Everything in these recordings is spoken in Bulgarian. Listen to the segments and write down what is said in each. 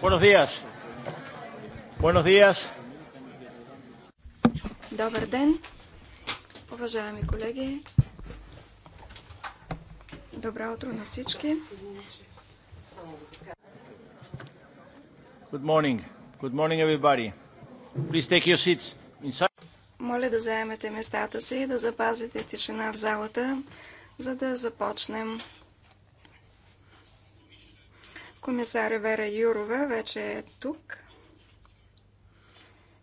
Buenos días. Buenos días. Добър ден, уважаеми колеги. Добро утро на всички. Good morning. Good morning, everybody. Please take your seats inside. Моля да заемете местата си и да запазите тишина в залата, за да започнем Комисаря Вера Юрова вече е тук.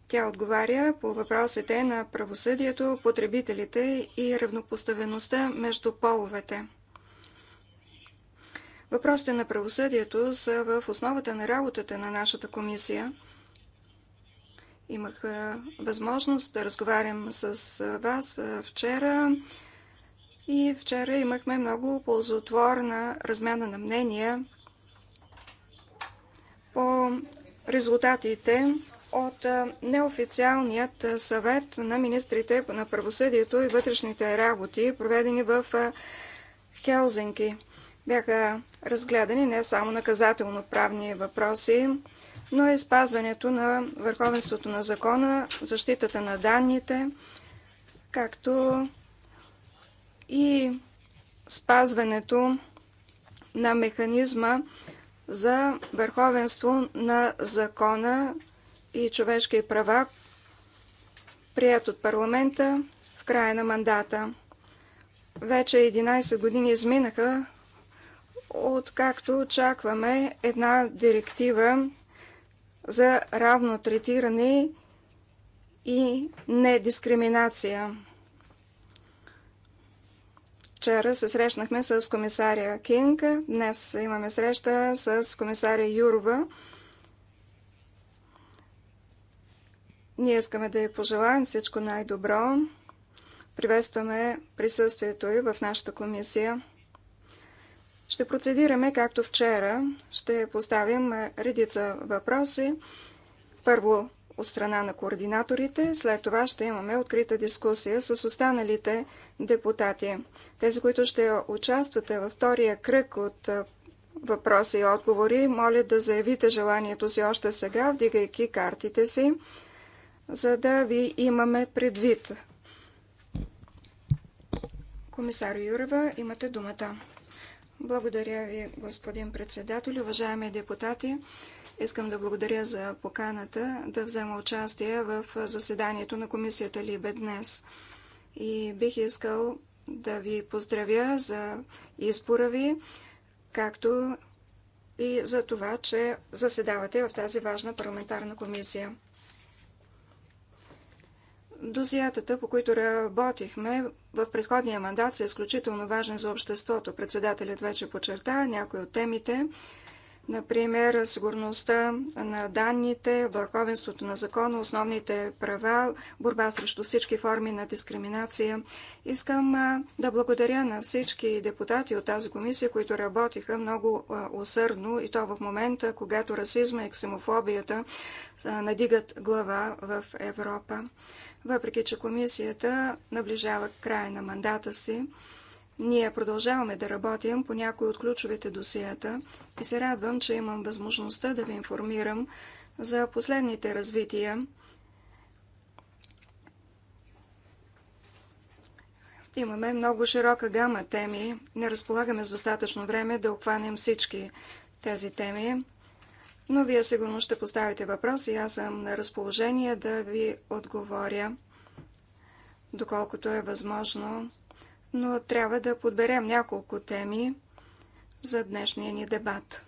Тя отговаря по въпросите на правосъдието, потребителите и равнопоставеността между половете. Въпросите на правосъдието са в основата на работата на нашата комисия. Имах възможност да разговарям с вас вчера и вчера имахме много ползотворна размяна на мнения по резултатите от неофициалният съвет на министрите на правосъдието и вътрешните работи, проведени в Хелзинки. Бяха разгледани не само наказателно-правни въпроси, но и спазването на върховенството на закона, защитата на данните, както и спазването на механизма за върховенство на закона и човешки права, прият от парламента в края на мандата. Вече 11 години изминаха, откакто очакваме една директива за равно третиране и недискриминация. Вчера се срещнахме с комисаря Кинг, днес имаме среща с комисаря Юрова. Ние искаме да й пожелаем всичко най-добро. Приветстваме присъствието й в нашата комисия. Ще процедираме както вчера. Ще поставим редица въпроси. Първо, от страна на координаторите. След това ще имаме открита дискусия с останалите депутати. Тези, които ще участвате във втория кръг от е, въпроси и отговори, моля да заявите желанието си още сега, вдигайки картите си, за да ви имаме предвид. Комисар Юрева, имате думата. Благодаря ви, господин председател, уважаеми депутати. Искам да благодаря за поканата да взема участие в заседанието на комисията Либе днес. И бих искал да ви поздравя за избора ви, както и за това, че заседавате в тази важна парламентарна комисия. Досиятата, по които работихме в предходния мандат, са изключително важни за обществото. Председателят вече подчерта някои от темите, Например, сигурността на данните, върховенството на закона, основните права, борба срещу всички форми на дискриминация. Искам да благодаря на всички депутати от тази комисия, които работиха много усърдно и то в момента, когато расизма и ксемофобията надигат глава в Европа. Въпреки, че комисията наближава края на мандата си, ние продължаваме да работим по някои от ключовите досията и се радвам, че имам възможността да ви информирам за последните развития. Имаме много широка гама теми. Не разполагаме с достатъчно време да обхванем всички тези теми. Но вие сигурно ще поставите въпрос и аз съм на разположение да ви отговоря, доколкото е възможно но трябва да подберем няколко теми за днешния ни дебат.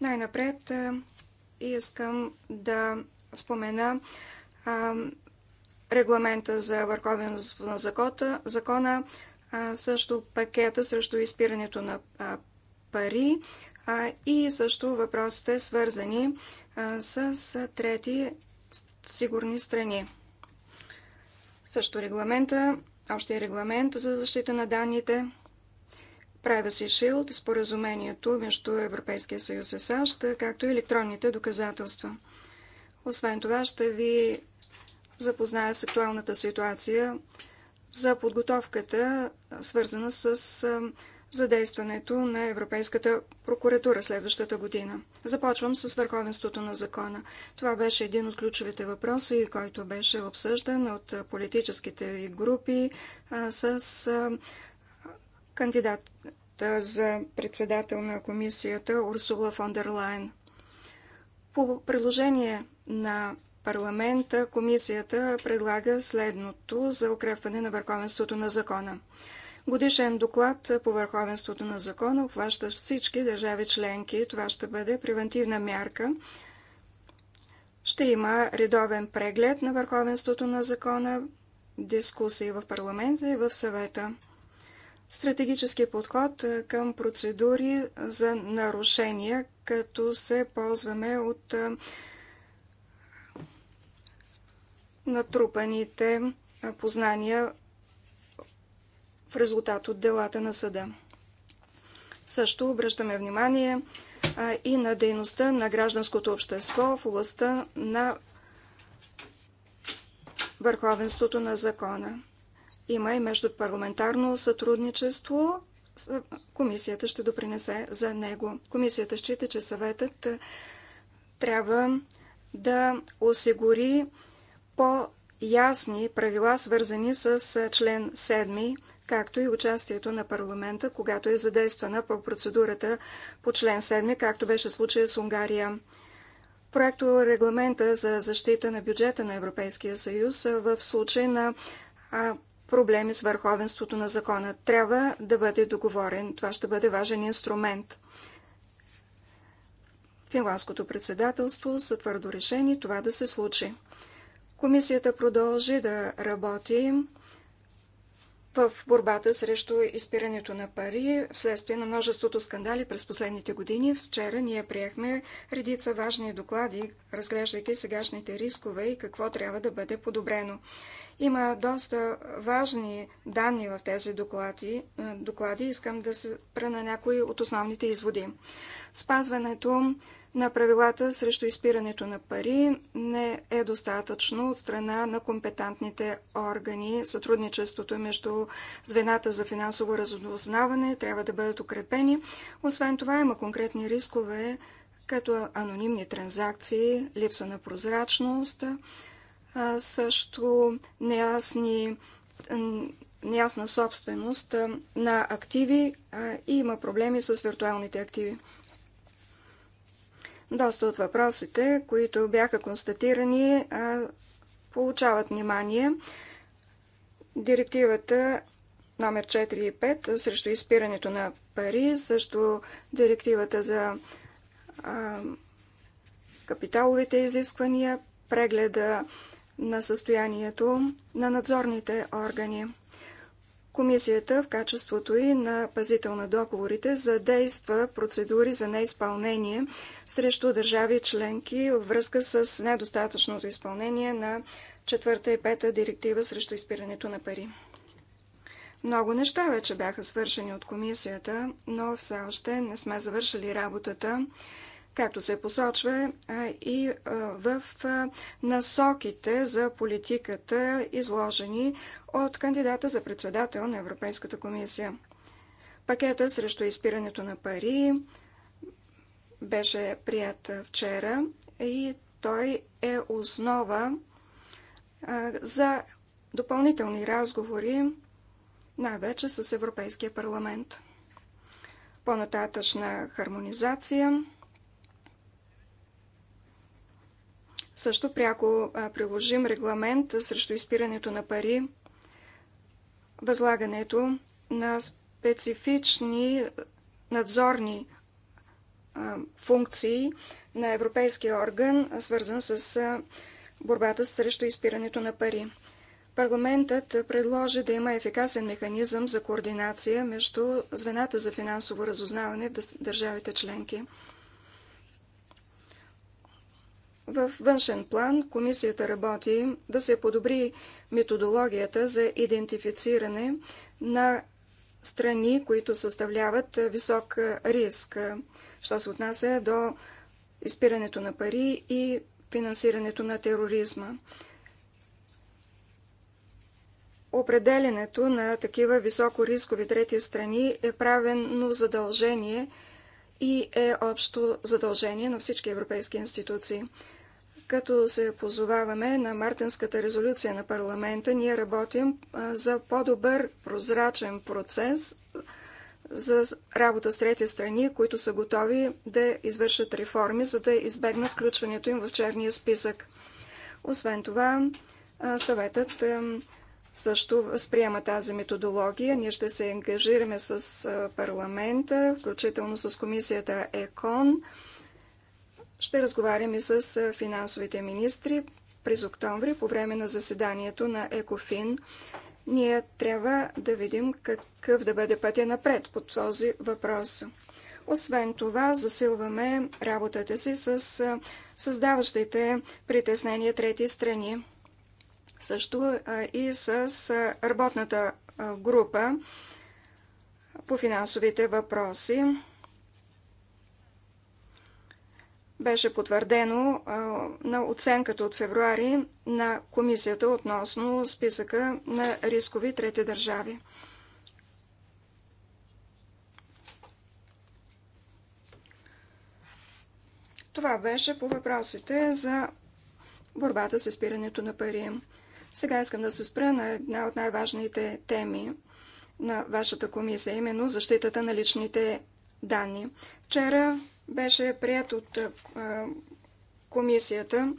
Най-напред искам да спомена регламента за върховенство на закона, също пакета срещу изпирането на пари и също въпросите свързани с трети сигурни страни. Също регламента още регламент за защита на данните, Privacy Shield, споразумението между Европейския съюз и САЩ, както и електронните доказателства. Освен това, ще ви запозная с актуалната ситуация за подготовката, свързана с за действането на Европейската прокуратура следващата година. Започвам с върховенството на закона. Това беше един от ключовите въпроси, който беше обсъждан от политическите ви групи а, с а, кандидата за председател на комисията Урсула фон дер Лайн. По предложение на парламента комисията предлага следното за укрепване на върховенството на закона годишен доклад по върховенството на закона, обхваща всички държави членки. Това ще бъде превентивна мярка. Ще има редовен преглед на върховенството на закона, дискусии в парламента и в съвета. Стратегически подход е, към процедури за нарушения, като се ползваме от е, натрупаните е, познания в резултат от делата на съда. Също обръщаме внимание и на дейността на гражданското общество в областта на върховенството на закона. Има и междупарламентарно сътрудничество. Комисията ще допринесе за него. Комисията счита, че съветът трябва да осигури по-ясни правила, свързани с член 7 както и участието на парламента, когато е задействана по процедурата по член 7, както беше случая с Унгария. Проекто регламента за защита на бюджета на Европейския съюз в случай на проблеми с върховенството на закона трябва да бъде договорен. Това ще бъде важен инструмент. Финландското председателство са твърдо решени това да се случи. Комисията продължи да работи в борбата срещу изпирането на пари вследствие на множеството скандали през последните години. Вчера ние приехме редица важни доклади, разглеждайки сегашните рискове и какво трябва да бъде подобрено. Има доста важни данни в тези доклади. Е, доклади. Искам да се пра на някои от основните изводи. Спазването на правилата срещу изпирането на пари не е достатъчно от страна на компетентните органи. Сътрудничеството между звената за финансово разузнаване трябва да бъдат укрепени. Освен това има конкретни рискове, като анонимни транзакции, липса на прозрачност, също неясни неясна собственост на активи и има проблеми с виртуалните активи. Доста от въпросите, които бяха констатирани, получават внимание. Директивата номер 4 и 5 срещу изпирането на пари, също директивата за капиталовите изисквания, прегледа на състоянието на надзорните органи. Комисията в качеството и на пазител на договорите задейства процедури за неизпълнение срещу държави членки във връзка с недостатъчното изпълнение на четвърта и пета директива срещу изпирането на пари. Много неща вече бяха свършени от комисията, но все още не сме завършили работата както се посочва и в насоките за политиката, изложени от кандидата за председател на Европейската комисия. Пакета срещу изпирането на пари беше прият вчера и той е основа за допълнителни разговори, най-вече с Европейския парламент. По-нататъчна хармонизация Също пряко приложим регламент срещу изпирането на пари, възлагането на специфични надзорни функции на Европейския орган, свързан с борбата срещу изпирането на пари. Парламентът предложи да има ефикасен механизъм за координация между звената за финансово разузнаване в държавите членки. В външен план комисията работи да се подобри методологията за идентифициране на страни, които съставляват висок риск, що се отнася до изпирането на пари и финансирането на тероризма. Определенето на такива високорискови трети страни е правено задължение и е общо задължение на всички европейски институции. Като се позоваваме на мартинската резолюция на парламента, ние работим за по-добър прозрачен процес за работа с трети страни, които са готови да извършат реформи, за да избегнат включването им в черния списък. Освен това, съветът също възприема тази методология. Ние ще се ангажираме с парламента, включително с комисията ЕКОН, ще разговаряме с финансовите министри през октомври по време на заседанието на ЕКОФИН. Ние трябва да видим какъв да бъде пътя напред по този въпрос. Освен това, засилваме работата си с създаващите притеснения трети страни. Също и с работната група по финансовите въпроси. беше потвърдено на оценката от февруари на комисията относно списъка на рискови трети държави. Това беше по въпросите за борбата с изпирането на пари. Сега искам да се спра на една от най-важните теми на вашата комисия, именно защитата на личните данни. Вчера беше прият от комисията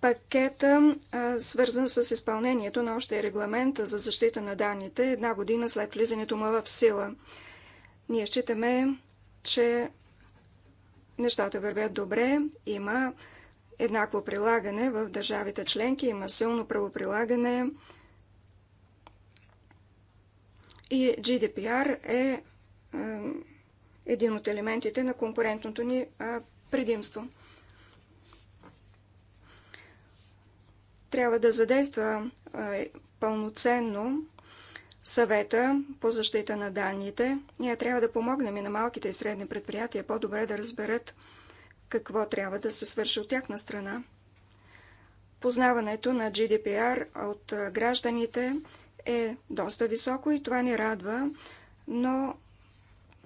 пакета, свързан с изпълнението на още регламента за защита на данните една година след влизането му в сила. Ние считаме, че нещата вървят добре, има еднакво прилагане в държавите членки, има силно правоприлагане и GDPR е един от елементите на конкурентното ни предимство. Трябва да задейства пълноценно съвета по защита на данните. Ние трябва да помогнем и на малките и средни предприятия по-добре да разберат какво трябва да се свърши от тяхна страна. Познаването на GDPR от гражданите е доста високо и това ни радва, но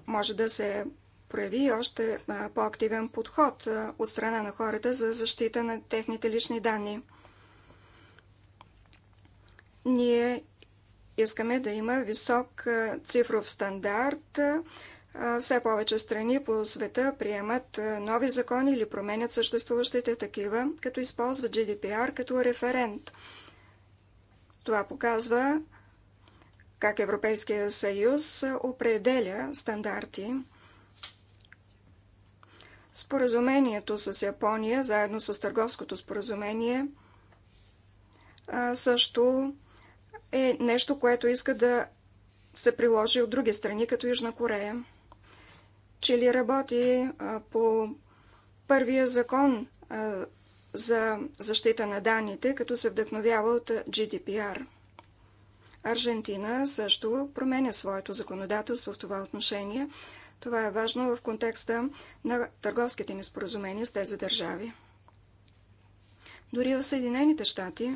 може да се прояви още по-активен подход от страна на хората за защита на техните лични данни. Ние искаме да има висок цифров стандарт. Все повече страни по света приемат нови закони или променят съществуващите такива, като използват GDPR като референт. Това показва, как Европейския съюз определя стандарти. Споразумението с Япония, заедно с търговското споразумение, също е нещо, което иска да се приложи от други страни, като Южна Корея. Чили работи по първия закон за защита на данните, като се вдъхновява от GDPR – Аржентина също променя своето законодателство в това отношение. Това е важно в контекста на търговските ни споразумения с тези държави. Дори в Съединените щати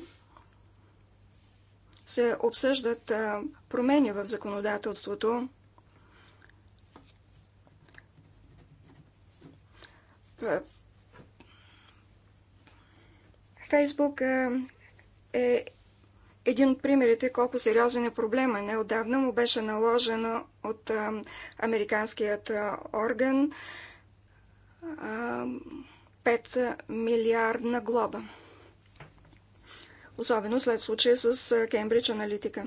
се обсъждат промени в законодателството, Фейсбук е един от примерите колко сериозен е проблема. Неодавна му беше наложено от а, американският а, орган а, 5 милиардна глоба. Особено след случая с Кембридж Аналитика.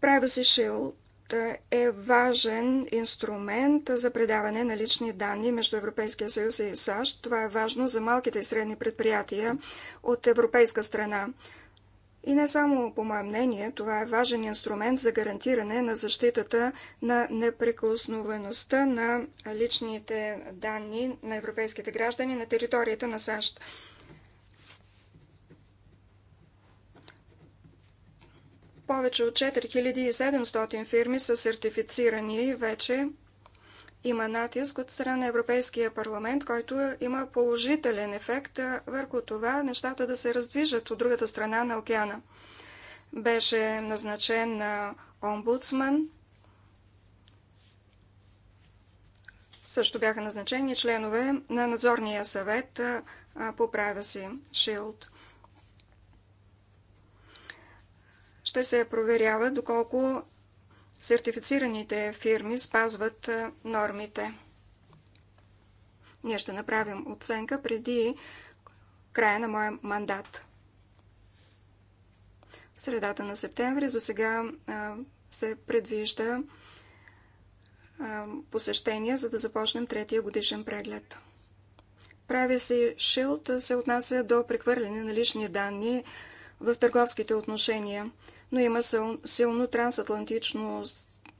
Privacy Shield е важен инструмент за предаване на лични данни между Европейския съюз и САЩ. Това е важно за малките и средни предприятия от европейска страна. И не само по мое мнение, това е важен инструмент за гарантиране на защитата на неприкосновеността на личните данни на европейските граждани на територията на САЩ. Повече от 4700 фирми са сертифицирани вече. Има натиск от страна на Европейския парламент, който има положителен ефект върху това нещата да се раздвижат от другата страна на океана. Беше назначен на омбудсман. Също бяха назначени членове на надзорния съвет по права си Шилд. ще се проверява доколко сертифицираните фирми спазват нормите. Ние ще направим оценка преди края на моя мандат. В средата на септември за сега се предвижда посещение, за да започнем третия годишен преглед. Прави се шилд се отнася до прехвърляне на лични данни в търговските отношения – но има силно трансатлантично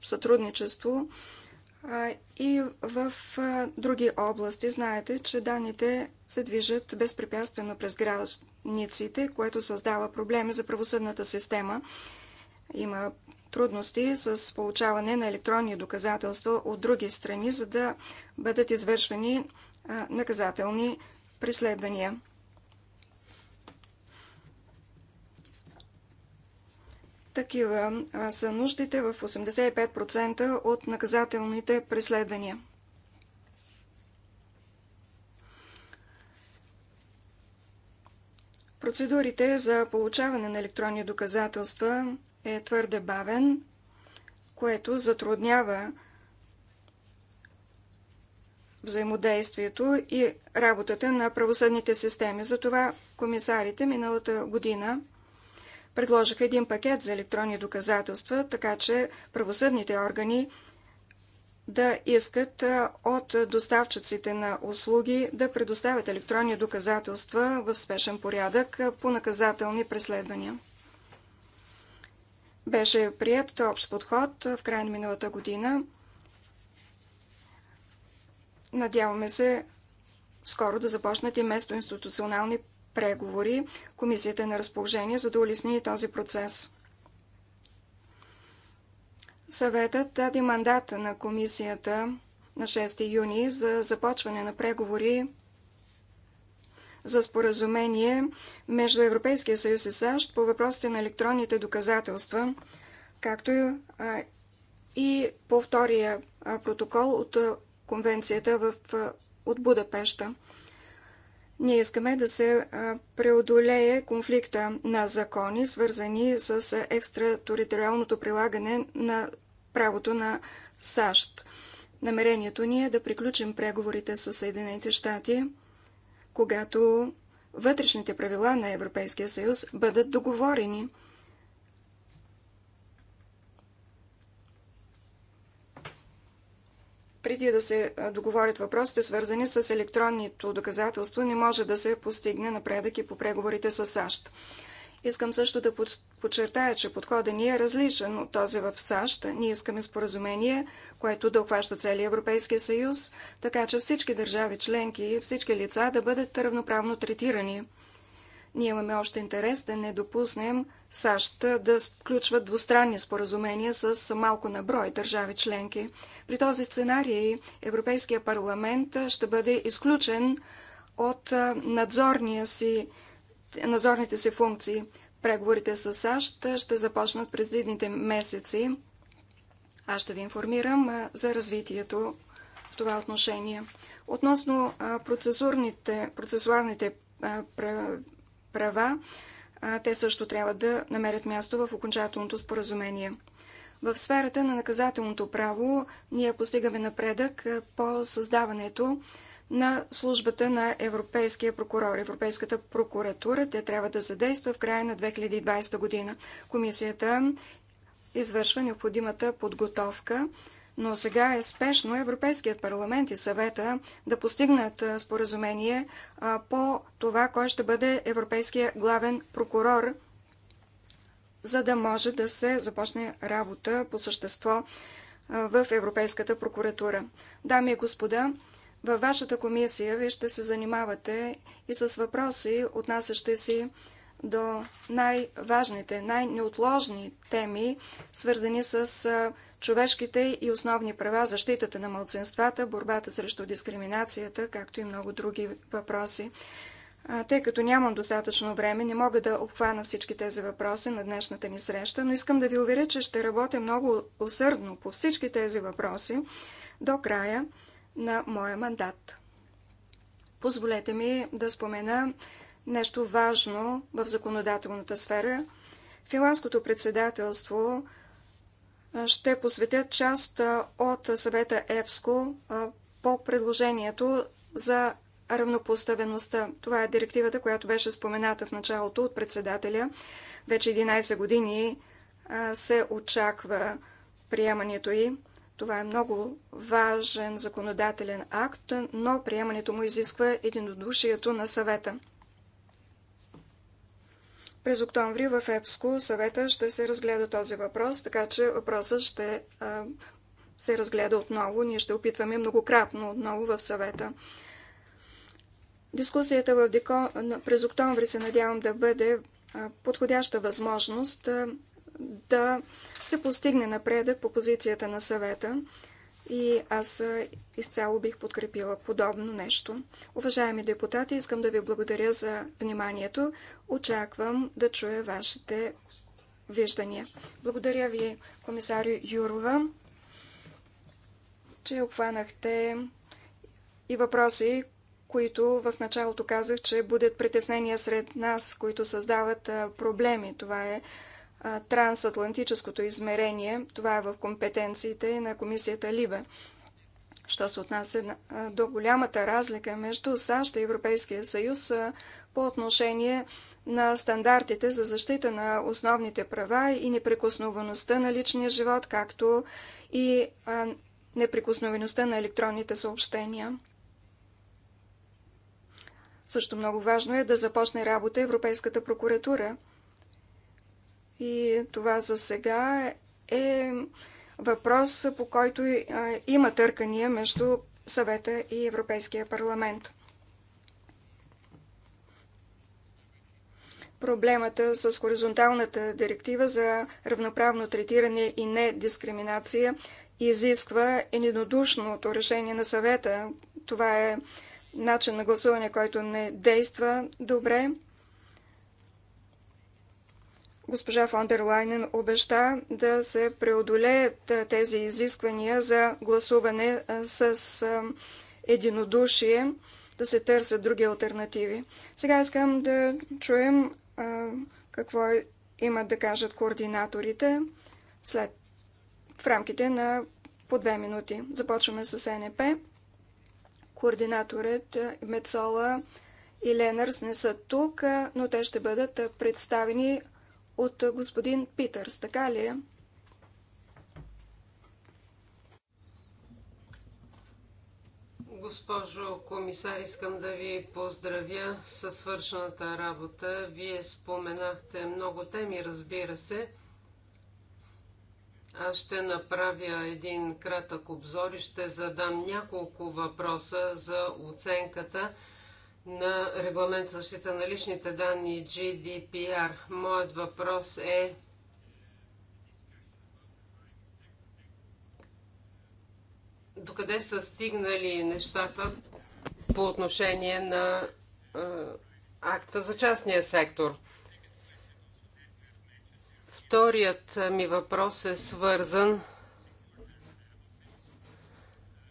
сътрудничество и в други области. Знаете, че данните се движат безпрепятствено през границите, което създава проблеми за правосъдната система. Има трудности с получаване на електронни доказателства от други страни, за да бъдат извършвани наказателни преследвания. Такива са нуждите в 85% от наказателните преследвания. Процедурите за получаване на електронни доказателства е твърде бавен, което затруднява взаимодействието и работата на правосъдните системи. Затова комисарите миналата година предложиха един пакет за електронни доказателства, така че правосъдните органи да искат от доставчиците на услуги да предоставят електронни доказателства в спешен порядък по наказателни преследвания. Беше прият общ подход в край на миналата година. Надяваме се скоро да започнат и местоинституционални преговори. Комисията е на разположение, за да улесни този процес. Съветът даде мандат на комисията на 6 юни за започване на преговори за споразумение между Европейския съюз и САЩ по въпросите на електронните доказателства, както и по втория протокол от конвенцията в, от Будапешта. Ние искаме да се преодолее конфликта на закони, свързани с екстратериториалното прилагане на правото на САЩ. Намерението ни е да приключим преговорите с Съединените щати, когато вътрешните правила на Европейския съюз бъдат договорени – преди да се договорят въпросите, свързани с електронното доказателство, не може да се постигне напредък и по преговорите с САЩ. Искам също да подчертая, че подходът ни е различен от този в САЩ. Ние искаме споразумение, което да обхваща целия Европейския съюз, така че всички държави членки и всички лица да бъдат равноправно третирани. Ние имаме още интерес да не допуснем САЩ да сключват двустранни споразумения с малко на брой държави членки. При този сценарий Европейския парламент ще бъде изключен от надзорния си, надзорните си функции. Преговорите с САЩ ще започнат през следните месеци. Аз ще ви информирам за развитието в това отношение. Относно процесуарните права, те също трябва да намерят място в окончателното споразумение. В сферата на наказателното право ние постигаме напредък по създаването на службата на Европейския прокурор, Европейската прокуратура. Те трябва да задейства в края на 2020 година. Комисията извършва необходимата подготовка но сега е спешно Европейският парламент и съвета да постигнат споразумение по това, кой ще бъде Европейския главен прокурор, за да може да се започне работа по същество в Европейската прокуратура. Дами и господа, във вашата комисия вие ще се занимавате и с въпроси, отнасящи си до най-важните, най-неотложни теми, свързани с човешките и основни права, защитата на мълценствата, борбата срещу дискриминацията, както и много други въпроси. Тъй като нямам достатъчно време, не мога да обхвана всички тези въпроси на днешната ни среща, но искам да ви уверя, че ще работя много усърдно по всички тези въпроси до края на моя мандат. Позволете ми да спомена нещо важно в законодателната сфера. Финландското председателство – ще посветят част от съвета ЕПСКО по предложението за равнопоставеността. Това е директивата, която беше спомената в началото от председателя. Вече 11 години се очаква приемането й. Това е много важен законодателен акт, но приемането му изисква единодушието на съвета. През октомври в ЕПСКО съвета ще се разгледа този въпрос, така че въпросът ще се разгледа отново. Ние ще опитваме многократно отново в съвета. Дискусията в Дико през октомври се надявам да бъде подходяща възможност да се постигне напредък по позицията на съвета и аз изцяло бих подкрепила подобно нещо. Уважаеми депутати, искам да ви благодаря за вниманието. Очаквам да чуя вашите виждания. Благодаря ви, комисар Юрова, че обхванахте и въпроси, които в началото казах, че будят притеснения сред нас, които създават проблеми. Това е трансатлантическото измерение. Това е в компетенциите на комисията Либе. Що се отнася до голямата разлика между САЩ и Европейския съюз по отношение на стандартите за защита на основните права и неприкосновеността на личния живот, както и неприкосновеността на електронните съобщения. Също много важно е да започне работа Европейската прокуратура – и това за сега е въпрос, по който е, има търкания между съвета и Европейския парламент. проблемата с хоризонталната директива за равноправно третиране и недискриминация изисква единодушното решение на съвета. Това е начин на гласуване, който не действа добре. Госпожа Фондер Лайнен обеща да се преодолеят тези изисквания за гласуване с единодушие, да се търсят други альтернативи. Сега искам да чуем какво имат да кажат координаторите след в рамките на по две минути. Започваме с НП. Координаторът Мецола и Ленърс не са тук, но те ще бъдат представени от господин Питърс, така ли е? Госпожо комисар, искам да ви поздравя със свършената работа. Вие споменахте много теми, разбира се. Аз ще направя един кратък обзор и ще задам няколко въпроса за оценката на регламент за защита на личните данни GDPR. Моят въпрос е докъде са стигнали нещата по отношение на а, акта за частния сектор. Вторият ми въпрос е свързан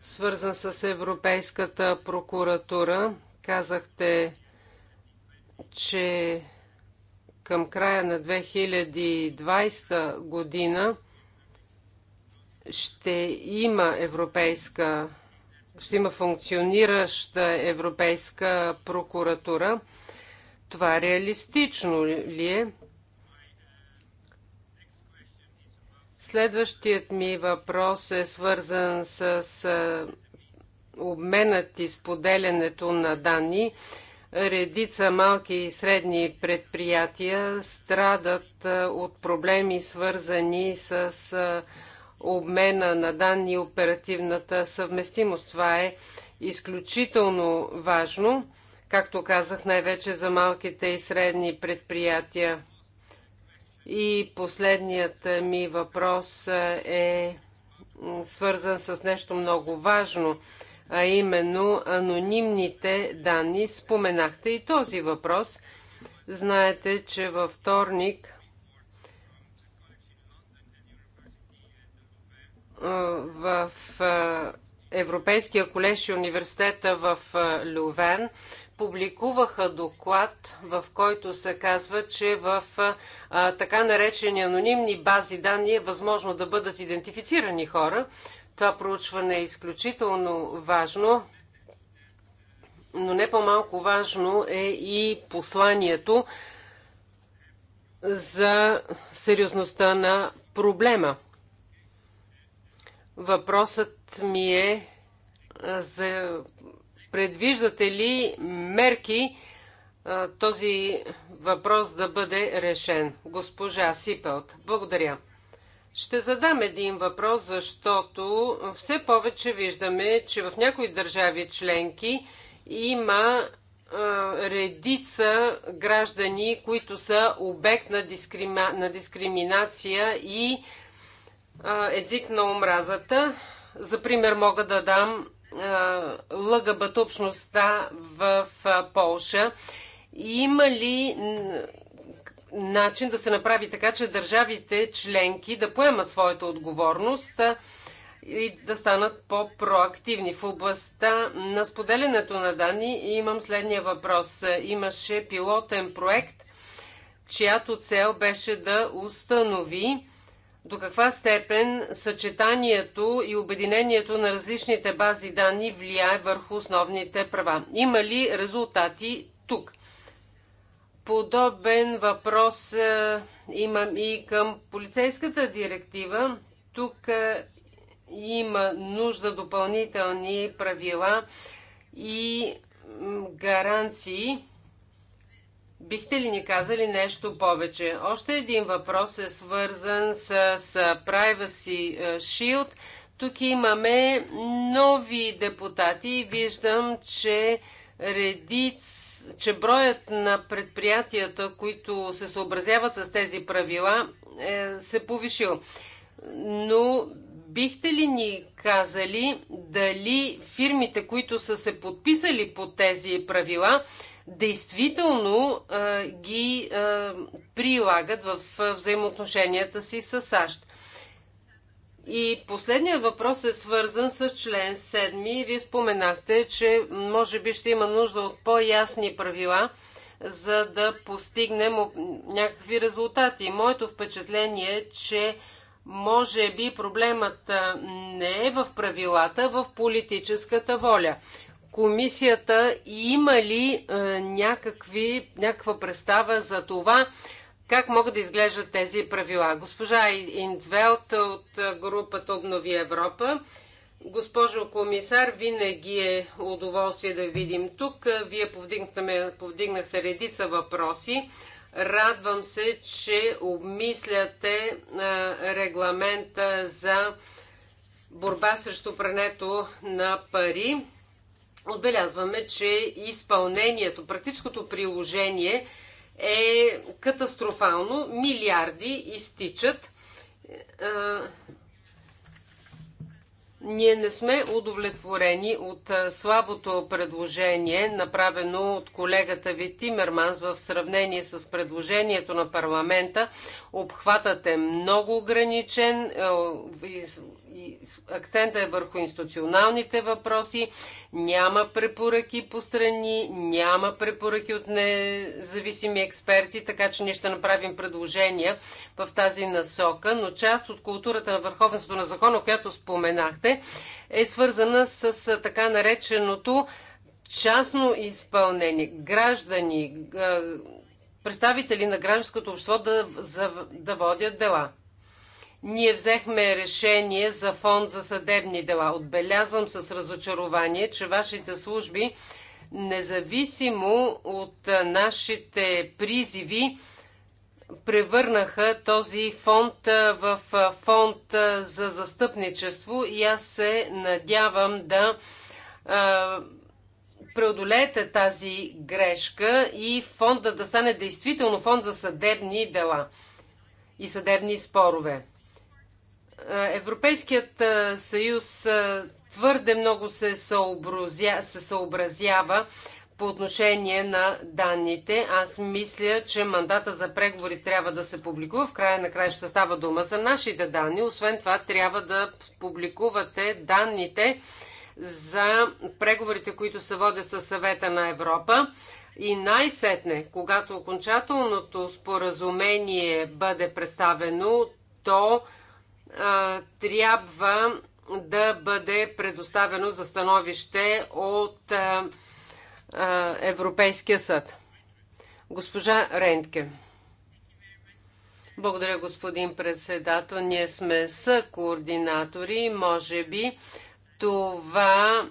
свързан с Европейската прокуратура казахте, че към края на 2020 година ще има европейска, ще има функционираща европейска прокуратура. Това реалистично ли е? Следващият ми въпрос е свързан с обменът и споделянето на данни, редица малки и средни предприятия страдат от проблеми, свързани с обмена на данни и оперативната съвместимост. Това е изключително важно, както казах, най-вече за малките и средни предприятия. И последният ми въпрос е свързан с нещо много важно – а именно анонимните данни. Споменахте и този въпрос. Знаете, че във вторник в Европейския колеж и университета в Лювен публикуваха доклад, в който се казва, че в а, така наречени анонимни бази данни е възможно да бъдат идентифицирани хора. Това проучване е изключително важно, но не по-малко важно е и посланието за сериозността на проблема. Въпросът ми е за предвиждате ли мерки този въпрос да бъде решен? Госпожа Сипелт, благодаря. Ще задам един въпрос, защото все повече виждаме, че в някои държави членки има редица граждани, които са обект на, дискрима... на дискриминация и език на омразата. За пример мога да дам ЛГБТ общността в Полша. Има ли начин да се направи така, че държавите членки да поемат своята отговорност и да станат по-проактивни. В областта на споделянето на данни имам следния въпрос. Имаше пилотен проект, чиято цел беше да установи до каква степен съчетанието и обединението на различните бази данни влияе върху основните права. Има ли резултати тук? Подобен въпрос имам и към полицейската директива. Тук има нужда допълнителни правила и гаранции. Бихте ли ни казали нещо повече? Още един въпрос е свързан с Privacy Shield. Тук имаме нови депутати и виждам, че редиц, че броят на предприятията, които се съобразяват с тези правила, е, се повишил. Но бихте ли ни казали дали фирмите, които са се подписали по тези правила, действително е, ги е, прилагат в е, взаимоотношенията си с САЩ? И последният въпрос е свързан с член 7. Вие споменахте, че може би ще има нужда от по-ясни правила, за да постигнем някакви резултати. Моето впечатление е, че може би проблемът не е в правилата, в политическата воля. Комисията има ли е, някакви, някаква представа за това, как могат да изглеждат тези правила? Госпожа Индвелт от групата Обнови Европа. Госпожо комисар, винаги е удоволствие да видим тук. Вие повдигнахте, повдигнахте редица въпроси. Радвам се, че обмисляте регламента за борба срещу прането на пари. Отбелязваме, че изпълнението, практическото приложение – е катастрофално. Милиарди изтичат. Е, ние не сме удовлетворени от е, слабото предложение, направено от колегата ви Тимерманс в сравнение с предложението на парламента. Обхватът е много ограничен, е, акцента е върху институционалните въпроси, няма препоръки по страни, няма препоръки от независими експерти, така че ние ще направим предложения в тази насока, но част от културата на върховенството на закона, която споменахте, е свързана с така нареченото частно изпълнение. Граждани, представители на гражданското общество да, за, да водят дела. Ние взехме решение за фонд за съдебни дела. Отбелязвам с разочарование, че вашите служби, независимо от нашите призиви, превърнаха този фонд в фонд за застъпничество и аз се надявам да преодолеете тази грешка и фонда да стане действително фонд за съдебни дела и съдебни спорове. Европейският съюз твърде много се, съобразява, се съобразява по отношение на данните. Аз мисля, че мандата за преговори трябва да се публикува. В края на края ще става дума за нашите данни. Освен това, трябва да публикувате данните за преговорите, които се водят със съвета на Европа. И най-сетне, когато окончателното споразумение бъде представено, то трябва да бъде предоставено за становище от Европейския съд. Госпожа Рентке. Благодаря, господин председател. Ние сме с координатори. Може би това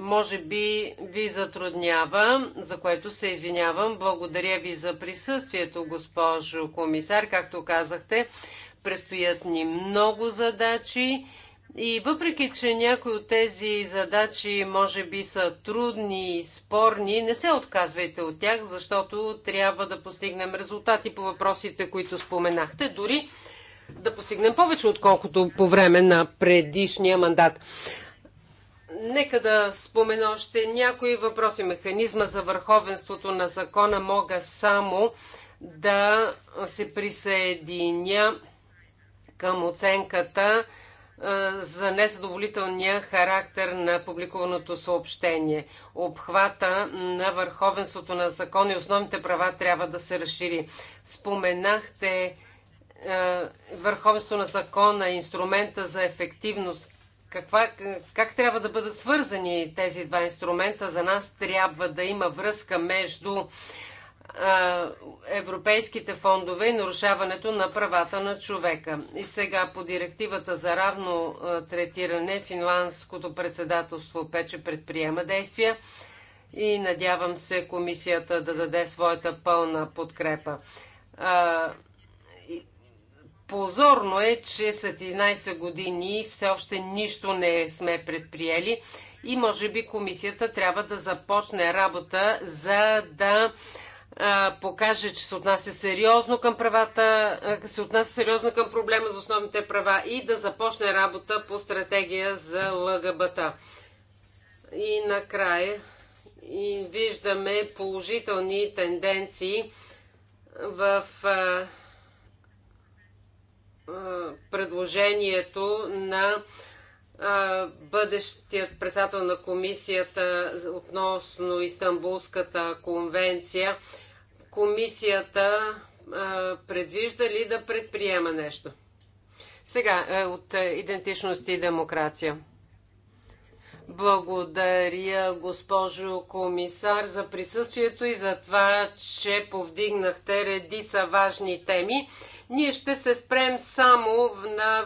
може би ви затруднява, за което се извинявам. Благодаря ви за присъствието, госпожо комисар. Както казахте, Предстоят ни много задачи и въпреки, че някои от тези задачи може би са трудни и спорни, не се отказвайте от тях, защото трябва да постигнем резултати по въпросите, които споменахте, дори да постигнем повече, отколкото по време на предишния мандат. Нека да спомена още някои въпроси. Механизма за върховенството на закона мога само да се присъединя към оценката за незадоволителния характер на публикуваното съобщение. Обхвата на върховенството на закон и основните права трябва да се разшири. Споменахте върховенство на закона, инструмента за ефективност. Каква, как трябва да бъдат свързани тези два инструмента? За нас трябва да има връзка между европейските фондове и нарушаването на правата на човека. И сега по директивата за равно третиране финландското председателство пече предприема действия и надявам се комисията да даде своята пълна подкрепа. Позорно е, че след 11 години все още нищо не сме предприели и може би комисията трябва да започне работа, за да покаже, че се отнася сериозно към правата, се отнася сериозно към проблема за основните права и да започне работа по стратегия за ЛГБТ. И накрая и виждаме положителни тенденции в а, а, предложението на бъдещият председател на комисията относно Истанбулската конвенция комисията а, предвижда ли да предприема нещо? Сега, е, от идентичност и демокрация. Благодаря, госпожо комисар, за присъствието и за това, че повдигнахте редица важни теми. Ние ще се спрем само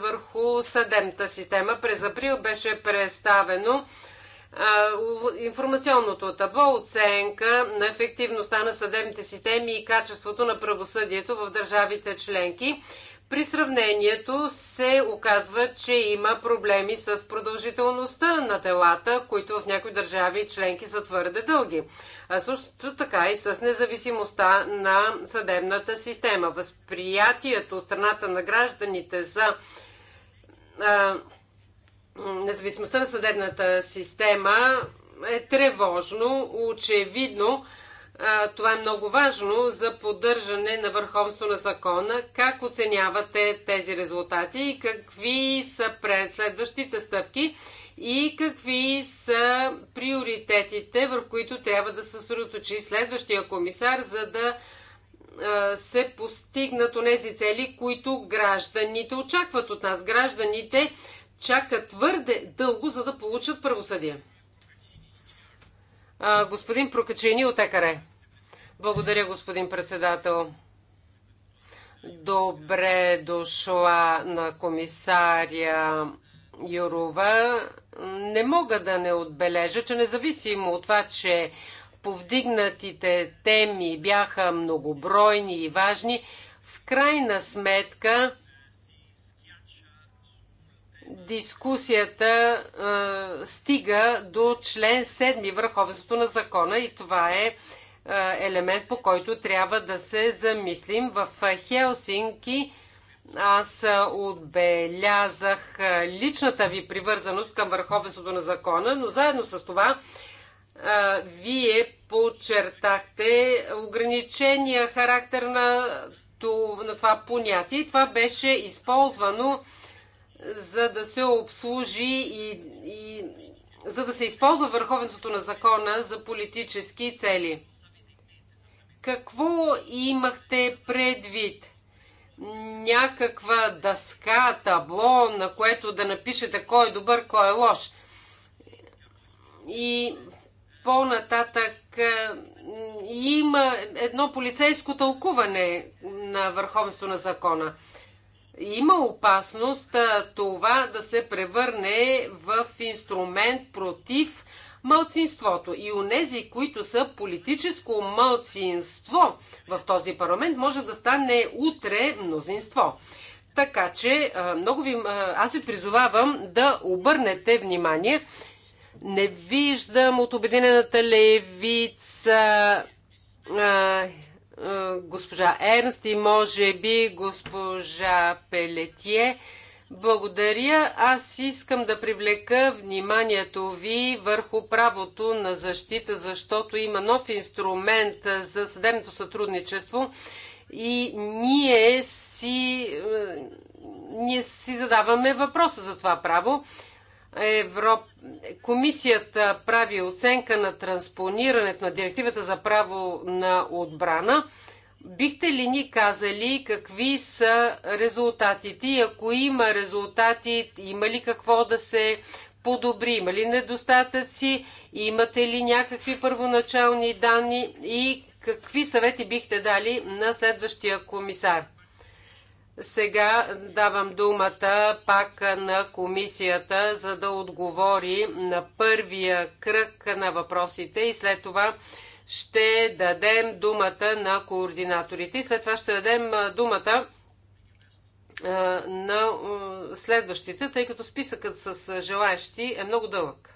върху съдебната система. През април беше представено информационното табло, оценка на ефективността на съдебните системи и качеството на правосъдието в държавите членки. При сравнението се оказва, че има проблеми с продължителността на делата, които в някои държави членки са твърде дълги. А също така и с независимостта на съдебната система. Възприятието от страната на гражданите за а, независимостта на съдебната система е тревожно. Очевидно, това е много важно за поддържане на върховство на закона. Как оценявате тези резултати и какви са следващите стъпки и какви са приоритетите, върху които трябва да се съсредоточи следващия комисар, за да се постигнат онези цели, които гражданите очакват от нас. Гражданите чака твърде дълго, за да получат правосъдие. А, господин Прокачини от ЕКАРЕ. Благодаря, господин председател. Добре дошла на комисаря Юрова. Не мога да не отбележа, че независимо от това, че повдигнатите теми бяха многобройни и важни, в крайна сметка дискусията а, стига до член 7 върховенството на закона и това е, а, елемент, по който трябва да се замислим. В Хелсинки аз отбелязах личната ви привързаност към върховенството на закона, но заедно с това а, вие подчертахте ограничения характер на това, на това понятие и това беше използвано за да се обслужи и, и за да се използва върховенството на закона за политически цели. Какво имахте предвид? Някаква дъска, табло, на което да напишете кой е добър, кой е лош. И по-нататък има едно полицейско тълкуване на върховенство на закона има опасност това да се превърне в инструмент против мълцинството. И онези, които са политическо мълцинство в този парламент, може да стане утре мнозинство. Така че, много ви, аз ви призовавам да обърнете внимание. Не виждам от Обединената левица е, госпожа Ернст и може би госпожа Пелетие. Благодаря. Аз искам да привлека вниманието ви върху правото на защита, защото има нов инструмент за съдебното сътрудничество и ние си, е, ние си задаваме въпроса за това право. Европ... Комисията прави оценка на транспонирането на директивата за право на отбрана. Бихте ли ни казали какви са резултатите и ако има резултати, има ли какво да се подобри, има ли недостатъци, имате ли някакви първоначални данни и какви съвети бихте дали на следващия комисар? Сега давам думата пак на комисията, за да отговори на първия кръг на въпросите и след това ще дадем думата на координаторите и след това ще дадем думата на следващите, тъй като списъкът с желаящи е много дълъг.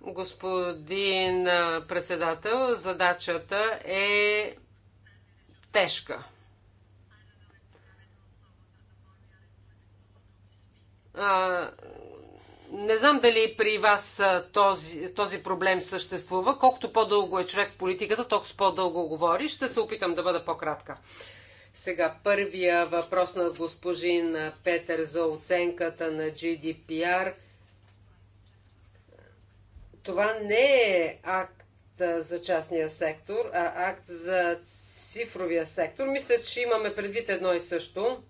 Господин председател, задачата е тежка. А, не знам дали при вас този, този проблем съществува. Колкото по-дълго е човек в политиката, толкова по-дълго говори. Ще се опитам да бъда по-кратка. Сега първия въпрос на госпожин Петър за оценката на GDPR. Това не е акт за частния сектор, а акт за цифровия сектор. Мисля, че имаме предвид едно и също.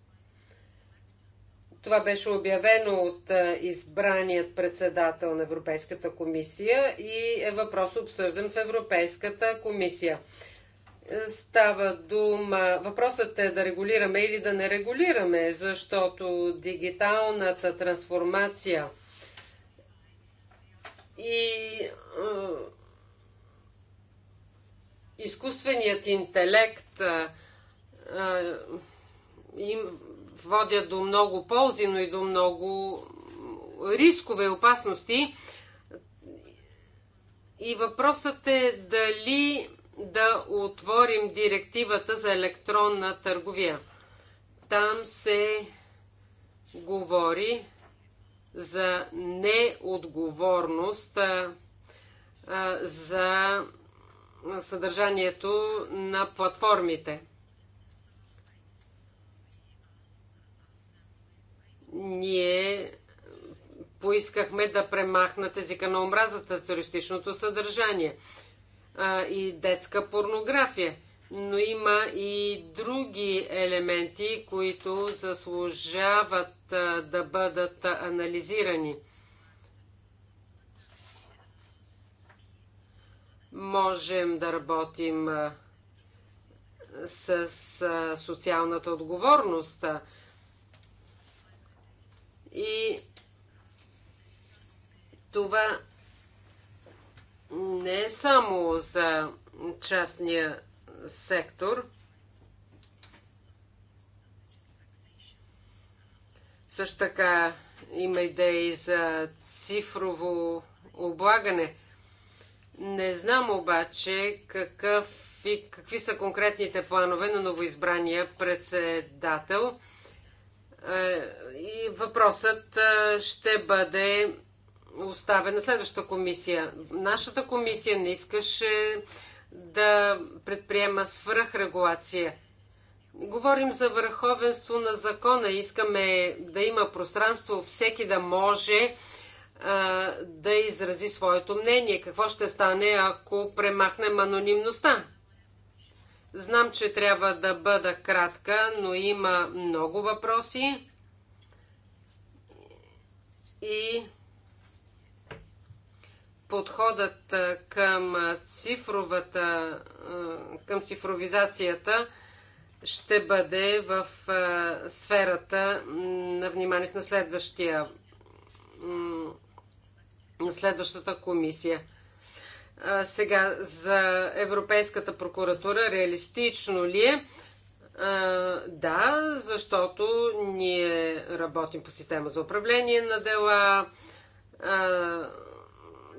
Това беше обявено от избраният председател на Европейската комисия и е въпрос обсъждан в Европейската комисия. Става дума. Въпросът е да регулираме или да не регулираме, защото дигиталната трансформация и е, изкуственият интелект е, им водят до много ползи, но и до много рискове и опасности. И въпросът е дали да отворим директивата за електронна търговия. Там се говори за неотговорност а, а, за съдържанието на платформите. ние поискахме да премахнат езика на омразата в туристичното съдържание а, и детска порнография. Но има и други елементи, които заслужават а, да бъдат анализирани. Можем да работим а, с а, социалната отговорност. А, и това не е само за частния сектор. Също така има идеи за цифрово облагане. Не знам обаче какъв и какви са конкретните планове на новоизбрания председател. Е, и въпросът е, ще бъде оставен на следващата комисия. Нашата комисия не искаше да предприема свръхрегулация. Говорим за върховенство на закона. Искаме да има пространство, всеки да може а, е, да изрази своето мнение. Какво ще стане, ако премахнем анонимността? Знам, че трябва да бъда кратка, но има много въпроси. И подходът към цифровата, към цифровизацията ще бъде в сферата на вниманието на следващия на следващата комисия. Сега за Европейската прокуратура реалистично ли е? Да, защото ние работим по система за управление на дела,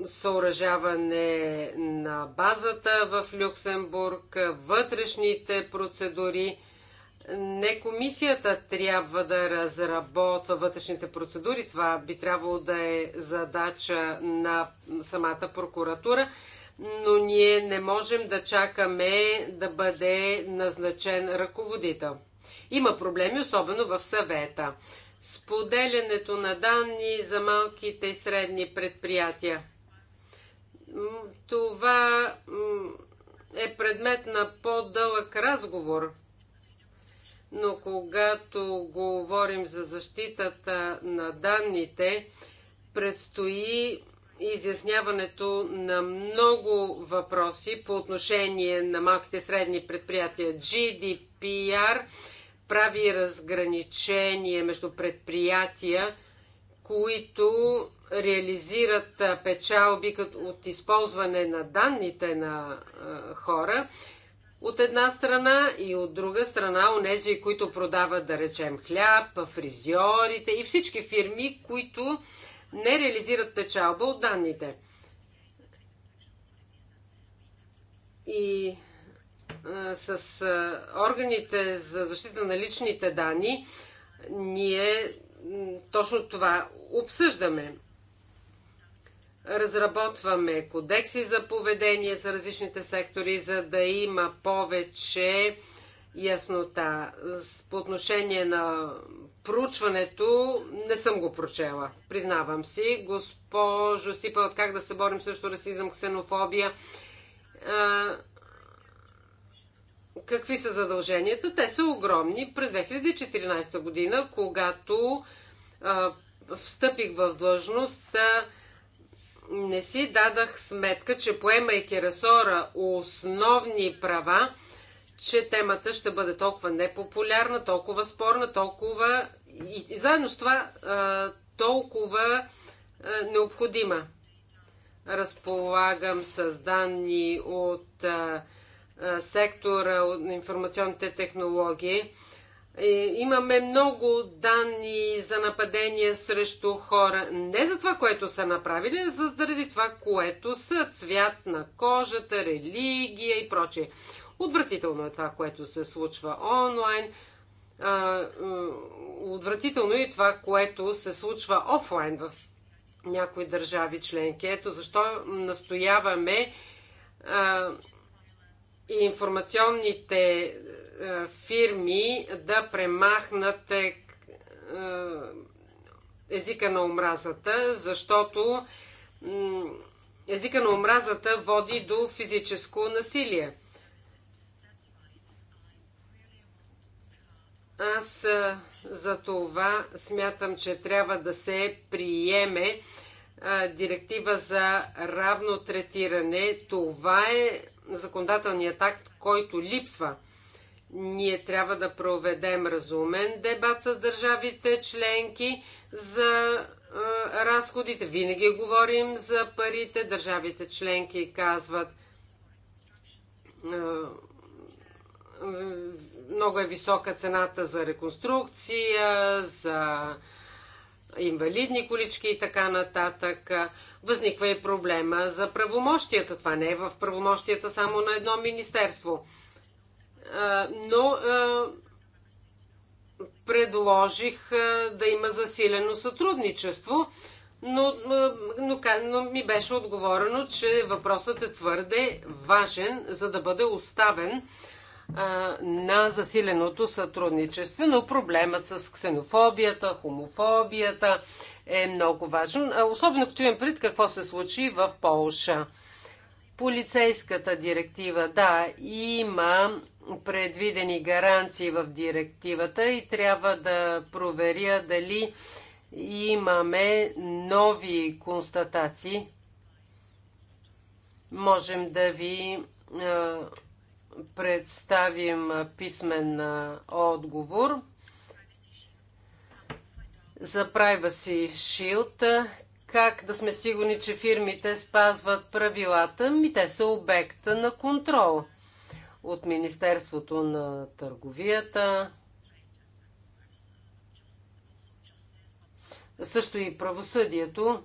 съоръжаване на базата в Люксембург, вътрешните процедури не комисията трябва да разработва вътрешните процедури, това би трябвало да е задача на самата прокуратура, но ние не можем да чакаме да бъде назначен ръководител. Има проблеми, особено в съвета. Споделянето на данни за малките и средни предприятия. Това е предмет на по-дълъг разговор – но когато говорим за защитата на данните, предстои изясняването на много въпроси по отношение на малките и средни предприятия. GDPR прави разграничение между предприятия, които реализират печалби от използване на данните на хора от една страна и от друга страна онези, които продават, да речем, хляб, фризьорите и всички фирми, които не реализират печалба от данните. И а, с а, органите за защита на личните данни ние точно това обсъждаме. Разработваме кодекси за поведение за различните сектори, за да има повече яснота. По отношение на проучването, не съм го прочела, признавам си. Госпожо Сипа, от как да се борим срещу расизъм, ксенофобия? какви са задълженията? Те са огромни. През 2014 година, когато а, встъпих в длъжност, а, не си дадах сметка, че поемайки ресора основни права, че темата ще бъде толкова непопулярна, толкова спорна, толкова и заедно с това а, толкова а, необходима. Разполагам с данни от а, сектора от информационните технологии. Е, имаме много данни за нападения срещу хора. Не за това, което са направили, а заради това, което са цвят на кожата, религия и прочее. Отвратително е това, което се случва онлайн. отвратително е това, което се случва офлайн в някои държави членки. Ето защо настояваме информационните е, фирми да премахнат е, е, езика на омразата, защото езика на омразата води до физическо насилие. Аз за това смятам, че трябва да се приеме директива за равно третиране. Това е законодателният акт, който липсва. Ние трябва да проведем разумен дебат с държавите членки за разходите. Винаги говорим за парите. Държавите членки казват много е висока цената за реконструкция, за инвалидни колички и така нататък. Възниква и проблема за правомощията. Това не е в правомощията само на едно министерство но предложих да има засилено сътрудничество, но, но, но ми беше отговорено, че въпросът е твърде важен, за да бъде оставен а, на засиленото сътрудничество. Но проблемът с ксенофобията, хомофобията е много важен, особено като имам пред какво се случи в Полша. Полицейската директива, да, има предвидени гаранции в директивата и трябва да проверя дали имаме нови констатации. Можем да ви представим писмен отговор за Privacy Shield. Как да сме сигурни, че фирмите спазват правилата? Ми те са обекта на контрол от Министерството на търговията, също и правосъдието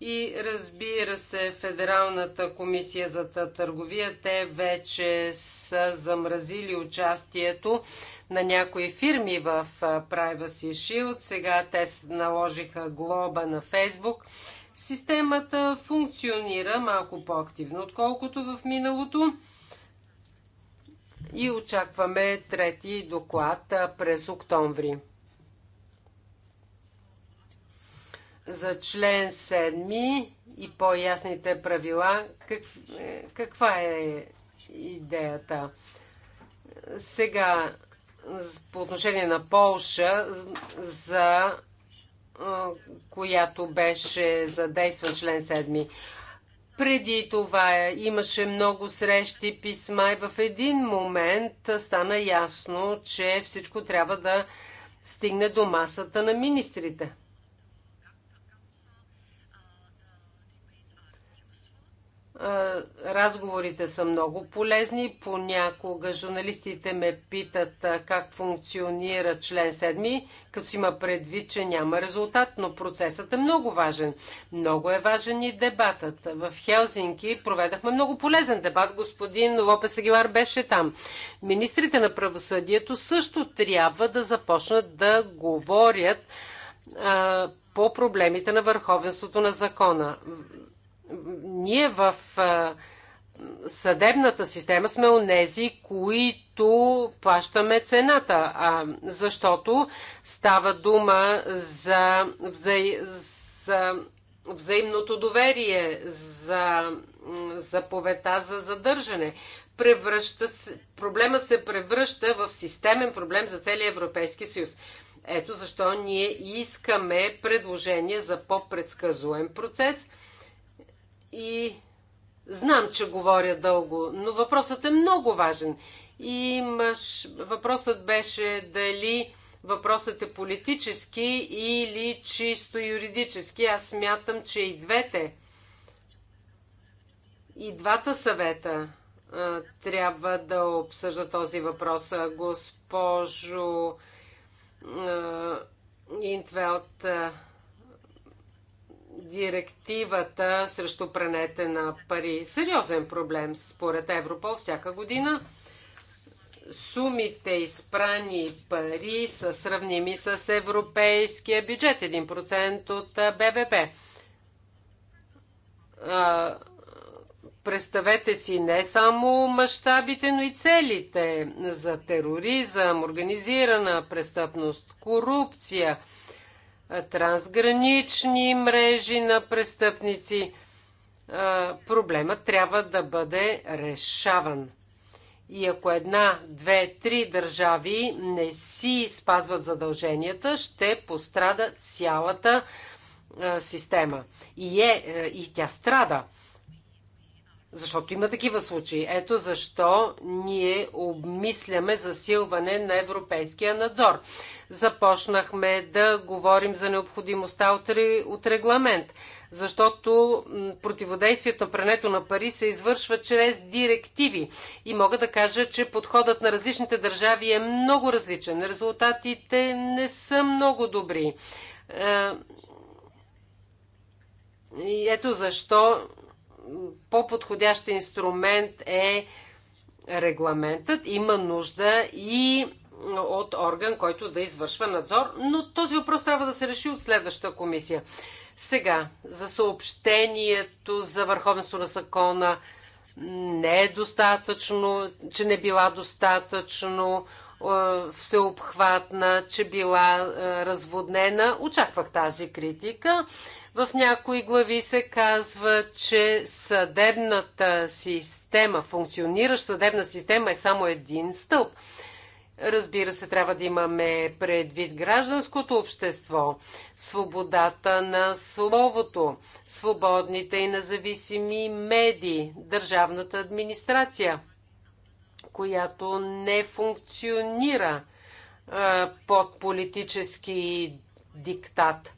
и разбира се Федералната комисия за търговия. Те вече са замразили участието на някои фирми в Privacy Shield. Сега те наложиха глоба на Фейсбук. Facebook Системата функционира малко по-активно, отколкото в миналото. И очакваме трети доклад през октомври. За член 7 и по-ясните правила, какв, е, каква е идеята? Сега, по отношение на Полша, за която беше задействан член 7. Преди това е, имаше много срещи, писма и в един момент стана ясно, че всичко трябва да стигне до масата на министрите. Разговорите са много полезни. Понякога журналистите ме питат как функционира член 7, като си има предвид, че няма резултат, но процесът е много важен. Много е важен и дебатът. В Хелзинки проведахме много полезен дебат. Господин Лопес Агилар беше там. Министрите на правосъдието също трябва да започнат да говорят по проблемите на върховенството на закона ние в съдебната система сме онези, които плащаме цената, защото става дума за, вза... за взаимното доверие, за заповедта за задържане. Превръща се, проблема се превръща в системен проблем за целия Европейски съюз. Ето защо ние искаме предложение за по-предсказуем процес – и знам, че говоря дълго, но въпросът е много важен. И мъж, въпросът беше дали въпросът е политически или чисто юридически. Аз смятам, че и двете, и двата съвета а, трябва да обсъжда този въпрос. Госпожо а, Интвелт, а, директивата срещу прането на пари. Сериозен проблем според Европол всяка година. Сумите изпрани пари са сравними с европейския бюджет 1% от БВП. Представете си не само мащабите, но и целите за тероризъм, организирана престъпност, корупция – трансгранични мрежи на престъпници. Проблемът трябва да бъде решаван. И ако една, две, три държави не си спазват задълженията, ще пострада цялата система. И, е, е, и тя страда. Защото има такива случаи. Ето защо ние обмисляме засилване на европейския надзор започнахме да говорим за необходимостта от, от регламент, защото противодействието на прането на пари се извършва чрез директиви. И мога да кажа, че подходът на различните държави е много различен. Резултатите не са много добри. Е, ето защо по-подходящ инструмент е регламентът. Има нужда и от орган, който да извършва надзор, но този въпрос трябва да се реши от следващата комисия. Сега, за съобщението за върховенство на закона не е достатъчно, че не била достатъчно е, всеобхватна, че била е, разводнена. Очаквах тази критика. В някои глави се казва, че съдебната система, функционираща съдебна система е само един стълб – Разбира се, трябва да имаме предвид гражданското общество, свободата на словото, свободните и независими медии, държавната администрация, която не функционира а, под политически диктат.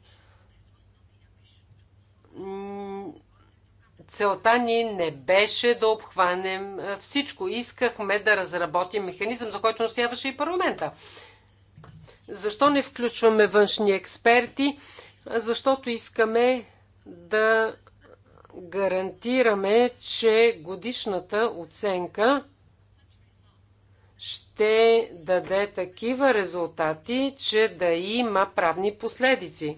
Целта ни не беше да обхванем всичко. Искахме да разработим механизъм, за който настояваше и парламента. Защо не включваме външни експерти? Защото искаме да гарантираме, че годишната оценка ще даде такива резултати, че да има правни последици.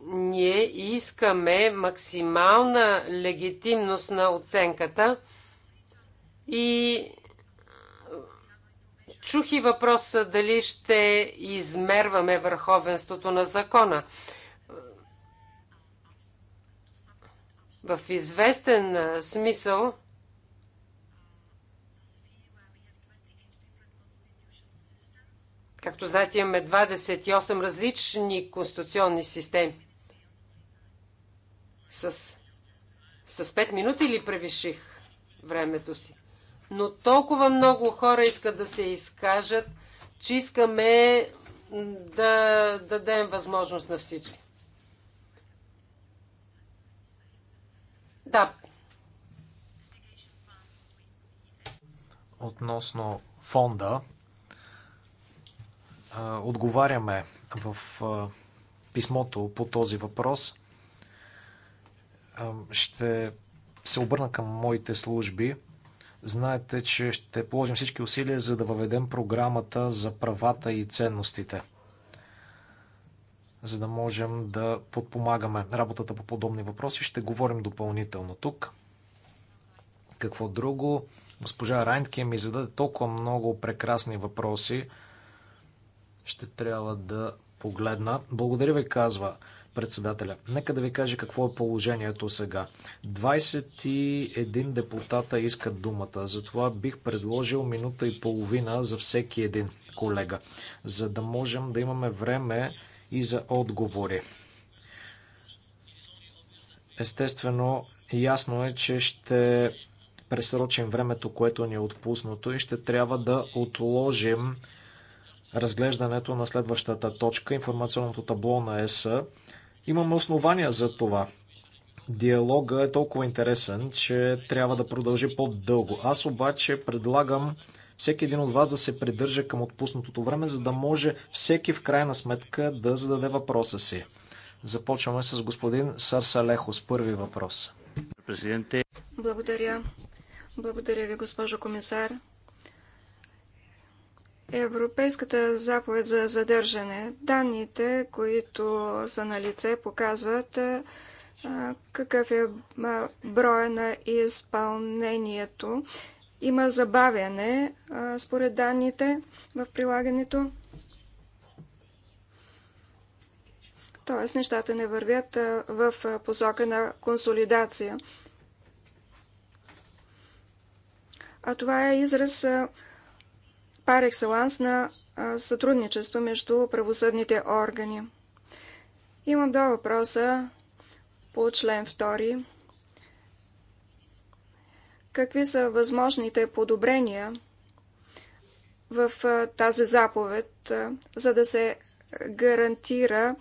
ние искаме максимална легитимност на оценката и чух и въпроса дали ще измерваме върховенството на закона. В известен смисъл Както знаете, имаме 28 различни конституционни системи. С, с 5 минути ли превиших времето си? Но толкова много хора искат да се изкажат, че искаме да дадем възможност на всички. Да. Относно фонда, отговаряме в писмото по този въпрос ще се обърна към моите служби. Знаете, че ще положим всички усилия, за да въведем програмата за правата и ценностите, за да можем да подпомагаме работата по подобни въпроси. Ще говорим допълнително тук. Какво друго? Госпожа Райнтке ми зададе толкова много прекрасни въпроси. Ще трябва да погледна. Благодаря ви, казва председателя. Нека да ви кажа какво е положението сега. 21 депутата искат думата, затова бих предложил минута и половина за всеки един колега, за да можем да имаме време и за отговори. Естествено, ясно е, че ще пресрочим времето, което ни е отпуснато и ще трябва да отложим разглеждането на следващата точка, информационното табло на ЕС, имаме основания за това. Диалога е толкова интересен, че трябва да продължи по-дълго. Аз обаче предлагам всеки един от вас да се придържа към отпуснатото време, за да може всеки в крайна сметка да зададе въпроса си. Започваме с господин Сарсалехо с първи въпрос. Благодаря. Благодаря ви, госпожо комисар. Европейската заповед за задържане. Данните, които са на лице, показват какъв е броя на изпълнението. Има забавяне според данните в прилагането. Тоест, нещата не вървят в посока на консолидация. А това е израз пар екселанс на сътрудничество между правосъдните органи. Имам два въпроса по член 2. Какви са възможните подобрения в тази заповед, за да се гарантира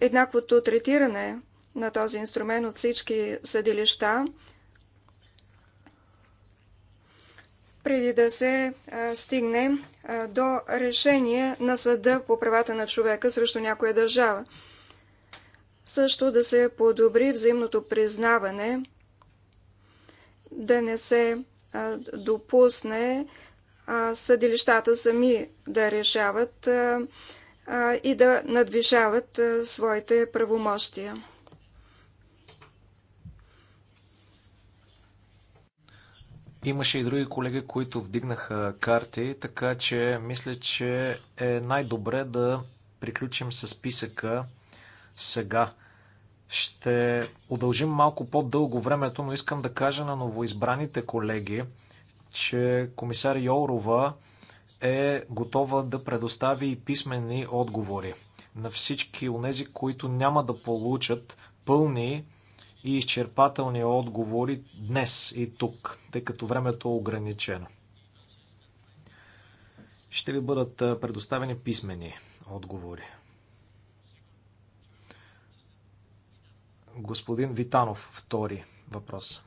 еднаквото третиране на този инструмент от всички съдилища преди да се стигне до решение на съда по правата на човека срещу някоя държава. Също да се подобри взаимното признаване, да не се допусне съдилищата сами да решават и да надвишават своите правомощия. Имаше и други колеги, които вдигнаха карти, така че мисля, че е най-добре да приключим с списъка сега. Ще удължим малко по-дълго времето, но искам да кажа на новоизбраните колеги, че комисар Йорова е готова да предостави и писмени отговори на всички тези, които няма да получат пълни и изчерпателни отговори днес и тук, тъй като времето е ограничено. Ще ви бъдат предоставени писмени отговори. Господин Витанов, втори въпрос.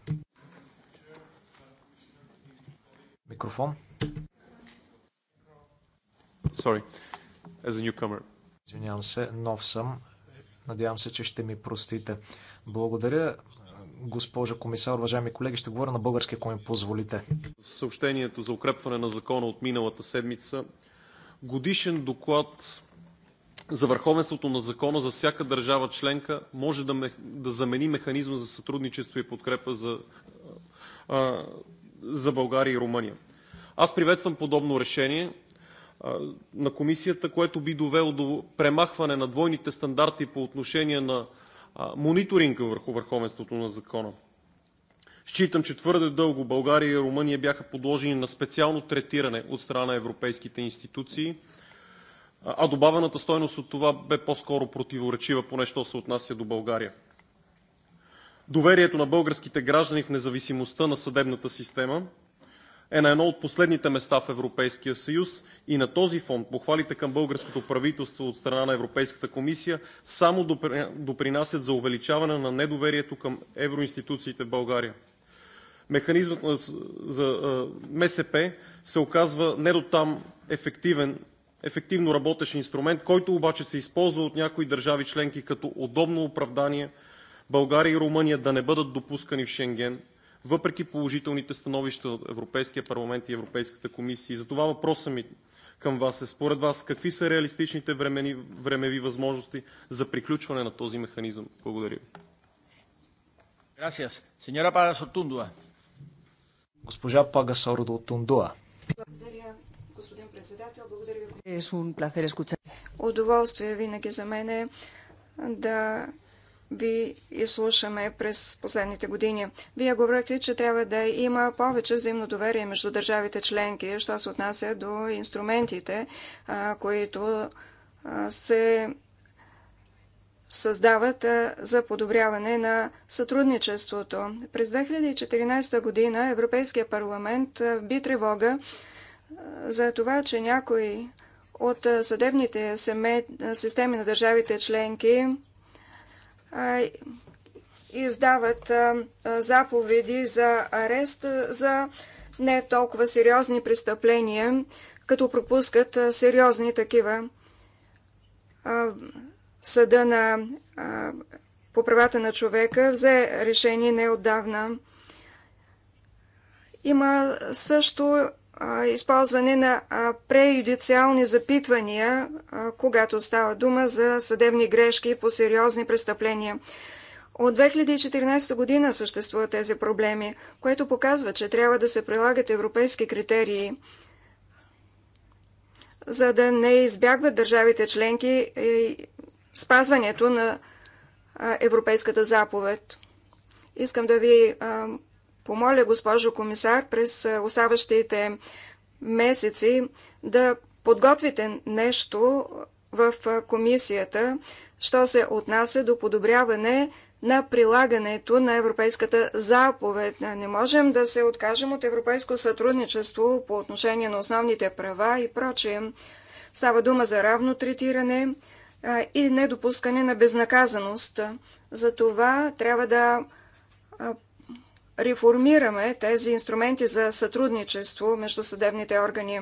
Микрофон. Sorry. As a newcomer. Извинявам се, нов съм. Надявам се, че ще ми простите. Uh, благодаря, госпожа комисар, уважаеми колеги. Ще говоря на български, ако ми позволите. В съобщението за укрепване на закона от миналата седмица годишен доклад за върховенството на закона за всяка държава членка може да, да замени механизма за сътрудничество и подкрепа за, за България и Румъния. Аз приветствам подобно решение на комисията, което би довело до премахване на двойните стандарти по отношение на мониторинга върху върховенството на закона. Считам, че твърде дълго България и Румъния бяха подложени на специално третиране от страна на европейските институции, а добавената стойност от това бе по-скоро противоречива, поне що се отнася до България. Доверието на българските граждани в независимостта на съдебната система е на едно от последните места в Европейския съюз и на този фон похвалите към българското правителство от страна на Европейската комисия само допринасят за увеличаване на недоверието към евроинституциите в България. Механизмът за МСП се оказва не до там ефективен, ефективно работещ инструмент, който обаче се използва от някои държави членки като удобно оправдание България и Румъния да не бъдат допускани в Шенген въпреки положителните становища от Европейския парламент и Европейската комисия. Затова въпросът ми към Вас е: според Вас какви са реалистичните времеви възможности за приключване на този механизъм? Благодаря Ви. Gracias. Señora Pagasortundua. Госпожа Пагасордо Тундуа. Благодаря, господин председател. Благодаря ви. Е, е Удоволствие винаги за мен е да ви изслушаме през последните години. Вие говорите, че трябва да има повече взаимно доверие между държавите членки, що се отнася до инструментите, които се създават за подобряване на сътрудничеството. През 2014 година Европейския парламент би тревога за това, че някои от съдебните системи на държавите членки издават заповеди за арест за не толкова сериозни престъпления, като пропускат сериозни такива. Съда на по правата на човека взе решение неотдавна. Има също използване на преюдициални запитвания, когато става дума за съдебни грешки по сериозни престъпления. От 2014 година съществуват тези проблеми, което показва, че трябва да се прилагат европейски критерии, за да не избягват държавите членки спазването на Европейската заповед. Искам да ви помоля, госпожо комисар, през оставащите месеци да подготвите нещо в комисията, що се отнася до подобряване на прилагането на Европейската заповед. Не можем да се откажем от европейско сътрудничество по отношение на основните права и прочее. Става дума за равно третиране и недопускане на безнаказаност. За това трябва да реформираме тези инструменти за сътрудничество между съдебните органи.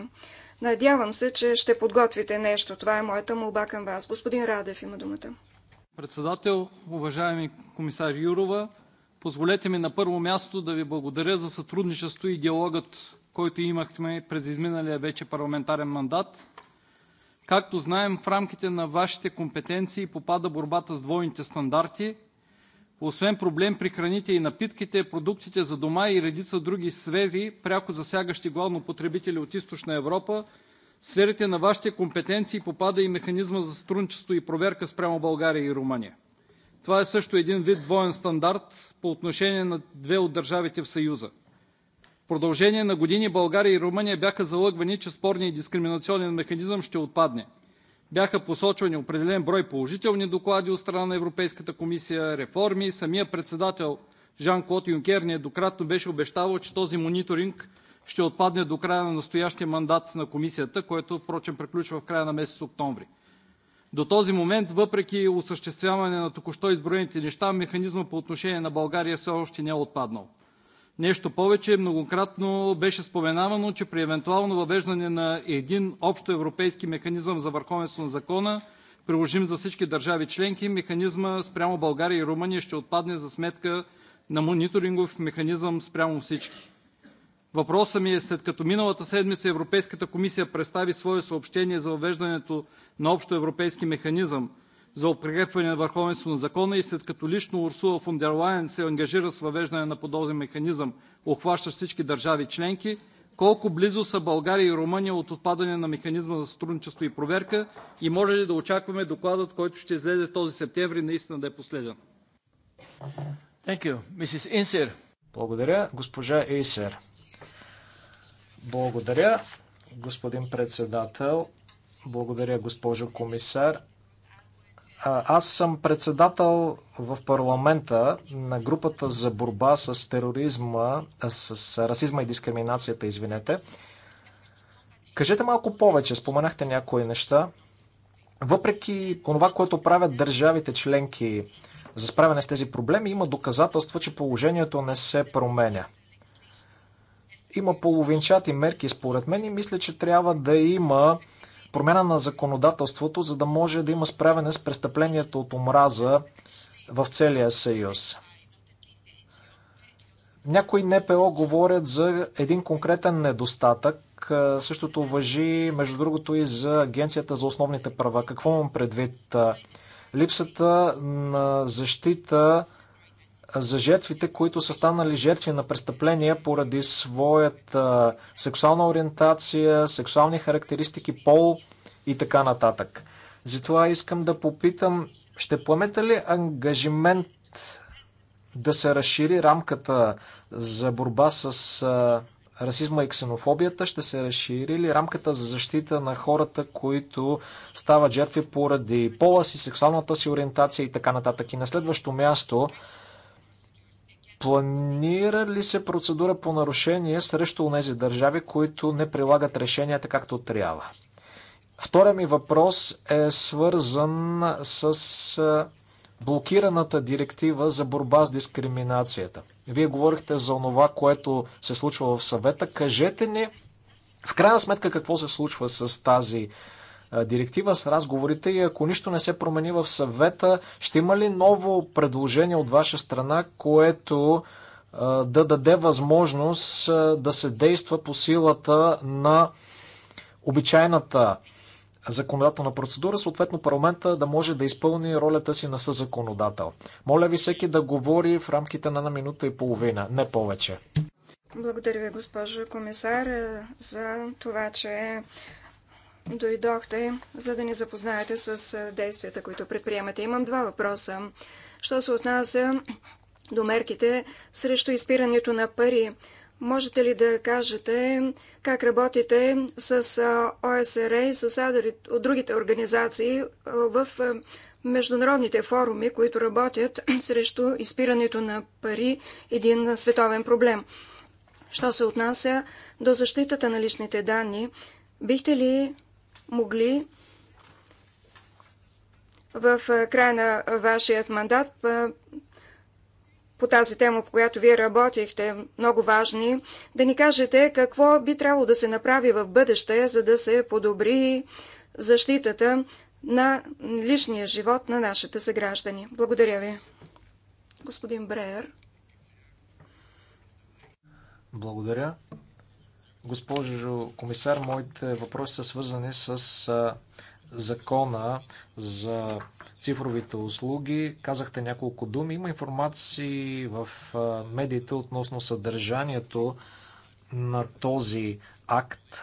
Надявам се, че ще подготвите нещо. Това е моята молба към вас. Господин Радев има думата. Председател, уважаеми комисар Юрова, позволете ми на първо място да ви благодаря за сътрудничество и диалогът, който имахме през изминалия вече парламентарен мандат. Както знаем, в рамките на вашите компетенции попада борбата с двойните стандарти – освен проблем при храните и напитките, продуктите за дома и редица други сфери, пряко засягащи главно потребители от Източна Европа, в сферите на Вашите компетенции попада и механизма за сътрудничество и проверка спрямо България и Румъния. Това е също един вид двоен стандарт по отношение на две от държавите в Съюза. В продължение на години България и Румъния бяха залъгвани, че спорният дискриминационен механизъм ще отпадне – бяха посочвани определен брой положителни доклади от страна на Европейската комисия, реформи. Самият председател Жан-Клод Юнкер нееднократно беше обещавал, че този мониторинг ще отпадне до края на настоящия мандат на Комисията, който впрочем приключва в края на месец октомври. До този момент, въпреки осъществяване на току-що изброените неща, механизма по отношение на България все още не е отпаднал. Нещо повече, многократно беше споменавано, че при евентуално въвеждане на един общоевропейски механизъм за върховенство на закона, приложим за всички държави членки, механизмът спрямо България и Румъния ще отпадне за сметка на мониторингов механизъм спрямо всички. Въпросът ми е, след като миналата седмица Европейската комисия представи свое съобщение за въвеждането на общоевропейски механизъм, за укрепване на върховенството на закона и след като лично Урсула фон дер Лайен се ангажира с въвеждане на подобен механизъм, обхващащ всички държави членки, колко близо са България и Румъния от отпадане на механизма за сътрудничество и проверка и може ли да очакваме докладът, който ще излезе този септември, наистина да е последен? Thank you. Mrs. Insir. Благодаря, госпожа Ейсер. Благодаря, господин председател. Благодаря, госпожо комисар. Аз съм председател в парламента на групата за борба с тероризма, с расизма и дискриминацията, извинете. Кажете малко повече, споменахте някои неща. Въпреки това, което правят държавите членки за справяне с тези проблеми, има доказателства, че положението не се променя. Има половинчати мерки, според мен, и мисля, че трябва да има промяна на законодателството, за да може да има справяне с престъплението от омраза в целия съюз. Някои НПО говорят за един конкретен недостатък. Същото въжи, между другото, и за Агенцията за основните права. Какво имам предвид? Липсата на защита за жертвите, които са станали жертви на престъпления поради своята сексуална ориентация, сексуални характеристики, пол и така нататък. Затова искам да попитам, ще поемете ли ангажимент да се разшири рамката за борба с расизма и ксенофобията? Ще се разшири ли рамката за защита на хората, които стават жертви поради пола си, сексуалната си ориентация и така нататък? И на следващо място, Планира ли се процедура по нарушение срещу тези държави, които не прилагат решенията както трябва? Втория ми въпрос е свързан с блокираната директива за борба с дискриминацията. Вие говорихте за това, което се случва в съвета. Кажете ни, в крайна сметка, какво се случва с тази директива с разговорите и ако нищо не се промени в съвета, ще има ли ново предложение от ваша страна, което да даде възможност да се действа по силата на обичайната законодателна процедура, съответно парламента да може да изпълни ролята си на съзаконодател. Моля ви всеки да говори в рамките на една минута и половина, не повече. Благодаря ви, госпожо комисар, за това, че дойдохте, за да ни запознаете с действията, които предприемате. Имам два въпроса. Що се отнася до мерките срещу изпирането на пари? Можете ли да кажете как работите с ОСР и с АДРИ от другите организации в международните форуми, които работят срещу изпирането на пари, един световен проблем? Що се отнася до защитата на личните данни, бихте ли могли в края на вашият мандат по тази тема, по която вие работихте, много важни, да ни кажете какво би трябвало да се направи в бъдеще, за да се подобри защитата на личния живот на нашите съграждани. Благодаря ви. Господин Бреер. Благодаря. Госпожо комисар, моите въпроси са свързани с закона за цифровите услуги. Казахте няколко думи. Има информации в медиите относно съдържанието на този акт.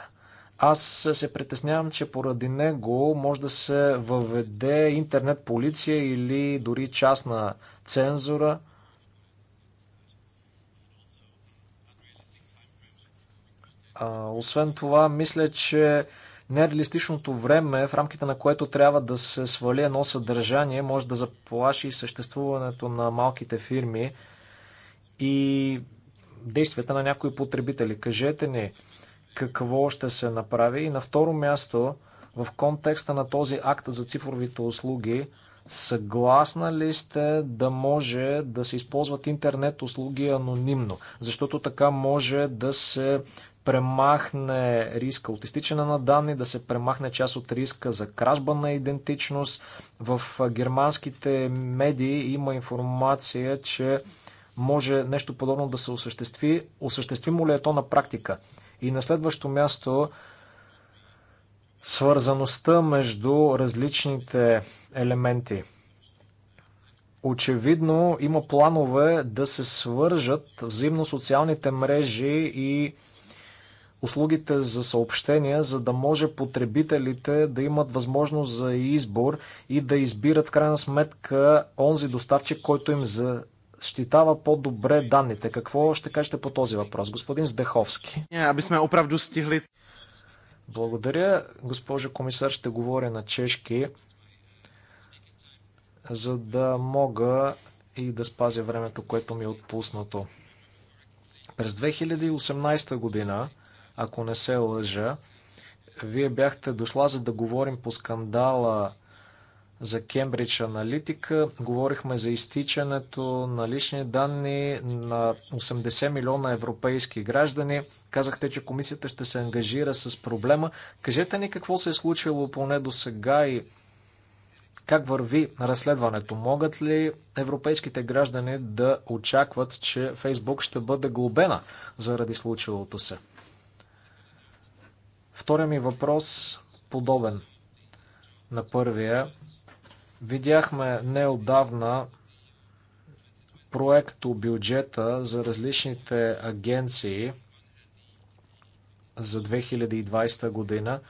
Аз се притеснявам, че поради него може да се въведе интернет полиция или дори частна цензура. Освен това, мисля, че нереалистичното време, в рамките на което трябва да се свали едно съдържание, може да заплаши съществуването на малките фирми и действията на някои потребители. Кажете ни какво ще се направи. И на второ място, в контекста на този акт за цифровите услуги, съгласна ли сте да може да се използват интернет услуги анонимно? Защото така може да се премахне риска от изтичане на данни, да се премахне част от риска за кражба на идентичност. В германските медии има информация, че може нещо подобно да се осъществи. Осъществимо ли е то на практика? И на следващо място, свързаността между различните елементи. Очевидно има планове да се свържат взаимно социалните мрежи и услугите за съобщения, за да може потребителите да имат възможност за избор и да избират в крайна сметка онзи доставчик, който им защитава по-добре данните. Какво ще кажете по този въпрос, господин Здеховски? Аби сме оправду стигли. Благодаря, госпожо комисар, ще говоря на чешки, за да мога и да спазя времето, което ми е отпуснато. През 2018 година ако не се лъжа. Вие бяхте дошла за да говорим по скандала за Кембридж Аналитика. Говорихме за изтичането на лични данни на 80 милиона европейски граждани. Казахте, че комисията ще се ангажира с проблема. Кажете ни какво се е случило поне до сега и как върви разследването? Могат ли европейските граждани да очакват, че Фейсбук ще бъде глобена заради случилото се? Втория ми въпрос подобен на първия. Видяхме неодавна проекто бюджета за различните агенции за 2020 година.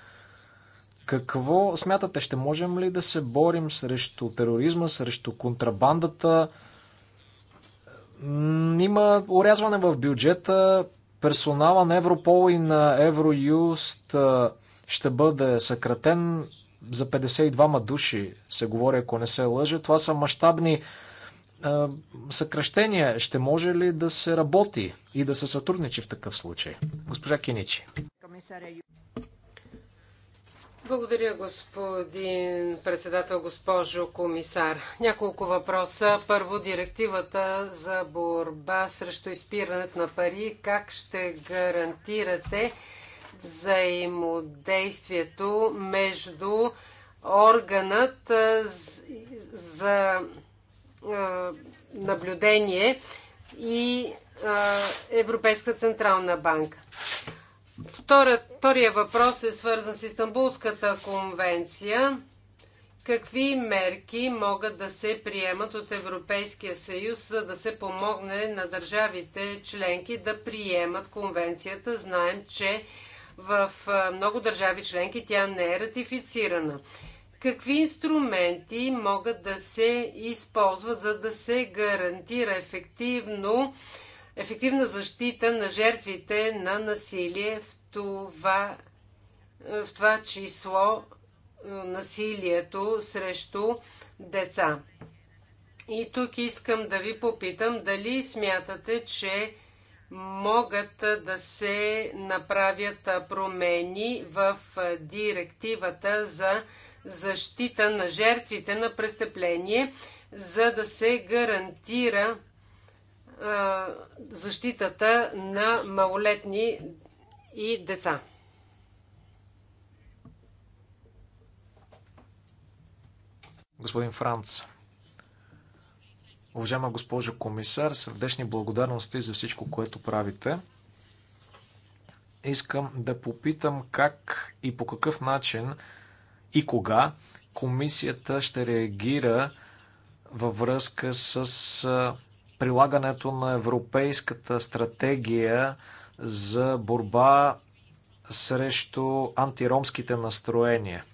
Какво смятате? Ще можем ли да се борим срещу тероризма, срещу контрабандата? Има урязване в бюджета, Персонала на Европол и на Евроюст ще бъде съкратен за 52 души, се говори, ако не се лъжа. Това са мащабни съкръщения. Ще може ли да се работи и да се сътрудничи в такъв случай? Госпожа Киничи. Благодаря, господин председател, госпожо комисар. Няколко въпроса. Първо, директивата за борба срещу изпирането на пари. Как ще гарантирате взаимодействието между органът за наблюдение и Европейска централна банка? Втора, втория въпрос е свързан с Истанбулската конвенция. Какви мерки могат да се приемат от Европейския съюз, за да се помогне на държавите членки да приемат конвенцията? Знаем, че в много държави членки тя не е ратифицирана. Какви инструменти могат да се използват, за да се гарантира ефективно ефективна защита на жертвите на насилие, в това, в това число е, насилието срещу деца. И тук искам да ви попитам дали смятате, че могат да се направят промени в директивата за защита на жертвите на престъпление, за да се гарантира защитата на малолетни и деца. Господин Франц, уважаема госпожо комисар, сърдечни благодарности за всичко, което правите. Искам да попитам как и по какъв начин и кога комисията ще реагира във връзка с прилагането на Европейската стратегия за борба срещу антиромските настроения.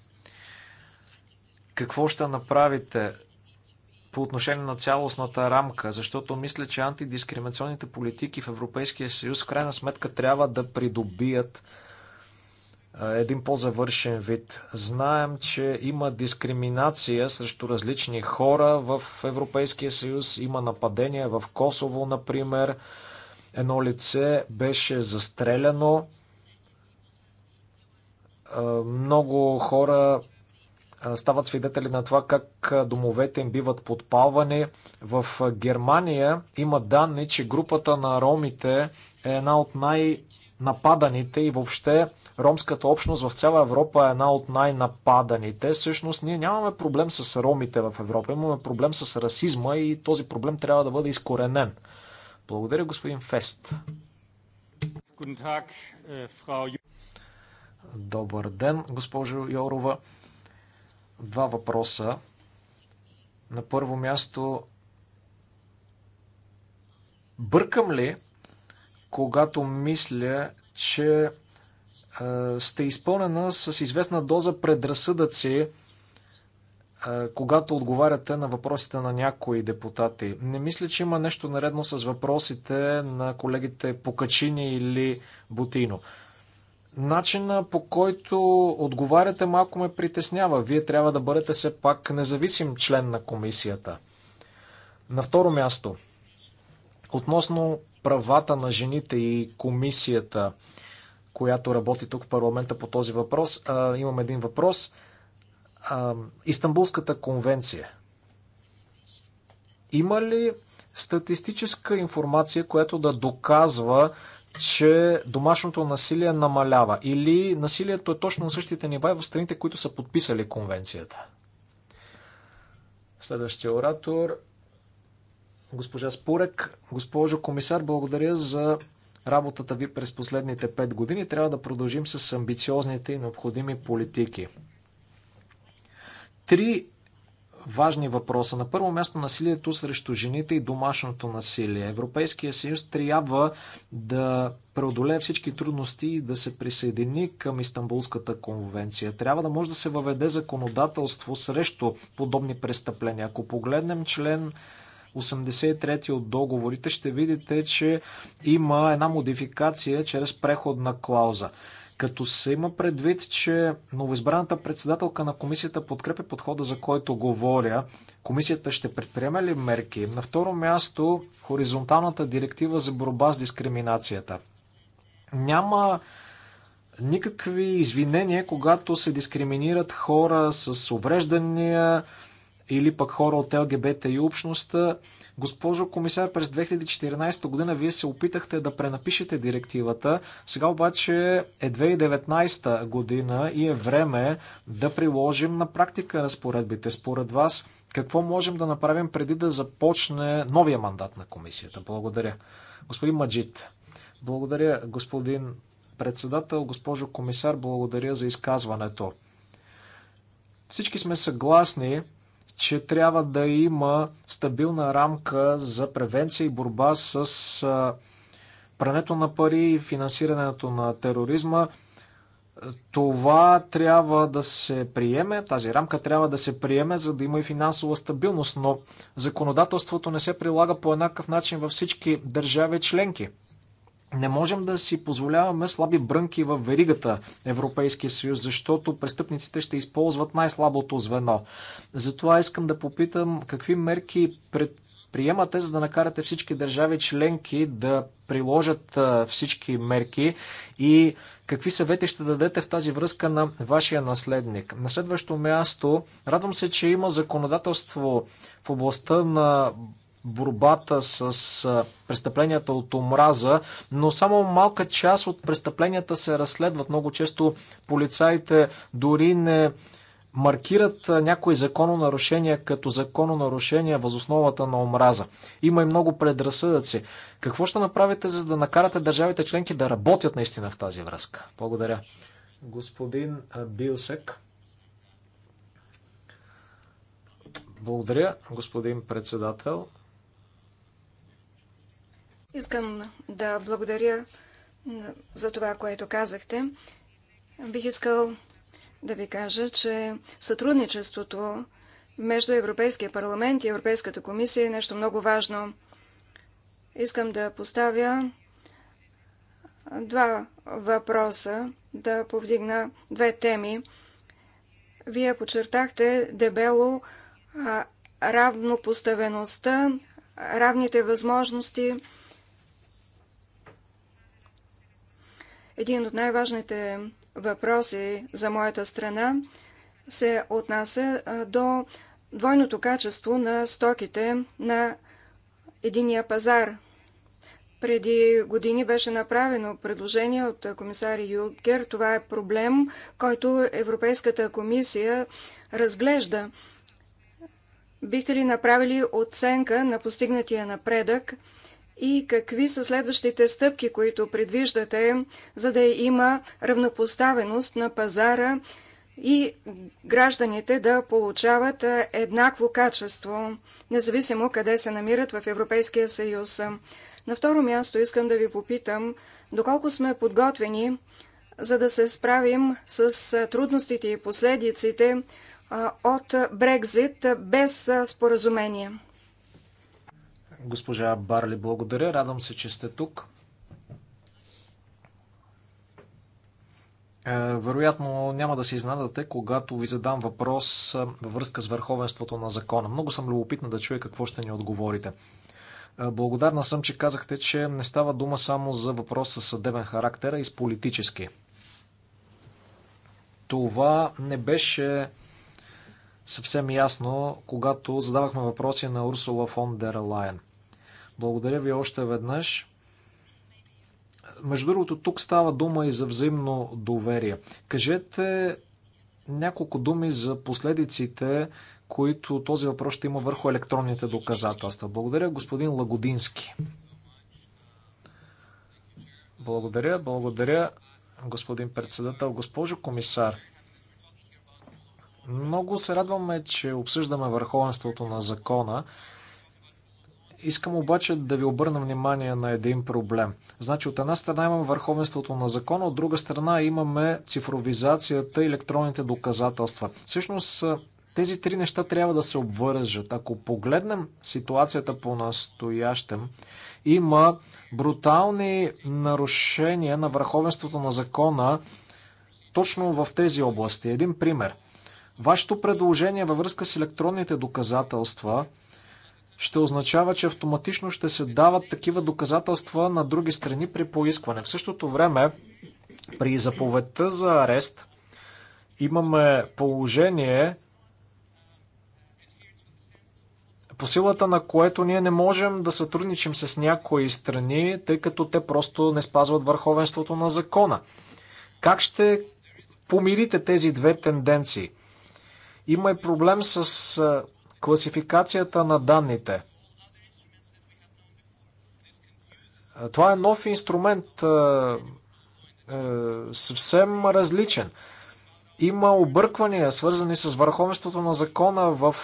Какво ще направите по отношение на цялостната рамка, защото мисля, че антидискриминационните политики в Европейския съюз в крайна сметка трябва да придобият един по-завършен вид. Знаем, че има дискриминация срещу различни хора в Европейския съюз. Има нападения в Косово, например. Едно лице беше застреляно. Много хора стават свидетели на това как домовете им биват подпалвани. В Германия има данни, че групата на ромите е една от най-нападаните и въобще Ромската общност в цяла Европа е една от най-нападаните. Всъщност ние нямаме проблем с ромите в Европа, имаме проблем с расизма и този проблем трябва да бъде изкоренен. Благодаря, господин Фест. Е, Добър ден, госпожо Йорова. Два въпроса. На първо място, бъркам ли, когато мисля, че сте изпълнена с известна доза предразсъдъци, когато отговаряте на въпросите на някои депутати. Не мисля, че има нещо наредно с въпросите на колегите Покачини или Бутино. Начина по който отговаряте малко ме притеснява. Вие трябва да бъдете все пак независим член на комисията. На второ място, относно правата на жените и комисията – която работи тук в парламента по този въпрос. А, имам един въпрос. А, Истанбулската конвенция. Има ли статистическа информация, която да доказва, че домашното насилие намалява? Или насилието е точно на същите нива и в страните, които са подписали конвенцията? Следващия оратор. Госпожа Спурек. Госпожо комисар, благодаря за работата ви през последните 5 години. Трябва да продължим с амбициозните и необходими политики. Три важни въпроса. На първо място насилието срещу жените и домашното насилие. Европейския съюз трябва да преодолее всички трудности и да се присъедини към Истанбулската конвенция. Трябва да може да се въведе законодателство срещу подобни престъпления. Ако погледнем член 83 от договорите, ще видите, че има една модификация чрез преходна клауза. Като се има предвид, че новоизбраната председателка на комисията подкрепя подхода, за който говоря, комисията ще предприеме ли мерки? На второ място, хоризонталната директива за борба с дискриминацията. Няма никакви извинения, когато се дискриминират хора с увреждания, или пък хора от ЛГБТ и общността. Госпожо комисар, през 2014 година вие се опитахте да пренапишете директивата. Сега обаче е 2019 година и е време да приложим на практика разпоредбите. Според вас, какво можем да направим преди да започне новия мандат на комисията? Благодаря. Господин Маджит, благодаря господин председател, госпожо комисар, благодаря за изказването. Всички сме съгласни, че трябва да има стабилна рамка за превенция и борба с прането на пари и финансирането на тероризма. Това трябва да се приеме, тази рамка трябва да се приеме, за да има и финансова стабилност, но законодателството не се прилага по еднакъв начин във всички държави членки. Не можем да си позволяваме слаби брънки в веригата Европейския съюз, защото престъпниците ще използват най-слабото звено. Затова искам да попитам какви мерки пред приемате, за да накарате всички държави членки да приложат всички мерки и какви съвети ще дадете в тази връзка на вашия наследник. На следващо място, радвам се, че има законодателство в областта на борбата с престъпленията от омраза, но само малка част от престъпленията се разследват. Много често полицаите дори не маркират някои закононарушения като закононарушения възосновата на омраза. Има и много предразсъдъци. Какво ще направите, за да накарате държавите членки да работят наистина в тази връзка? Благодаря. Господин Билсек. Благодаря, господин председател. Искам да благодаря за това, което казахте. Бих искал да ви кажа, че сътрудничеството между Европейския парламент и Европейската комисия е нещо много важно. Искам да поставя два въпроса, да повдигна две теми. Вие подчертахте дебело равнопоставеността, равните възможности, Един от най-важните въпроси за моята страна се отнася до двойното качество на стоките на единия пазар. Преди години беше направено предложение от комисар Юнкер. Това е проблем, който Европейската комисия разглежда. Бихте ли направили оценка на постигнатия напредък и какви са следващите стъпки, които предвиждате, за да има равнопоставеност на пазара и гражданите да получават еднакво качество, независимо къде се намират в Европейския съюз. На второ място искам да ви попитам, доколко сме подготвени, за да се справим с трудностите и последиците от Брекзит без споразумение. Госпожа Барли, благодаря. Радвам се, че сте тук. Е, вероятно няма да се изнадате, когато ви задам въпрос е, във връзка с върховенството на закона. Много съм любопитна да чуя какво ще ни отговорите. Е, благодарна съм, че казахте, че не става дума само за въпрос с съдебен характер, а и с политически. Това не беше съвсем ясно, когато задавахме въпроси на Урсула фон дер Лайен. Благодаря ви още веднъж. Между другото, тук става дума и за взаимно доверие. Кажете няколко думи за последиците, които този въпрос ще има върху електронните доказателства. Благодаря, господин Лагодински. Благодаря, благодаря, господин председател, госпожо комисар. Много се радваме, че обсъждаме върховенството на закона. Искам обаче да ви обърна внимание на един проблем. Значи от една страна имаме върховенството на закона, от друга страна имаме цифровизацията и електронните доказателства. Всъщност тези три неща трябва да се обвържат. Ако погледнем ситуацията по настоящем, има брутални нарушения на върховенството на закона точно в тези области. Един пример. Вашето предложение във връзка с електронните доказателства – ще означава, че автоматично ще се дават такива доказателства на други страни при поискване. В същото време, при заповедта за арест, имаме положение, по силата на което ние не можем да сътрудничим с някои страни, тъй като те просто не спазват върховенството на закона. Как ще помирите тези две тенденции? Има и проблем с класификацията на данните. Това е нов инструмент, съвсем различен. Има обърквания, свързани с върховенството на закона в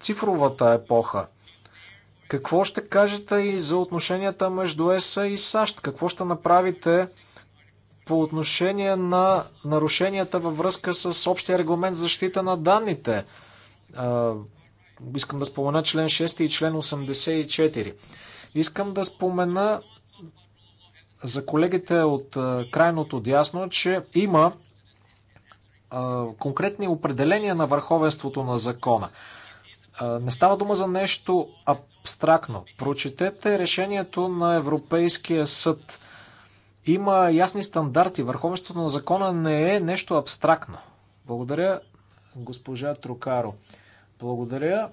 цифровата епоха. Какво ще кажете и за отношенията между ЕСА и САЩ? Какво ще направите по отношение на нарушенията във връзка с общия регламент за защита на данните? Искам да спомена член 6 и член 84. Искам да спомена за колегите от крайното дясно, че има конкретни определения на върховенството на закона. Не става дума за нещо абстрактно. Прочетете решението на Европейския съд. Има ясни стандарти. Върховенството на закона не е нещо абстрактно. Благодаря, госпожа Трокаро. Благодаря.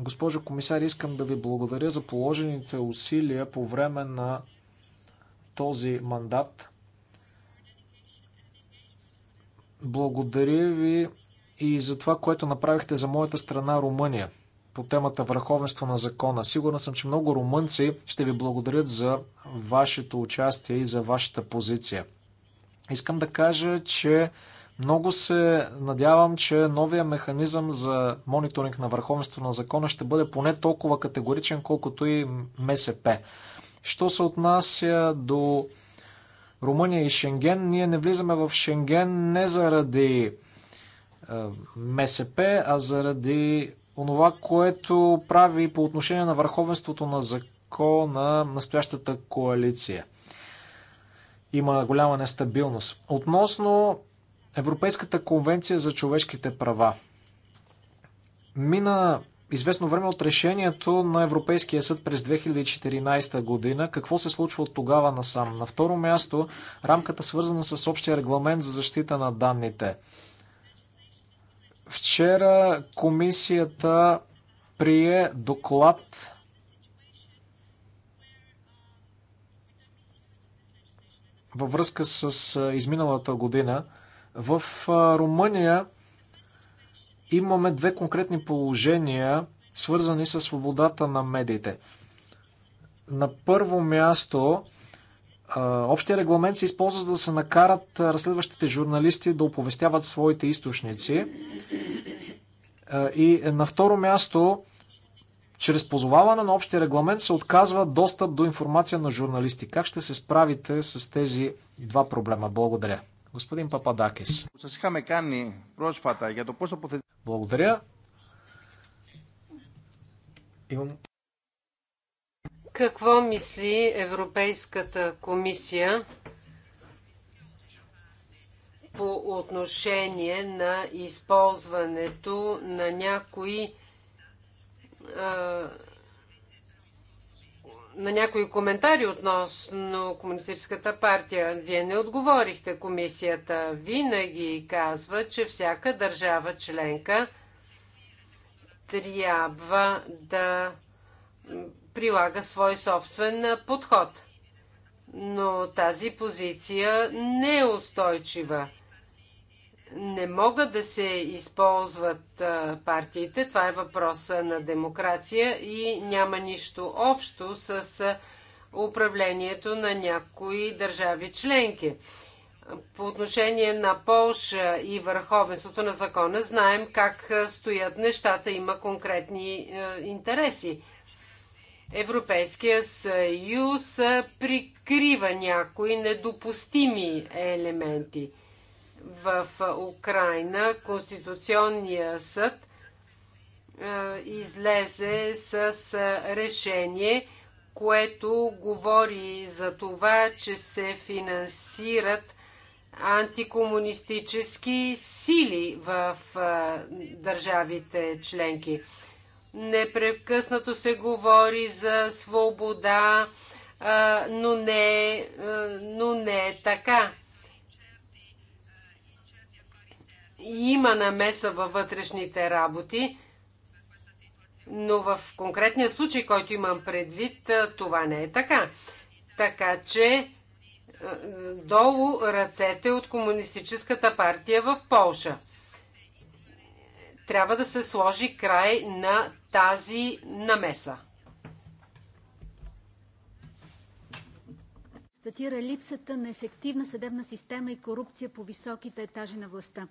Госпожо комисар, искам да ви благодаря за положените усилия по време на този мандат. Благодаря ви и за това, което направихте за моята страна Румъния по темата върховенство на закона. Сигурна съм, че много румънци ще ви благодарят за вашето участие и за вашата позиция. Искам да кажа, че много се надявам, че новия механизъм за мониторинг на върховенство на закона ще бъде поне толкова категоричен, колкото и МСП. Що се отнася до Румъния и Шенген, ние не влизаме в Шенген не заради е, МСП, а заради онова, което прави по отношение на върховенството на закона настоящата коалиция. Има голяма нестабилност. Относно Европейската конвенция за човешките права. Мина известно време от решението на Европейския съд през 2014 година. Какво се случва от тогава насам? На второ място, рамката свързана с общия регламент за защита на данните. Вчера комисията прие доклад във връзка с изминалата година – в Румъния имаме две конкретни положения, свързани с свободата на медиите. На първо място, общия регламент се използва за да се накарат разследващите журналисти да оповестяват своите източници. И на второ място, чрез позоваване на общия регламент се отказва достъп до информация на журналисти. Как ще се справите с тези два проблема? Благодаря. Господин Пападакис. Благодаря. Имам... Какво мисли Европейската комисия по отношение на използването на някои а, на някои коментари относно Комунистическата партия. Вие не отговорихте. Комисията винаги казва, че всяка държава членка трябва да прилага свой собствен подход. Но тази позиция не е устойчива не могат да се използват партиите. Това е въпроса на демокрация и няма нищо общо с управлението на някои държави членки. По отношение на Полша и върховенството на закона, знаем как стоят нещата, има конкретни интереси. Европейския съюз прикрива някои недопустими елементи – в Украина Конституционния съд излезе с решение, което говори за това, че се финансират антикомунистически сили в държавите членки. Непрекъснато се говори за свобода, но не, но не е така. има намеса във вътрешните работи, но в конкретния случай, който имам предвид, това не е така. Така че долу ръцете от Комунистическата партия в Полша. Трябва да се сложи край на тази намеса. Статира липсата на ефективна съдебна система и корупция по високите етажи на властта.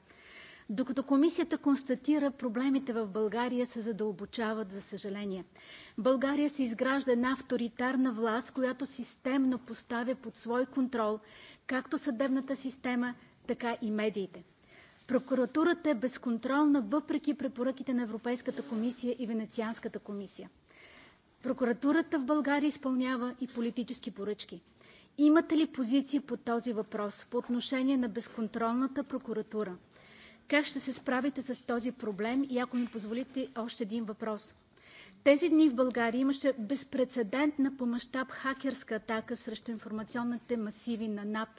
Докато комисията констатира проблемите в България се задълбочават, за съжаление. България се изгражда една авторитарна власт, която системно поставя под свой контрол както съдебната система, така и медиите. Прокуратурата е безконтролна въпреки препоръките на Европейската комисия и Венецианската комисия. Прокуратурата в България изпълнява и политически поръчки. Имате ли позиции по този въпрос, по отношение на безконтролната прокуратура? Как ще се справите с този проблем? И ако ми позволите още един въпрос. Тези дни в България имаше безпредседентна по мащаб хакерска атака срещу информационните масиви на НАП,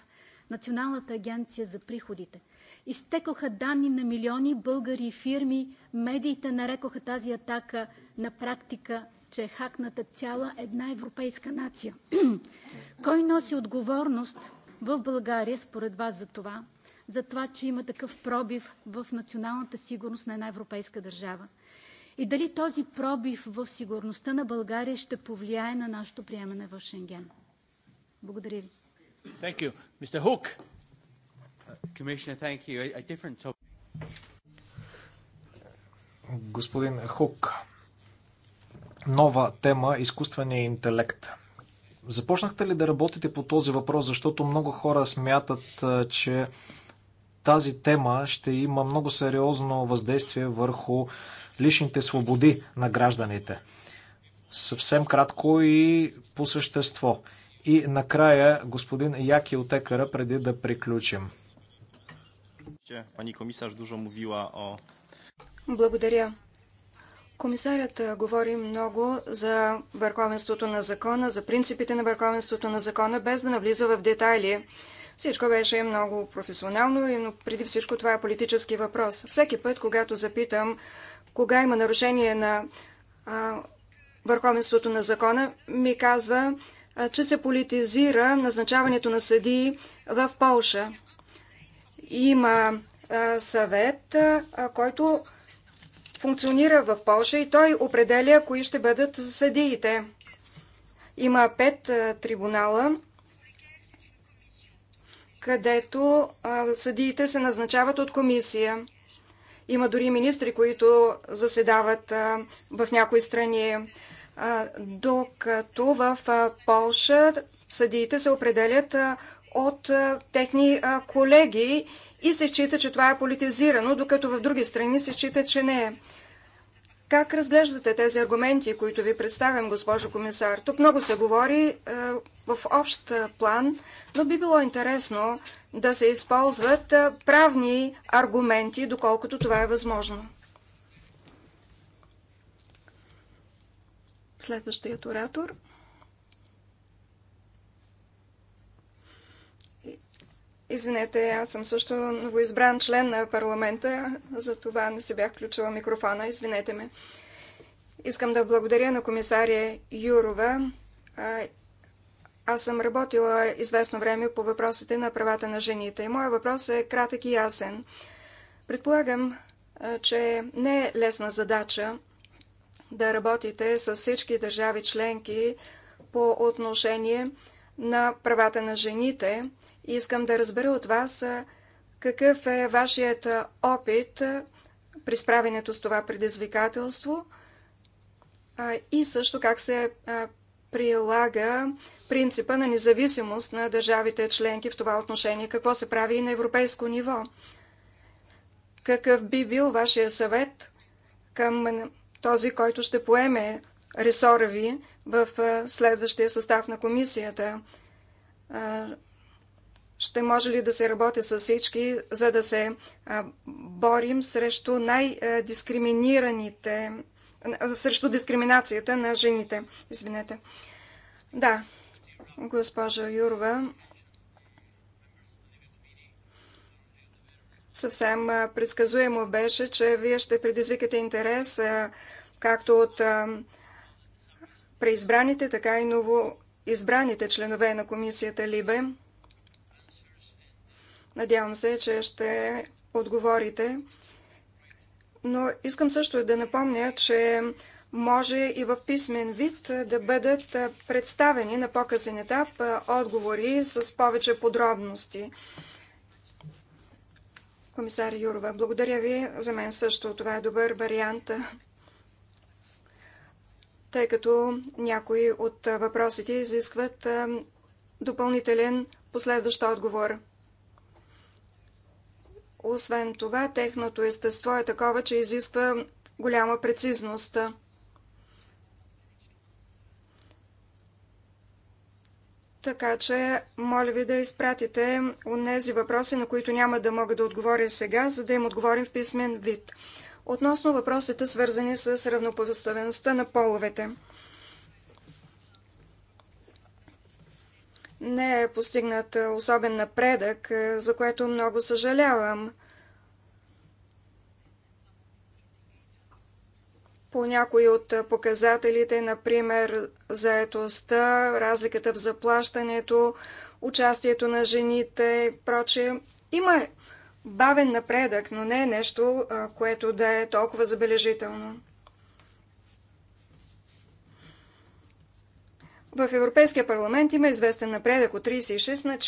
Националната агенция за приходите. Изтекоха данни на милиони българи и фирми. Медиите нарекоха тази атака на практика, че е хакната цяла една европейска нация. Кой носи отговорност в България според вас за това? за това, че има такъв пробив в националната сигурност на една европейска държава. И дали този пробив в сигурността на България ще повлияе на нашето приемане в Шенген. Благодаря ви. Thank you. Mr. Hook. Commissioner, thank you. a different topic. Господин Хук, нова тема – изкуственият интелект. Започнахте ли да работите по този въпрос, защото много хора смятат, че тази тема ще има много сериозно въздействие върху личните свободи на гражданите. Съвсем кратко и по същество. И накрая господин Яки от Екара, преди да приключим. Пани комисар му мовила о... Благодаря. Комисарят говори много за върховенството на закона, за принципите на върховенството на закона, без да навлиза в детайли. Всичко беше много професионално, но преди всичко това е политически въпрос. Всеки път, когато запитам кога има нарушение на а, върховенството на закона, ми казва, а, че се политизира назначаването на съдии в Полша. Има а, съвет, а, който функционира в Полша и той определя кои ще бъдат съдиите. Има пет а, трибунала където съдиите се назначават от комисия. Има дори министри, които заседават в някои страни, докато в Полша съдиите се определят от техни колеги и се счита, че това е политизирано, докато в други страни се счита, че не е. Как разглеждате тези аргументи, които ви представям, госпожо комисар? Тук много се говори в общ план но би било интересно да се използват правни аргументи, доколкото това е възможно. Следващият оратор. Извинете, аз съм също новоизбран член на парламента, за това не се бях включила микрофона. Извинете ме. Искам да благодаря на комисария Юрова аз съм работила известно време по въпросите на правата на жените и моя въпрос е кратък и ясен. Предполагам, че не е лесна задача да работите с всички държави членки по отношение на правата на жените. Искам да разбера от вас какъв е вашият опит при справянето с това предизвикателство и също как се прилага принципа на независимост на държавите членки в това отношение? Какво се прави и на европейско ниво? Какъв би бил вашия съвет към този, който ще поеме ресора ви в следващия състав на комисията? Ще може ли да се работи с всички, за да се борим срещу най-дискриминираните срещу дискриминацията на жените. Извинете. Да, госпожа Юрова, съвсем предсказуемо беше, че вие ще предизвикате интерес както от преизбраните, така и ново избраните членове на комисията Либе. Надявам се, че ще отговорите но искам също да напомня, че може и в писмен вид е, да бъдат е, представени на по-късен етап е, отговори с повече подробности. Комисар Юрова, благодаря ви. За мен също това е добър вариант, тъй като някои от въпросите изискват допълнителен последващ отговор. Освен това, техното естество е такова, че изисква голяма прецизност. Така че, моля ви да изпратите тези въпроси, на които няма да мога да отговоря сега, за да им отговорим в писмен вид. Относно въпросите, свързани с равнопоставеността на половете – не е постигнат е, особен напредък, е, за което много съжалявам. По някои от показателите, например заетостта, разликата в заплащането, участието на жените и прочее, има бавен напредък, но не е нещо, което да е толкова забележително. В Европейския парламент има известен напредък от 36 на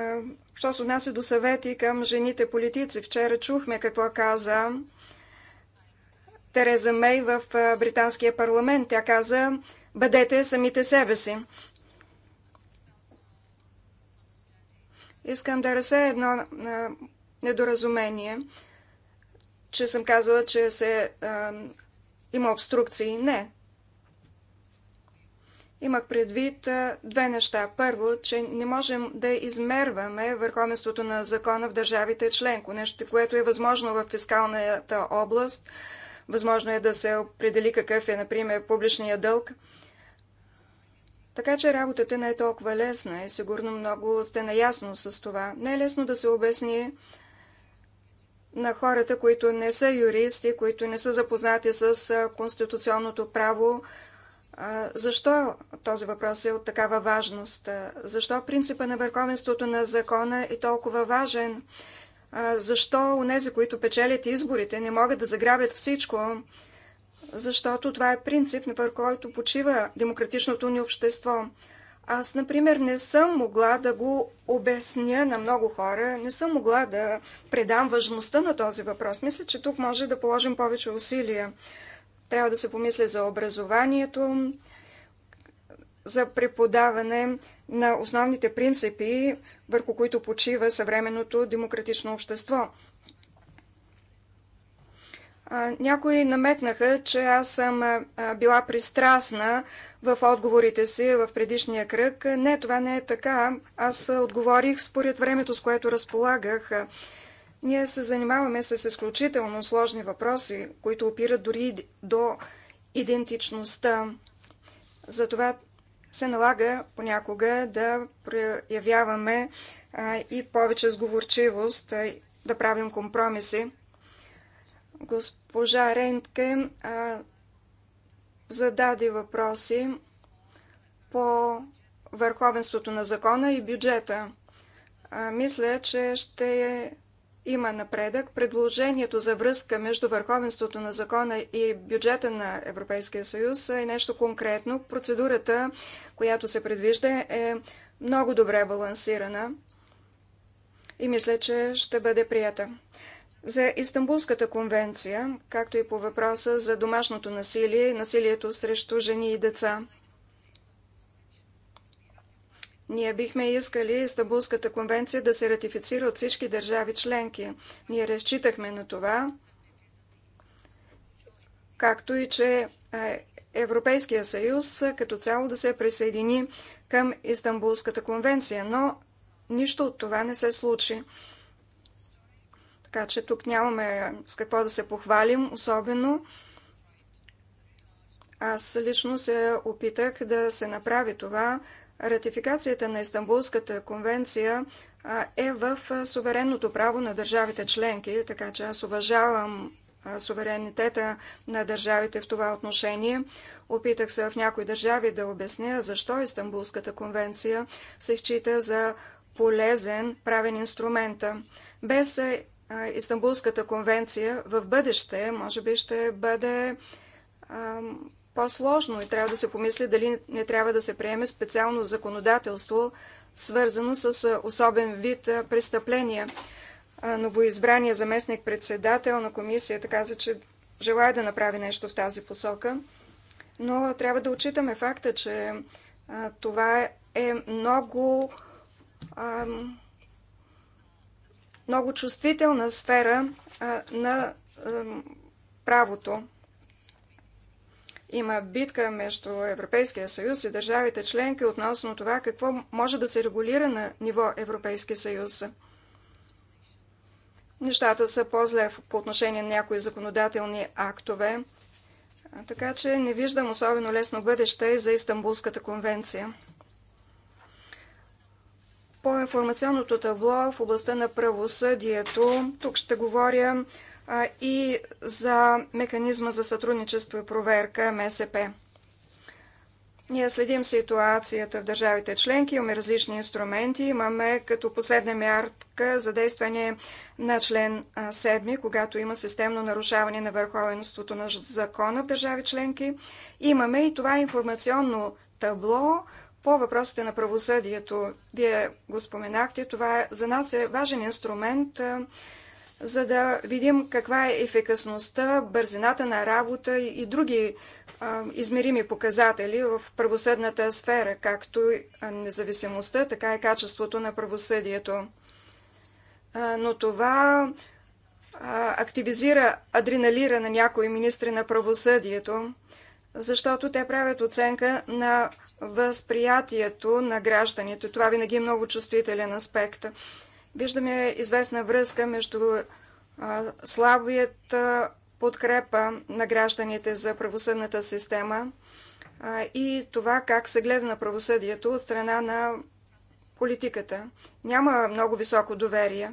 40%. Що се отнася до съвети към жените политици, вчера чухме какво каза Тереза Мей в британския парламент. Тя каза, бъдете самите себе си. Искам да разсея едно недоразумение, че съм казала, че се, а, има обструкции. Не. Имах предвид а, две неща. Първо, че не можем да измерваме върховенството на закона в държавите членко. Нещо, което е възможно в фискалната област. Възможно е да се определи какъв е, например, публичния дълг. Така че работата не е толкова лесна и сигурно много сте наясно с това. Не е лесно да се обясни на хората, които не са юристи, които не са запознати с конституционното право. Защо този въпрос е от такава важност? Защо принципа на върховенството на закона е толкова важен? Защо онези, които печелят изборите, не могат да заграбят всичко? Защото това е принцип, на който почива демократичното ни общество. Аз, например, не съм могла да го обясня на много хора, не съм могла да предам важността на този въпрос. Мисля, че тук може да положим повече усилия. Трябва да се помисля за образованието, за преподаване на основните принципи, върху които почива съвременното демократично общество. Някои наметнаха, че аз съм била пристрастна в отговорите си в предишния кръг. Не, това не е така. Аз отговорих според времето, с което разполагах. Ние се занимаваме с изключително сложни въпроси, които опират дори до идентичността. Затова се налага понякога да проявяваме и повече сговорчивост, да правим компромиси. Госпожа Рентке зададе въпроси по върховенството на закона и бюджета. Мисля, че ще има напредък. Предложението за връзка между върховенството на закона и бюджета на Европейския съюз е нещо конкретно. Процедурата, която се предвижда, е много добре балансирана и мисля, че ще бъде прията за Истанбулската конвенция, както и по въпроса за домашното насилие и насилието срещу жени и деца. Ние бихме искали Истанбулската конвенция да се ратифицира от всички държави членки. Ние разчитахме на това, както и че е, Европейския съюз е, като цяло да се присъедини към Истанбулската конвенция, но нищо от това не се случи. Така че тук нямаме с какво да се похвалим, особено. Аз лично се опитах да се направи това. Ратификацията на Истанбулската конвенция е в суверенното право на държавите членки, така че аз уважавам суверенитета на държавите в това отношение. Опитах се в някои държави да обясня защо Истанбулската конвенция се счита за полезен правен инструмент. Без Истанбулската конвенция в бъдеще, може би ще бъде по-сложно и трябва да се помисли дали не трябва да се приеме специално законодателство, свързано с особен вид престъпления. Новоизбрания заместник-председател на комисията каза, че желая да направи нещо в тази посока, но трябва да отчитаме факта, че това е много много чувствителна сфера на правото. Има битка между Европейския съюз и държавите членки относно това какво може да се регулира на ниво Европейския съюз. Нещата са по-зле по отношение на някои законодателни актове, така че не виждам особено лесно бъдеще и за Истанбулската конвенция. По информационното табло в областта на правосъдието, тук ще говоря а, и за механизма за сътрудничество и проверка МСП. Ние следим ситуацията в държавите членки, имаме различни инструменти. Имаме като последна мярка за действане на член 7, когато има системно нарушаване на върховенството на закона в държави членки. Имаме и това информационно табло, по въпросите на правосъдието, вие го споменахте, това е- за нас е важен инструмент, за да видим каква е ефикасността, бързината на работа и други измерими показатели в правосъдната сфера, както независимостта, така и качеството на правосъдието. но това активизира, адреналира на някои министри на правосъдието, защото те правят оценка на възприятието на гражданите. Това винаги е много чувствителен аспект. Виждаме известна връзка между слабията подкрепа на гражданите за правосъдната система и това как се гледа на правосъдието от страна на политиката. Няма много високо доверие.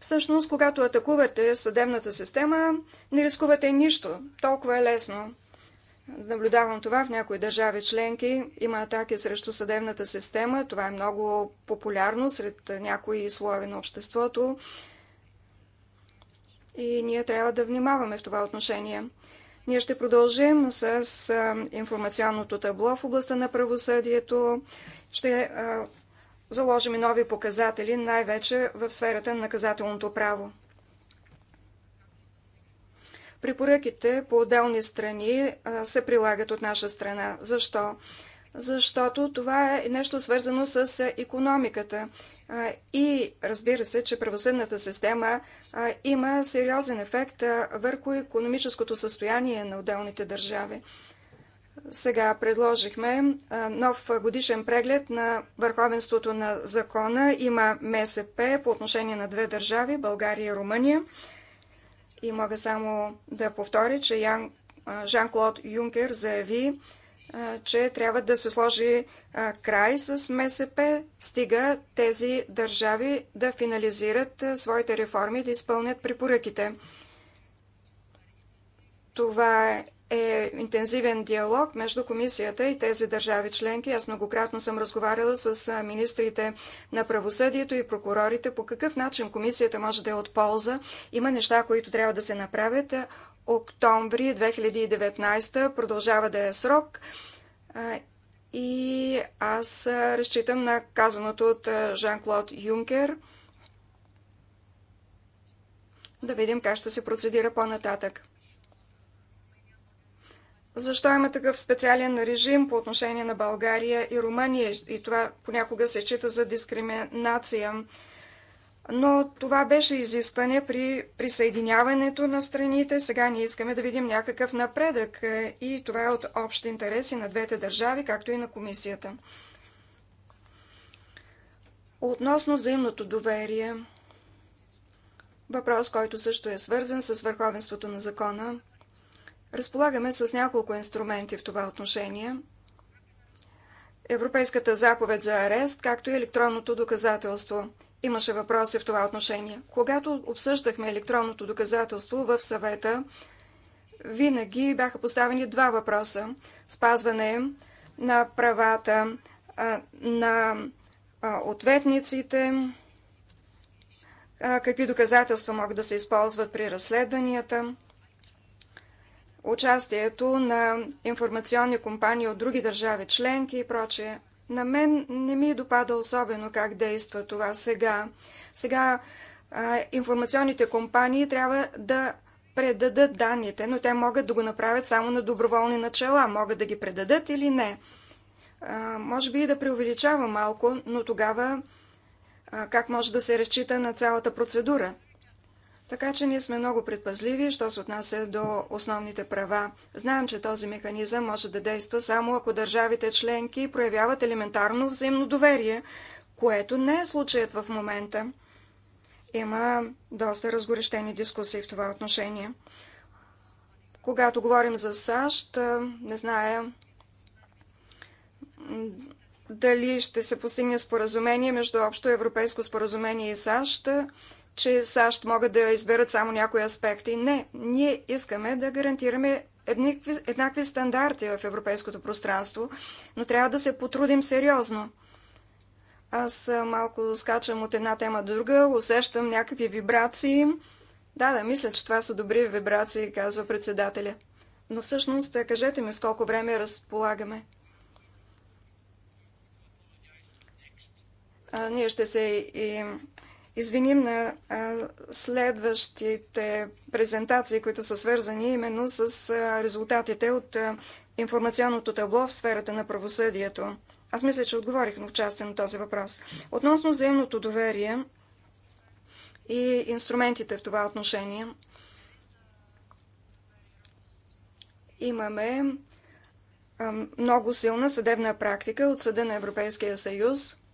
Всъщност, когато атакувате съдебната система, не рискувате нищо. Толкова е лесно. Наблюдавам това в някои държави членки. Има атаки срещу съдебната система. Това е много популярно сред някои слоеве на обществото. И ние трябва да внимаваме в това отношение. Ние ще продължим с информационното табло в областта на правосъдието. Ще заложим нови показатели, най-вече в сферата на наказателното право. Препоръките по отделни страни се прилагат от наша страна. Защо? Защото това е нещо свързано с економиката. И разбира се, че правосъдната система има сериозен ефект върху економическото състояние на отделните държави. Сега предложихме нов годишен преглед на върховенството на закона. Има МСП по отношение на две държави България и Румъния. И мога само да повторя, че Жан-Клод Юнкер заяви, че трябва да се сложи край с МСП, стига тези държави да финализират своите реформи и да изпълнят препоръките. Това е е интензивен диалог между комисията и тези държави членки. Аз многократно съм разговаряла с министрите на правосъдието и прокурорите по какъв начин комисията може да е от полза. Има неща, които трябва да се направят. Октомври 2019 продължава да е срок. И аз разчитам на казаното от Жан-Клод Юнкер. Да видим как ще се процедира по-нататък. Защо има такъв специален режим по отношение на България и Румъния и това понякога се чита за дискриминация? Но това беше изискване при присъединяването на страните. Сега ние искаме да видим някакъв напредък и това е от общи интереси на двете държави, както и на комисията. Относно взаимното доверие, въпрос, който също е свързан с върховенството на закона, Разполагаме с няколко инструменти в това отношение. Европейската заповед за арест, както и електронното доказателство. Имаше въпроси в това отношение. Когато обсъждахме електронното доказателство в съвета, винаги бяха поставени два въпроса. Спазване на правата на ответниците, какви доказателства могат да се използват при разследванията участието на информационни компании от други държави членки и прочее. На мен не ми допада особено как действа това сега. Сега а, информационните компании трябва да предадат данните, но те могат да го направят само на доброволни начала. Могат да ги предадат или не. А, може би и да преувеличава малко, но тогава а, как може да се разчита на цялата процедура? Така че ние сме много предпазливи, що се отнася до основните права. Знаем, че този механизъм може да действа само ако държавите членки проявяват елементарно взаимно доверие, което не е случаят в момента. Има доста разгорещени дискусии в това отношение. Когато говорим за САЩ, не зная дали ще се постигне споразумение между общо европейско споразумение и САЩ че САЩ могат да изберат само някои аспекти. Не, ние искаме да гарантираме еднакви, еднакви стандарти в европейското пространство, но трябва да се потрудим сериозно. Аз малко скачам от една тема до друга, усещам някакви вибрации. Да, да, мисля, че това са добри вибрации, казва председателя. Но всъщност, е, кажете ми с колко време разполагаме. А, ние ще се и извиним на следващите презентации, които са свързани именно с резултатите от информационното табло в сферата на правосъдието. Аз мисля, че отговорих на участие на този въпрос. Относно взаимното доверие и инструментите в това отношение, имаме много силна съдебна практика от Съда на Европейския съюз –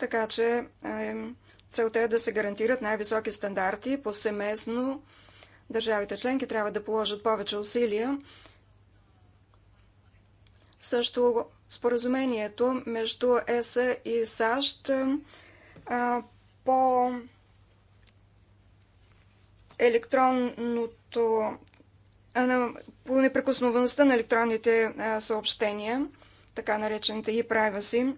така че е, целта е да се гарантират най-високи стандарти повсеместно. Държавите членки трябва да положат повече усилия. Също споразумението между ЕС и САЩ е, по електронното е, по непрекосновеността на електронните съобщения, така наречените e-privacy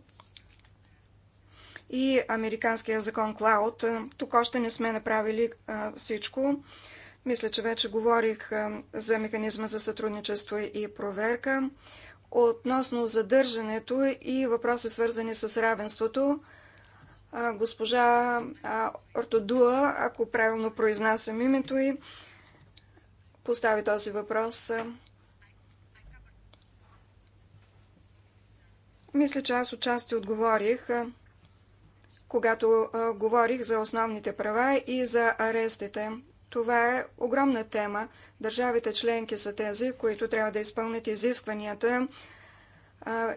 и американския закон Клауд. Е, тук още не сме направили всичко. Мисля, че вече говорих за механизма за сътрудничество и проверка. Относно задържането и въпроси свързани с равенството, госпожа Ортодуа, ако правилно произнасям името й, постави този въпрос. Мисля, че аз отчасти отговорих когато а, говорих за основните права и за арестите. Това е огромна тема. Държавите членки са тези, които трябва да изпълнят изискванията а,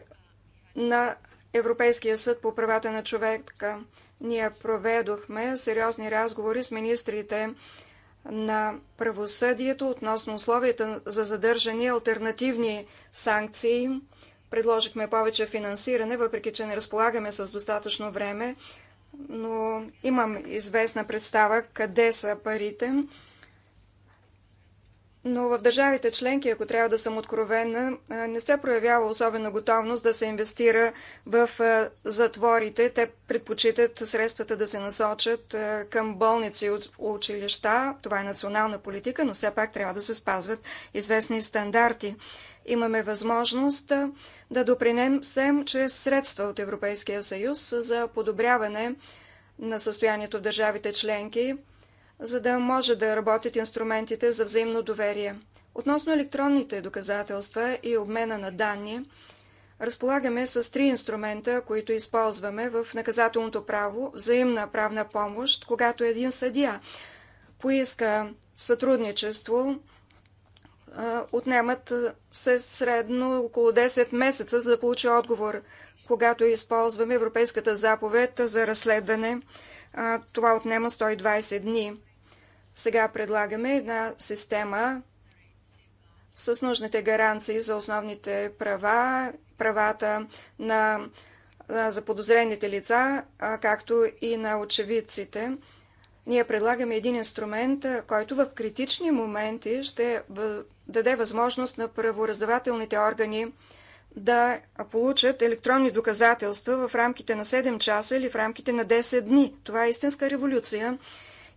на Европейския съд по правата на човека. Ние проведохме сериозни разговори с министрите на правосъдието относно условията за задържане альтернативни санкции. Предложихме повече финансиране, въпреки че не разполагаме с достатъчно време но имам известна представа къде са парите. Но в държавите членки, ако трябва да съм откровена, не се проявява особена готовност да се инвестира в затворите. Те предпочитат средствата да се насочат към болници от училища. Това е национална политика, но все пак трябва да се спазват известни стандарти имаме възможност да допринесем чрез средства от Европейския съюз за подобряване на състоянието в държавите членки, за да може да работят инструментите за взаимно доверие. Относно електронните доказателства и обмена на данни, разполагаме с три инструмента, които използваме в наказателното право, взаимна правна помощ, когато един съдия поиска сътрудничество отнемат все средно около 10 месеца, за да получи отговор. Когато използваме Европейската заповед за разследване, това отнема 120 дни. Сега предлагаме една система с нужните гаранции за основните права, правата на заподозрените лица, както и на очевидците – ние предлагаме един инструмент, който в критични моменти ще даде възможност на правораздавателните органи да получат електронни доказателства в рамките на 7 часа или в рамките на 10 дни. Това е истинска революция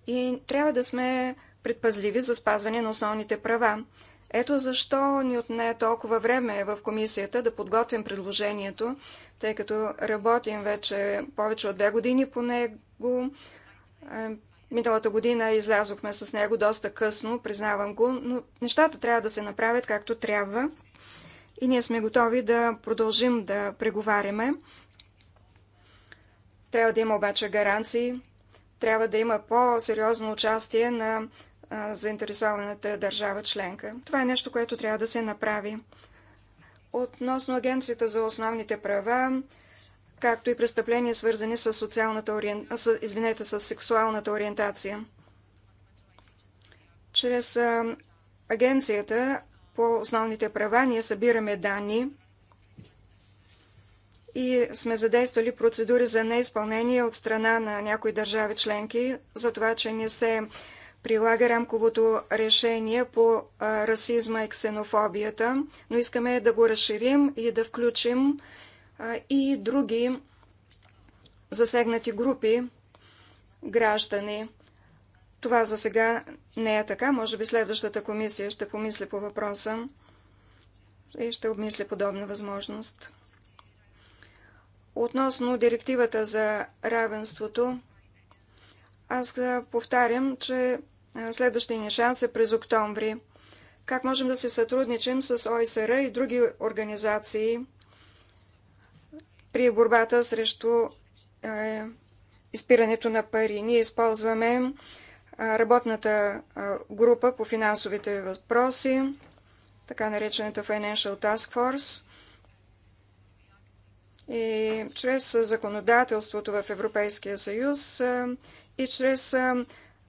и трябва да сме предпазливи за спазване на основните права. Ето защо ни отне толкова време в комисията да подготвим предложението, тъй като работим вече повече от две години по него. Миналата година излязохме с него доста късно, признавам го, но нещата трябва да се направят както трябва и ние сме готови да продължим да преговаряме. Трябва да има обаче гаранции, трябва да има по-сериозно участие на заинтересованата държава членка. Това е нещо, което трябва да се направи. Относно Агенцията за основните права, както и престъпления, свързани с, социалната ориен... с, извинете, с сексуалната ориентация. Чрез а, агенцията по основните права ние събираме данни и сме задействали процедури за неизпълнение от страна на някои държави членки за това, че не се прилага рамковото решение по расизма и ксенофобията, но искаме да го разширим и да включим и други засегнати групи граждани. Това за сега не е така. Може би следващата комисия ще помисли по въпроса и ще обмисли подобна възможност. Относно директивата за равенството, аз повтарям, че следващия ни шанс е през октомври. Как можем да се сътрудничим с ОСР и други организации – при борбата срещу е, изпирането на пари. Ние използваме е, работната е, група по финансовите въпроси, така наречената Financial Task Force. И чрез законодателството в Европейския съюз е, и чрез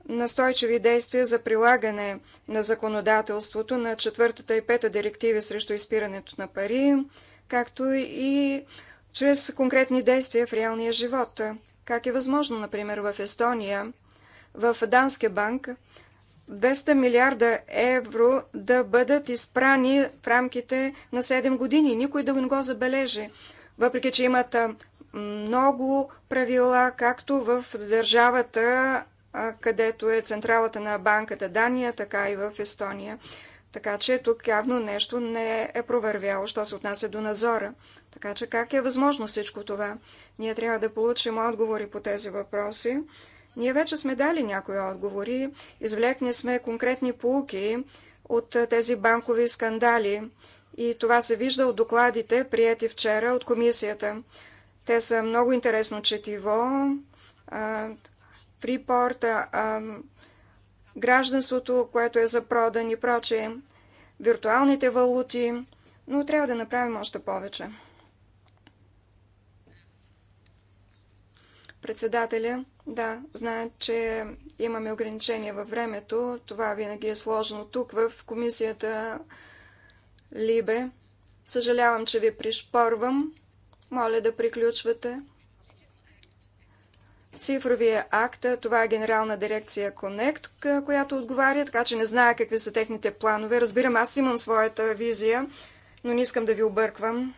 настойчиви действия за прилагане на законодателството на четвъртата и пета директиви срещу изпирането на пари, както и чрез конкретни действия в реалния живот. Как е възможно, например, в Естония, в Данския банк, 200 милиарда евро да бъдат изпрани в рамките на 7 години. Никой да не го забележи. Въпреки, че имат много правила, както в държавата, където е централата на банката Дания, така и в Естония. Така че тук явно нещо не е провървяло, що се отнася до надзора. Така че как е възможно всичко това? Ние трябва да получим отговори по тези въпроси. Ние вече сме дали някои отговори, Извлекни сме конкретни полуки от тези банкови скандали и това се вижда от докладите, прияти вчера от комисията. Те са много интересно четиво. Фрипорта, гражданството, което е за продан и прочее, виртуалните валути, но трябва да направим още повече. Председателя, да, знае, че имаме ограничения във времето. Това винаги е сложно тук в комисията Либе. Съжалявам, че ви пришпорвам. Моля да приключвате. Цифровия акт, това е генерална дирекция Connect, която отговаря, така че не зная какви са техните планове. Разбирам, аз имам своята визия, но не искам да ви обърквам.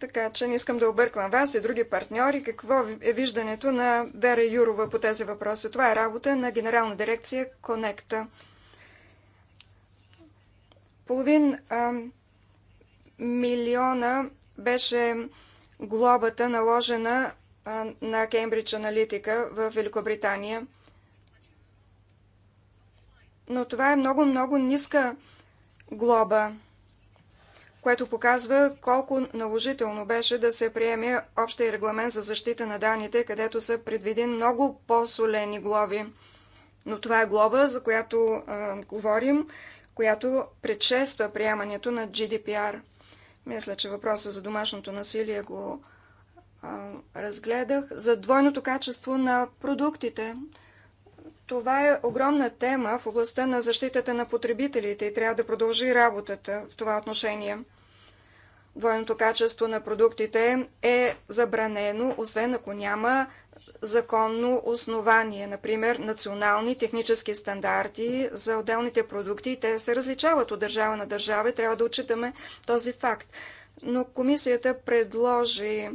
Така че не искам да обърквам вас и други партньори. Какво е виждането на Вера Юрова по тези въпроси? Това е работа на Генерална дирекция Конекта. Половин а, милиона беше глобата наложена а, на Кембридж Аналитика в Великобритания. Но това е много-много ниска глоба което показва колко наложително беше да се приеме общия регламент за защита на данните, където са предвидени много по-солени глоби. Но това е глоба, за която а, говорим, която предшества приемането на GDPR. Мисля, че въпроса за домашното насилие го а, разгледах. За двойното качество на продуктите – това е огромна тема в областта на защитата на потребителите и трябва да продължи работата в това отношение. Двойното качество на продуктите е забранено, освен ако няма законно основание, например национални технически стандарти за отделните продукти. Те се различават от държава на държава и трябва да отчитаме този факт. Но комисията предложи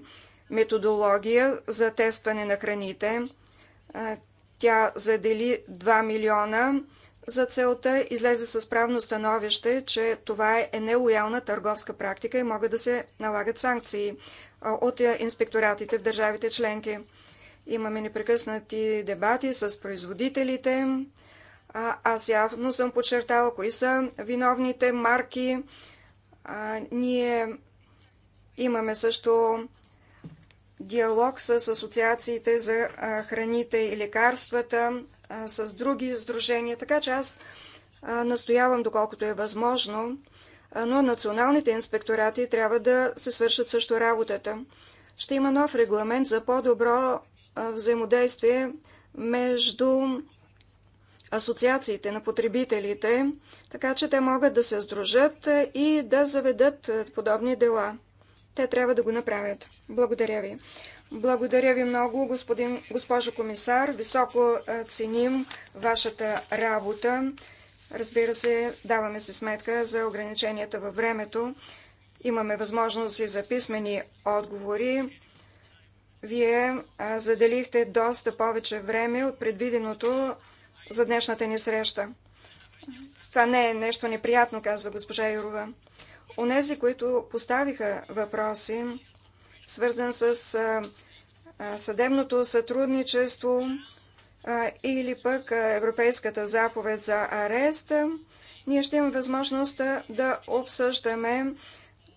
методология за тестване на храните. Тя задели 2 милиона за целта, излезе с правно становище, че това е нелоялна търговска практика и могат да се налагат санкции от инспекторатите в държавите членки. Имаме непрекъснати дебати с производителите. Аз явно съм подчертала кои са виновните марки. Ние имаме също диалог с асоциациите за храните и лекарствата, с други сдружения. Така че аз настоявам, доколкото е възможно, но националните инспекторати трябва да се свършат също работата. Ще има нов регламент за по-добро взаимодействие между асоциациите на потребителите, така че те могат да се сдружат и да заведат подобни дела те трябва да го направят. Благодаря ви. Благодаря ви много, господин, госпожо комисар. Високо ценим вашата работа. Разбира се, даваме се сметка за ограниченията във времето. Имаме възможност и за писмени отговори. Вие заделихте доста повече време от предвиденото за днешната ни среща. Това не е нещо неприятно, казва госпожа Юрова. Онези, които поставиха въпроси, свързан с съдебното сътрудничество или пък Европейската заповед за арест, ние ще имаме възможност да обсъждаме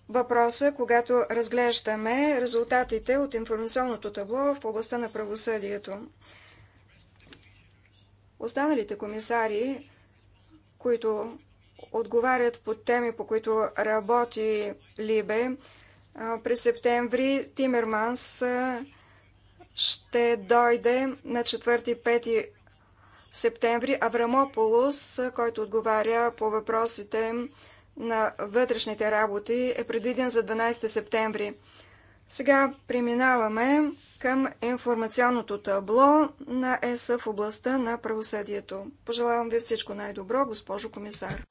въпроса, когато разглеждаме резултатите от информационното табло в областта на правосъдието. Останалите комисари, които отговарят по теми, по които работи Либе. През септември Тимерманс ще дойде на 4-5 септември Аврамополус, който отговаря по въпросите на вътрешните работи, е предвиден за 12 септември. Сега преминаваме към информационното табло на ЕС в областта на правосъдието. Пожелавам ви всичко най-добро, госпожо комисар.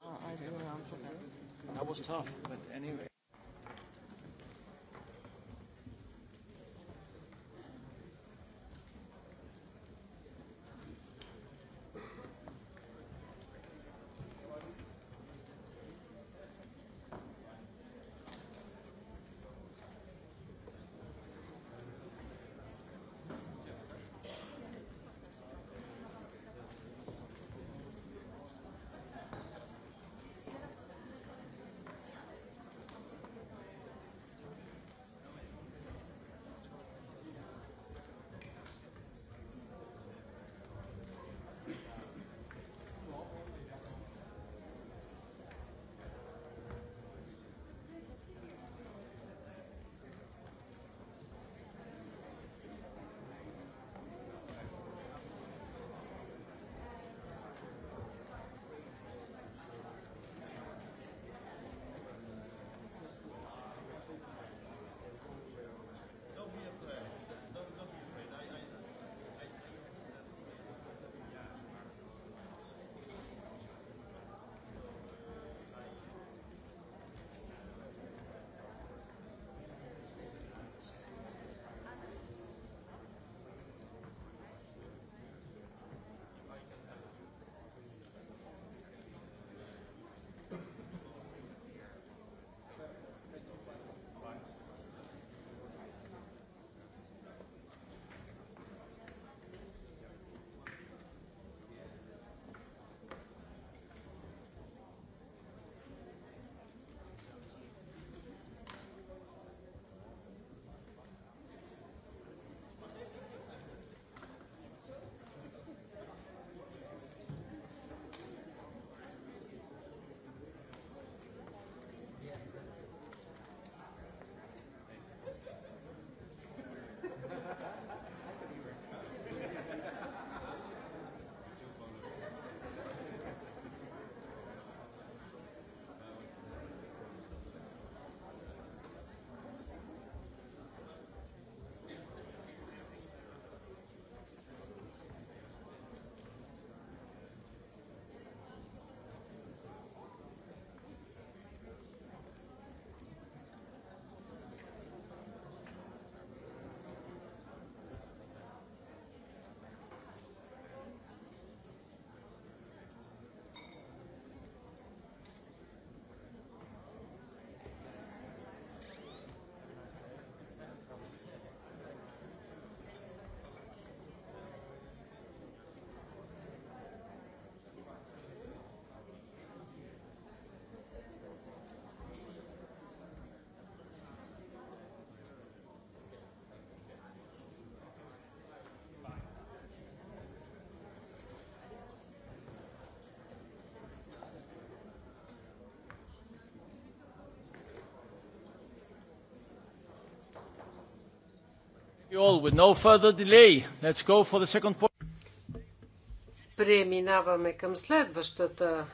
Преминаваме към следващата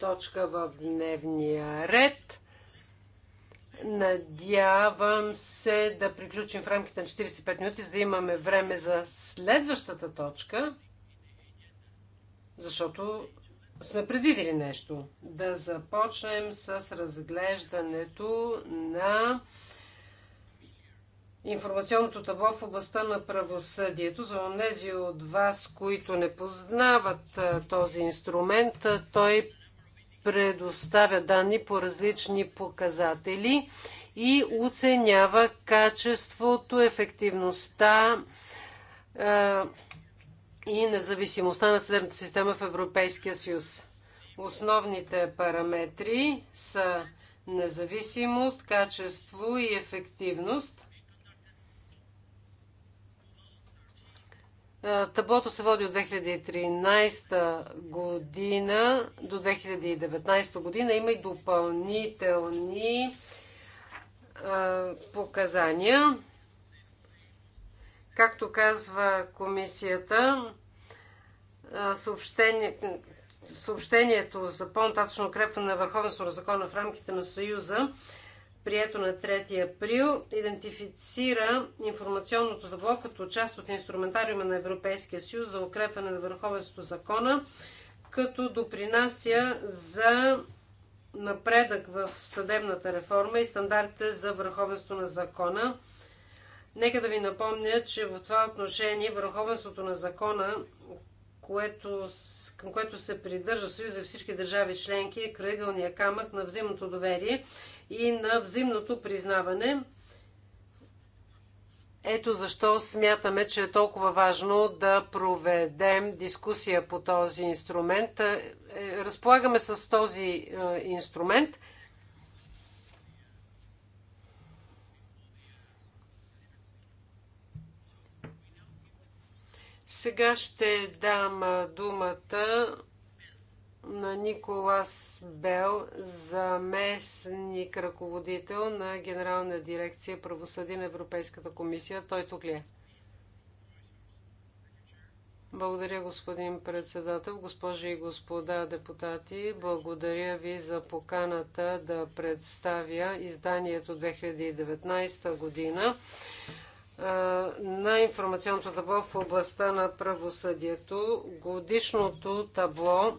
точка в дневния ред. Надявам се да приключим в рамките на 45 минути, за да имаме време за следващата точка, защото сме предвидели нещо. Да започнем с разглеждането на информационното табло в областта на правосъдието. За онези от вас, които не познават този инструмент, той предоставя данни по различни показатели и оценява качеството, ефективността е, и независимостта на съдебната система в Европейския съюз. Основните параметри са независимост, качество и ефективност – Е, таблото се води от 2013 година до 2019 година. Има и допълнителни е, показания. Както казва комисията, е, съобщение, съобщението за по-нататъчно укрепване на върховенство на закона в рамките на Съюза прието на 3 април, идентифицира информационното табло като част от инструментариума на Европейския съюз за укрепване на върховенството закона, като допринася за напредък в съдебната реформа и стандартите за върховенство на закона. Нека да ви напомня, че в това отношение върховенството на закона, което, към което се придържа Съюза всички държави членки, е кръгълния камък на взаимното доверие и на взаимното признаване. Ето защо смятаме, че е толкова важно да проведем дискусия по този инструмент. Е, е, разполагаме с този е, инструмент. Сега ще дам думата на Николас Бел, заместник ръководител на Генерална дирекция Правосъдие на Европейската комисия. Той тук ли е? Благодаря, господин председател, госпожи и господа депутати. Благодаря ви за поканата да представя изданието 2019 година на информационното табло в областта на правосъдието. Годишното табло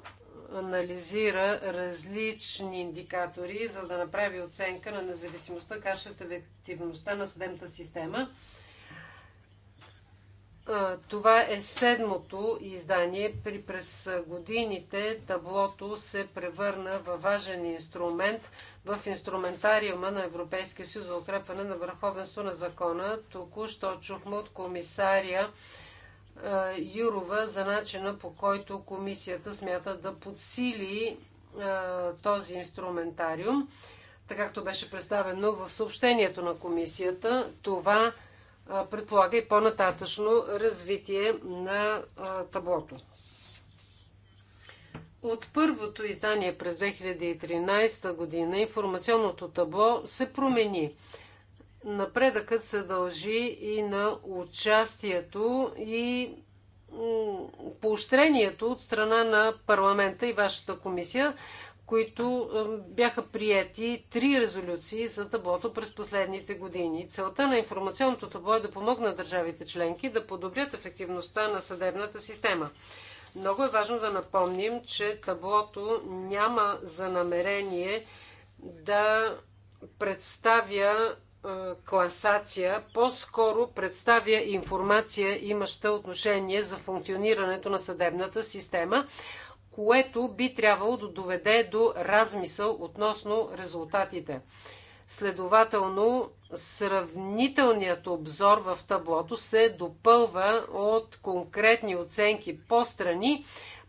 анализира различни индикатори, за да направи оценка на независимостта, качеството и ефективността на съдебната система. Това е седмото издание. При през годините таблото се превърна във важен инструмент в инструментариума на Европейския съюз за укрепване на върховенство на закона. Току-що чухме от комисария е, юрова за начина по който комисията смята да подсили е, този инструментариум, така както беше представено в съобщението на комисията. Това е, предполага и по-нататъчно развитие на таблото. От първото издание през 2013 година информационното табло се промени. Напредъкът се дължи и на участието и поощрението от страна на парламента и вашата комисия, които е, бяха приети три резолюции за таблото през последните години. Целта на информационното табло е да помогна държавите членки да подобрят ефективността на съдебната система. Много е важно да напомним, че таблото няма за намерение да представя класация по-скоро представя информация, имаща отношение за функционирането на съдебната система, което би трябвало да доведе до размисъл относно резултатите. Следователно, сравнителният обзор в таблото се допълва от конкретни оценки по страни,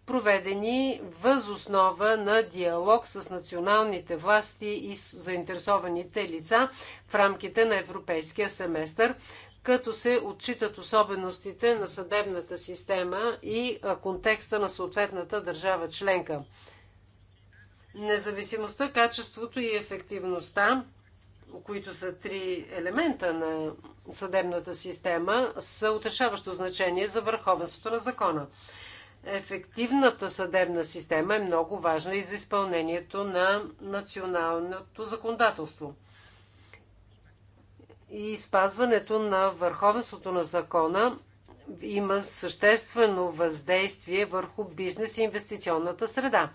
проведени въз основа на диалог с националните власти и заинтересованите лица в рамките на европейския семестър, като се отчитат особеностите на съдебната система и контекста на съответната държава членка. Независимостта, качеството и ефективността, които са три елемента на съдебната система, са отрешаващо значение за върховенството на закона ефективната съдебна система е много важна и за изпълнението на националното законодателство. И спазването на върховенството на закона има съществено въздействие върху бизнес и инвестиционната среда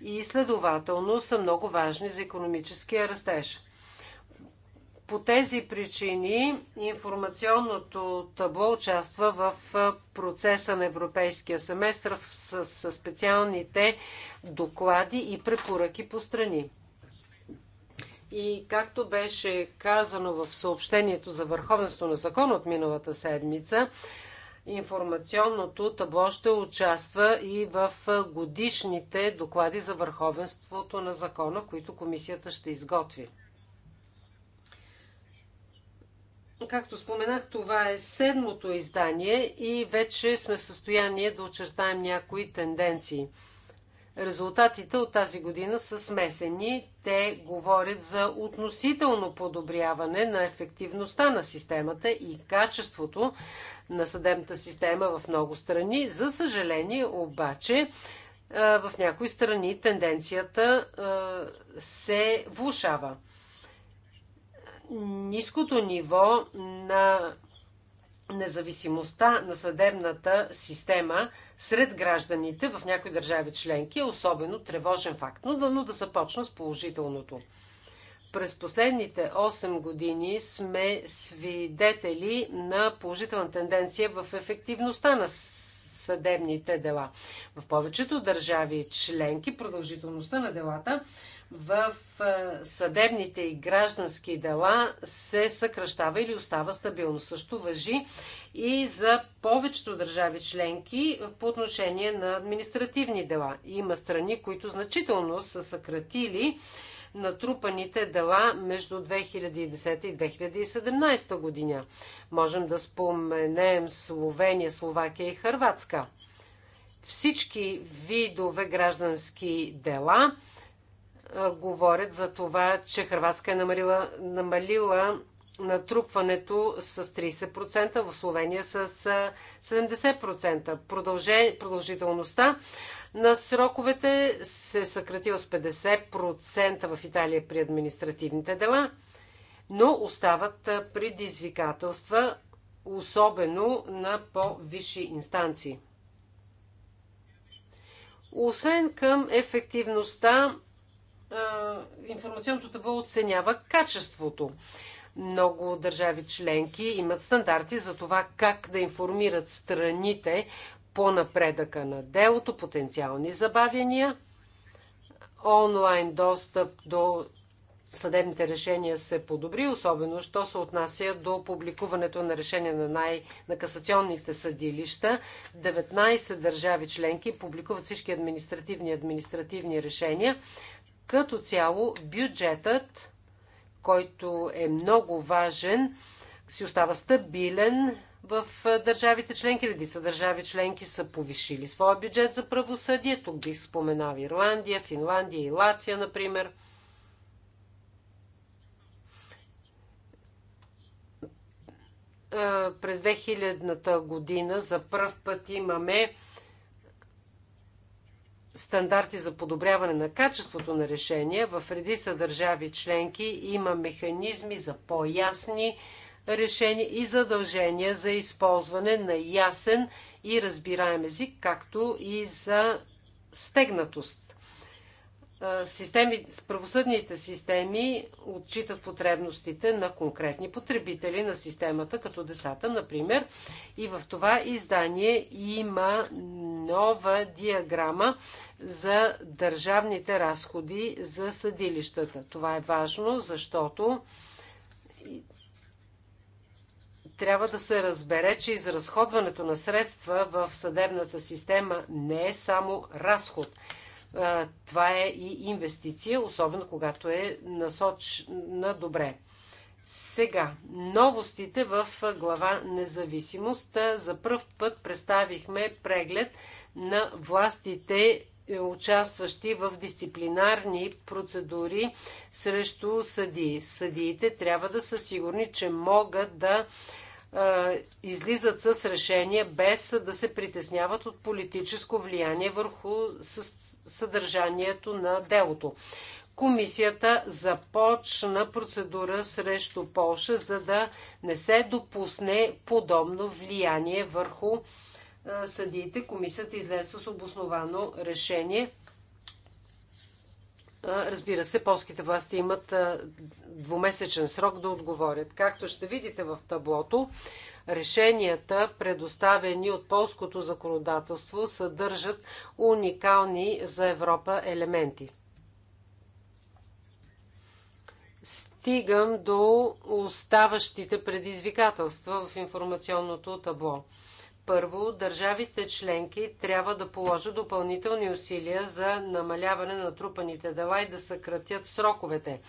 и следователно са много важни за економическия растеж. По тези причини информационното табло участва в процеса на европейския семестър с, специалните доклади и препоръки по страни. И както беше казано в съобщението за върховенство на закон от миналата седмица, информационното табло ще участва и в годишните доклади за върховенството на закона, които комисията ще изготви. Както споменах, това е седмото издание и вече сме в състояние да очертаем някои тенденции. Резултатите от тази година са смесени. Те говорят за относително подобряване на ефективността на системата и качеството на съдебната система в много страни. За съжаление, обаче, в някои страни тенденцията се влушава ниското ниво на независимостта на съдебната система сред гражданите в някои държави членки е особено тревожен факт. Но да, но да започна с положителното. През последните 8 години сме свидетели на положителна тенденция в ефективността на съдебните дела. В повечето държави членки продължителността на делата в съдебните и граждански дела се съкръщава или остава стабилно. Също въжи и за повечето държави членки по отношение на административни дела. Има страни, които значително са съкратили натрупаните дела между 2010 и 2017 година. Можем да споменем Словения, Словакия и Хърватска. Всички видове граждански дела – говорят за това, че Хрватска е намалила, намалила натрупването с 30%, в Словения с 70%. Продълже, продължителността на сроковете се съкратила с 50% в Италия при административните дела, но остават предизвикателства, особено на по-висши инстанции. Освен към ефективността информационното табло оценява качеството. Много държави членки имат стандарти за това как да информират страните по напредъка на делото, потенциални забавяния. Онлайн достъп до съдебните решения се подобри, особено що се отнася до публикуването на решения на, най- накасационните съдилища. 19 държави членки публикуват всички административни административни решения. Като цяло бюджетът, който е много важен, си остава стабилен в държавите членки. Редица държави членки са повишили своя бюджет за правосъдие. Тук бих споменал Ирландия, Финландия и Латвия, например. През 2000-та година за първ път имаме стандарти за подобряване на качеството на решения. В редица държави членки има механизми за по-ясни решения и задължения за използване на ясен и разбираем език, както и за стегнатост системи, правосъдните системи отчитат потребностите на конкретни потребители на системата, като децата, например. И в това издание има нова диаграма за държавните разходи за съдилищата. Това е важно, защото трябва да се разбере, че изразходването на средства в съдебната система не е само разход – това е и инвестиция, особено когато е насочна добре. Сега, новостите в глава Независимост. За първ път представихме преглед на властите, е, участващи в дисциплинарни процедури срещу съдии. Съдиите трябва да са сигурни, че могат да излизат с решения, без да се притесняват от политическо влияние върху съдържанието на делото. Комисията започна процедура срещу Полша, за да не се допусне подобно влияние върху съдиите. Комисията излезе с обосновано решение. Разбира се, полските власти имат двумесечен срок да отговорят. Както ще видите в таблото, Решенията, предоставени от полското законодателство, съдържат уникални за Европа елементи. Стигам до оставащите предизвикателства в информационното табло. Първо, държавите членки трябва да положат допълнителни усилия за намаляване на трупаните дела и да съкратят сроковете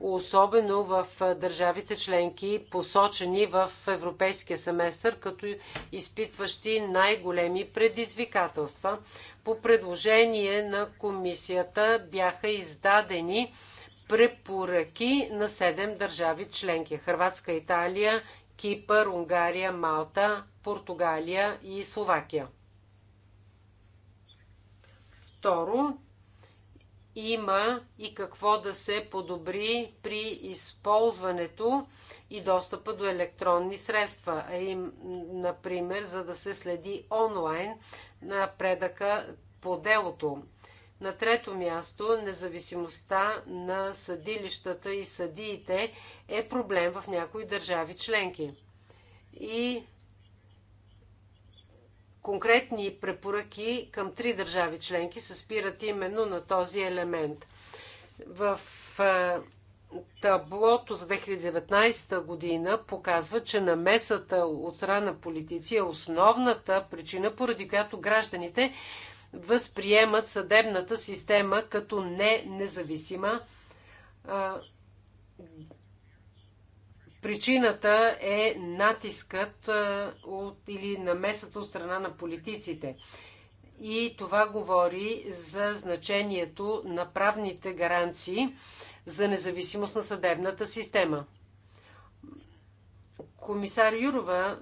особено в държавите членки, посочени в европейския семестър, като изпитващи най-големи предизвикателства. По предложение на комисията бяха издадени препоръки на 7 държави членки Хрватска, Италия, Кипър, Унгария, Малта, Португалия и Словакия. Второ, има и какво да се подобри при използването и достъпа до електронни средства, а им, например, за да се следи онлайн напредъка по делото. На трето място, независимостта на съдилищата и съдиите е проблем в някои държави членки. И конкретни препоръки към три държави членки се спират именно на този елемент. В е, таблото за 2019 година показва, че намесата от страна на политици е основната причина, поради която гражданите възприемат съдебната система като не независима е, Причината е натискът от, или намесата от страна на политиците. И това говори за значението на правните гаранции за независимост на съдебната система. Комисар Юрова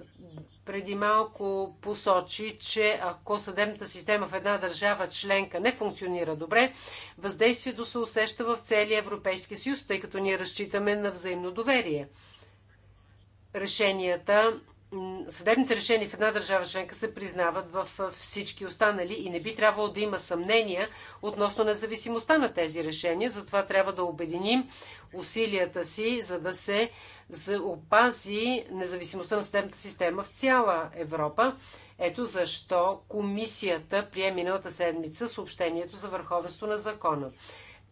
преди малко посочи, че ако съдебната система в една държава членка не функционира добре, въздействието се усеща в целия Европейски съюз, тъй като ние разчитаме на взаимно доверие – решенията, съдебните решения в една държава членка се признават в всички останали и не би трябвало да има съмнения относно независимостта на тези решения. Затова трябва да обединим усилията си, за да се опази независимостта на съдебната система в цяла Европа. Ето защо комисията прие миналата седмица съобщението за върховенство на закона.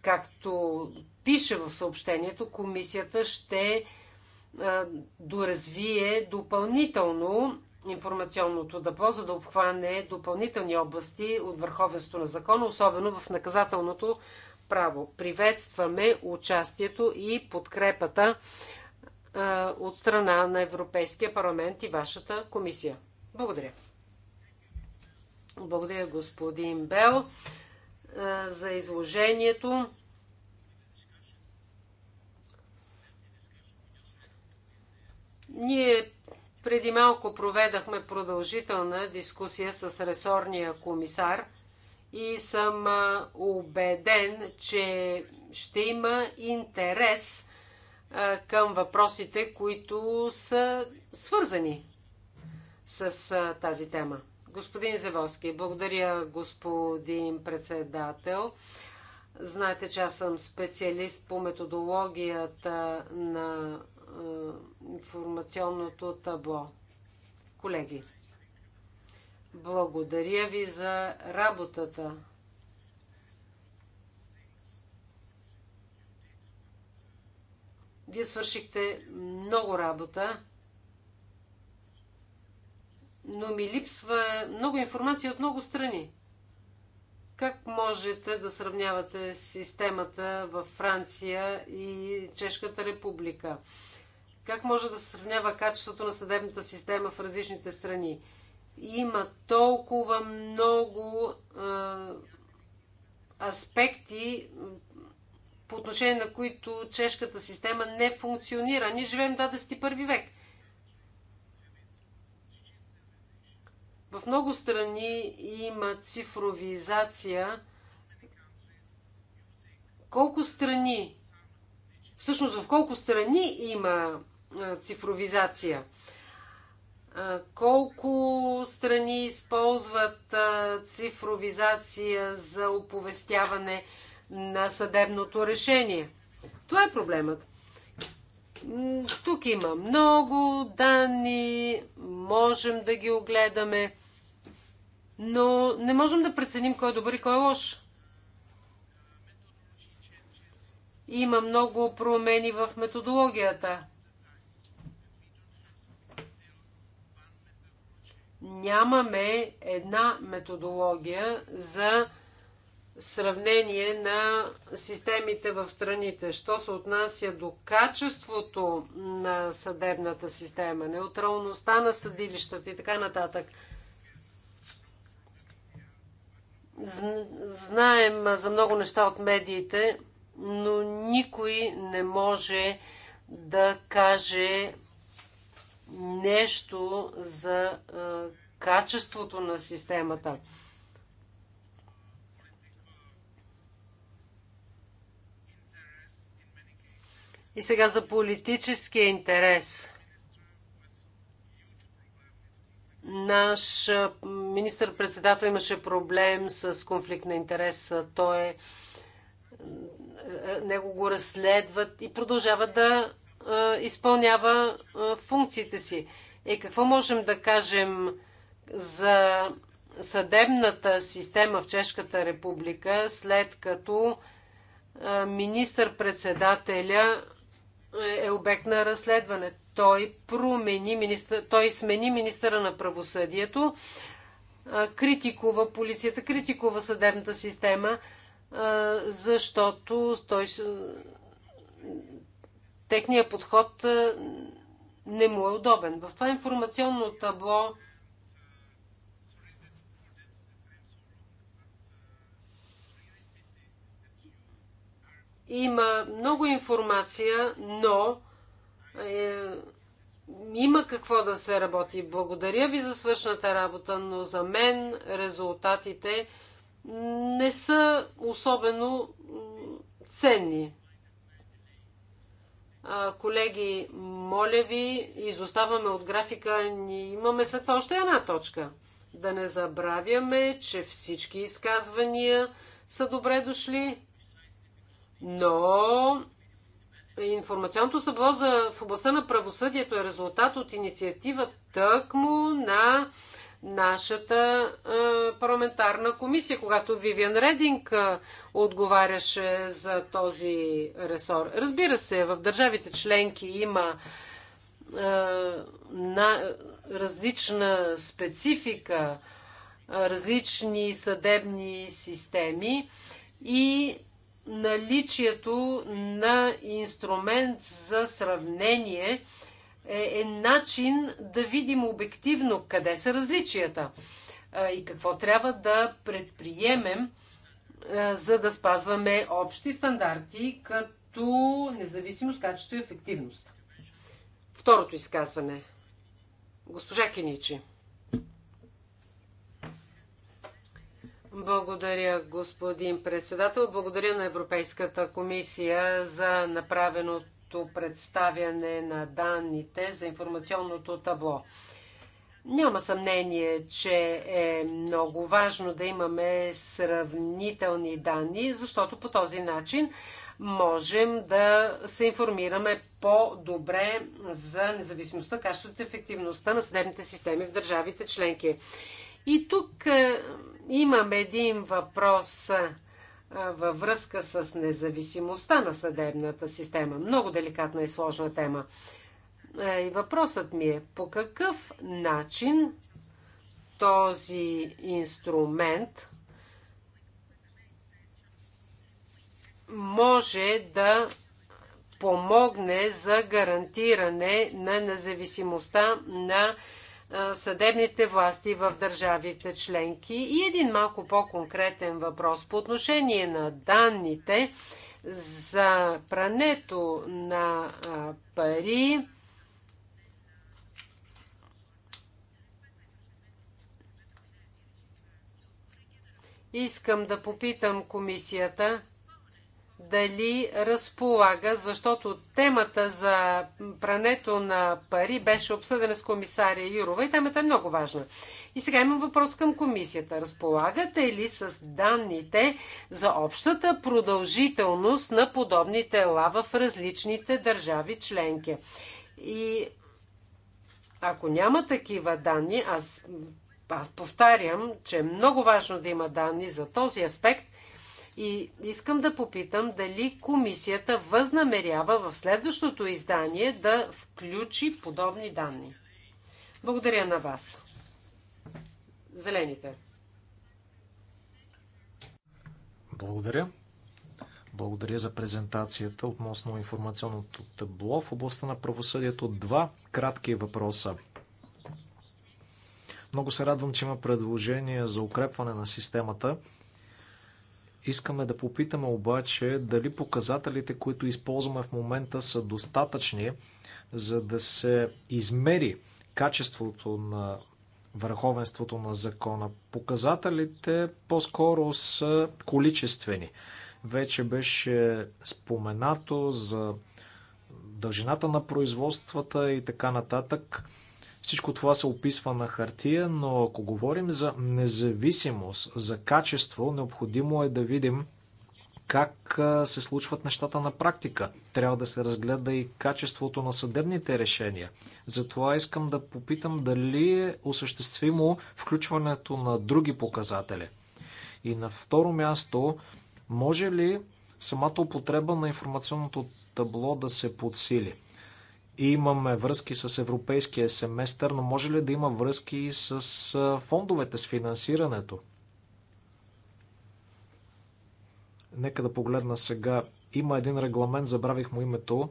Както пише в съобщението, комисията ще доразвие допълнително информационното дъпло, за да обхване допълнителни области от върховенство на закона, особено в наказателното право. Приветстваме участието и подкрепата от страна на Европейския парламент и вашата комисия. Благодаря. Благодаря господин Бел за изложението. Ние преди малко проведахме продължителна дискусия с ресорния комисар и съм убеден, че ще има интерес към въпросите, които са свързани с тази тема. Господин Зевоски, благодаря, господин председател. Знаете, че аз съм специалист по методологията на е, информационното табло. Колеги, благодаря ви за работата. Вие свършихте много работа, но ми липсва много информация от много страни. Как можете да сравнявате системата във Франция и Чешката република? Как може да се сравнява качеството на съдебната система в различните страни? Има толкова много а, аспекти, по отношение на които чешката система не функционира. Ние живеем 21 век. В много страни има цифровизация. Колко страни, всъщност в колко страни има цифровизация. Колко страни използват цифровизация за оповестяване на съдебното решение? Това е проблемът. Тук има много данни, можем да ги огледаме, но не можем да преценим кой е добър и кой е лош. Има много промени в методологията. нямаме една методология за сравнение на системите в страните. Що се отнася до качеството на съдебната система, неутралността на съдилищата и така нататък. Знаем за много неща от медиите, но никой не може да каже нещо за качеството на системата. И сега за политическия интерес. Наш министър-председател имаше проблем с конфликт на интерес. Той е него го разследват и продължават да изпълнява функциите си. Е, какво можем да кажем за съдебната система в Чешката република, след като министър-председателя е, е обект на разследване. Той, промени министр... той смени министъра на правосъдието, критикува полицията, критикува съдебната система, защото той техният подход е, не му е удобен. В това информационно табло има много информация, но е, има какво да се работи. Благодаря ви за свършната работа, но за мен резултатите не са особено ценни. Колеги, моля ви, изоставаме от графика. Ние имаме след това още една точка. Да не забравяме, че всички изказвания са добре дошли, но информационното събор в областта на правосъдието е резултат от инициатива тъкмо на нашата парламентарна комисия, когато Вивиан Рединг отговаряше за този ресор. Разбира се, в държавите членки има на различна специфика, различни съдебни системи и наличието на инструмент за сравнение – е, е начин да видим обективно къде са различията и какво трябва да предприемем, за да спазваме общи стандарти, като независимост, качество и ефективност. Второто изказване. Госпожа Кеничи. Благодаря, господин председател. Благодаря на Европейската комисия за направеното общото представяне на данните за информационното табло. Няма съмнение, че е много важно да имаме сравнителни данни, защото по този начин можем да се информираме по-добре за независимостта, качеството и ефективността на съдебните системи в държавите членки. И тук е, имам един въпрос във връзка с независимостта на съдебната система. Много деликатна и сложна тема. И въпросът ми е по какъв начин този инструмент може да помогне за гарантиране на независимостта на съдебните власти в държавите членки. И един малко по-конкретен въпрос по отношение на данните за прането на пари. Искам да попитам комисията дали разполага, защото темата за прането на пари беше обсъдена с комисария Юрова и темата е много важна. И сега имам въпрос към комисията. Разполагате ли с данните за общата продължителност на подобни тела в различните държави членки? И ако няма такива данни, аз, аз повтарям, че е много важно да има данни за този аспект, и искам да попитам дали комисията възнамерява в следващото издание да включи подобни данни. Благодаря на вас. Зелените. Благодаря. Благодаря за презентацията относно информационното табло в областта на правосъдието. Два кратки въпроса. Много се радвам, че има предложение за укрепване на системата. Искаме да попитаме обаче дали показателите, които използваме в момента са достатъчни, за да се измери качеството на върховенството на закона. Показателите по-скоро са количествени. Вече беше споменато за дължината на производствата и така нататък. Всичко това се описва на хартия, но ако говорим за независимост, за качество, необходимо е да видим как се случват нещата на практика. Трябва да се разгледа и качеството на съдебните решения. Затова искам да попитам дали е осъществимо включването на други показатели. И на второ място, може ли самата употреба на информационното табло да се подсили? имаме връзки с европейския семестър, но може ли да има връзки и с фондовете, с финансирането? Нека да погледна сега. Има един регламент, забравих му името.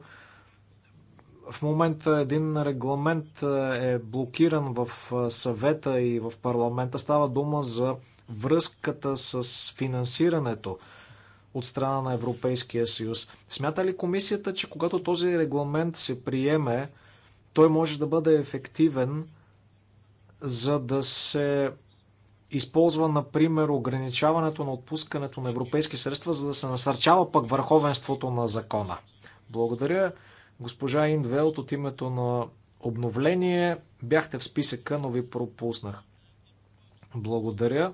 В момента един регламент е блокиран в съвета и в парламента. Става дума за връзката с финансирането – от страна на Европейския съюз. Смята ли комисията, че когато този регламент се приеме, той може да бъде ефективен, за да се използва, например, ограничаването на отпускането на европейски средства, за да се насърчава пък върховенството на закона? Благодаря, госпожа Индвелт, от името на обновление. Бяхте в списъка, но ви пропуснах. Благодаря.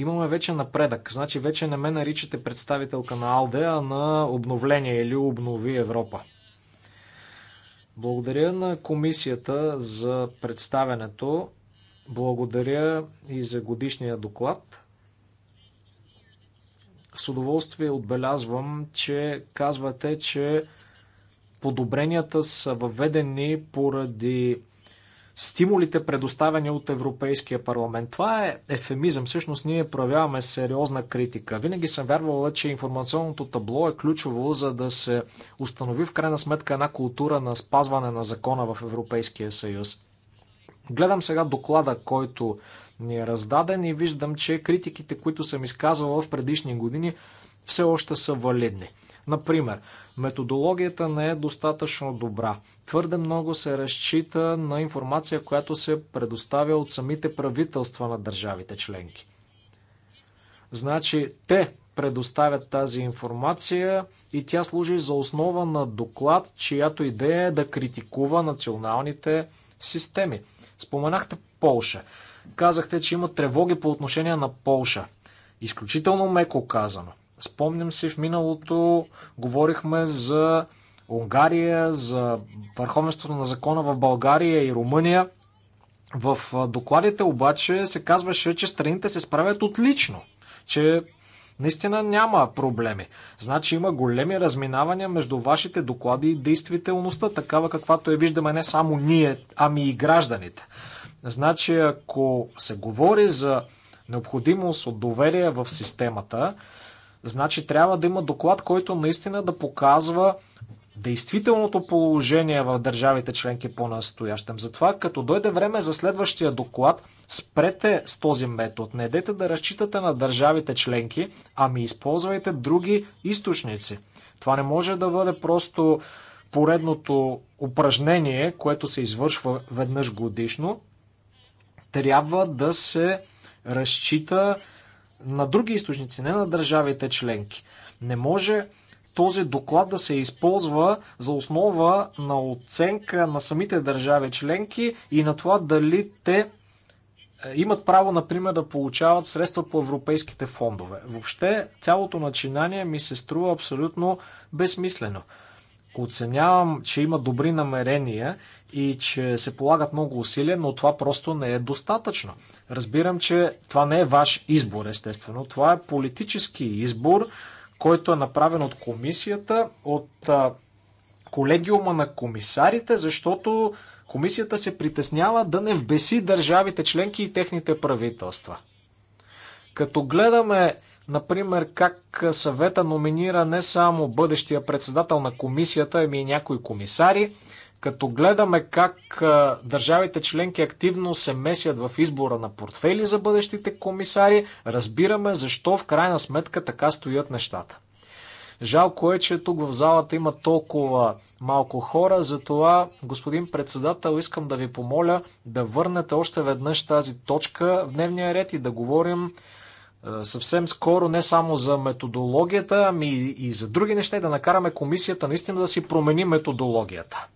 Имаме вече напредък, значи вече не ме наричате представителка на Алде, а на обновление или обнови Европа. Благодаря на комисията за представенето. Благодаря и за годишния доклад. С удоволствие отбелязвам, че казвате, че подобренията са въведени поради стимулите, предоставени от Европейския парламент. Това е ефемизъм. Всъщност ние проявяваме сериозна критика. Винаги съм вярвала, че информационното табло е ключово, за да се установи в крайна сметка една култура на спазване на закона в Европейския съюз. Гледам сега доклада, който ни е раздаден и виждам, че критиките, които съм изказвала в предишни години, все още са валидни. Например, Методологията не е достатъчно добра. Твърде много се разчита на информация, която се предоставя от самите правителства на държавите членки. Значи, те предоставят тази информация и тя служи за основа на доклад, чиято идея е да критикува националните системи. Споменахте Полша. Казахте, че има тревоги по отношение на Полша. Изключително меко казано. Спомням си, в миналото говорихме за Унгария, за върховенството на закона в България и Румъния. В докладите обаче се казваше, че страните се справят отлично, че наистина няма проблеми. Значи има големи разминавания между вашите доклади и действителността, такава каквато я виждаме не само ние, ами и гражданите. Значи ако се говори за необходимост от доверие в системата, Значи трябва да има доклад, който наистина да показва действителното положение в държавите членки по-настоящем. Затова, като дойде време за следващия доклад, спрете с този метод. Не дайте да разчитате на държавите членки, ами използвайте други източници. Това не може да бъде просто поредното упражнение, което се извършва веднъж годишно. Трябва да се разчита на други източници, не на държавите членки. Не може този доклад да се използва за основа на оценка на самите държави членки и на това дали те е, имат право, например, да получават средства по европейските фондове. Въобще, цялото начинание ми се струва абсолютно безсмислено. Оценявам, че има добри намерения и че се полагат много усилия, но това просто не е достатъчно. Разбирам, че това не е ваш избор, естествено. Това е политически избор, който е направен от комисията, от колегиума на комисарите, защото комисията се притеснява да не вбеси държавите членки и техните правителства. Като гледаме Например, как съвета номинира не само бъдещия председател на комисията, ами и някои комисари, като гледаме как държавите членки активно се месят в избора на портфели за бъдещите комисари, разбираме защо в крайна сметка така стоят нещата. Жалко е, че тук в залата има толкова малко хора, затова, господин председател, искам да ви помоля да върнете още веднъж тази точка в дневния ред и да говорим е, съвсем скоро не само за методологията, ами и за други неща и да накараме комисията наистина да си промени методологията.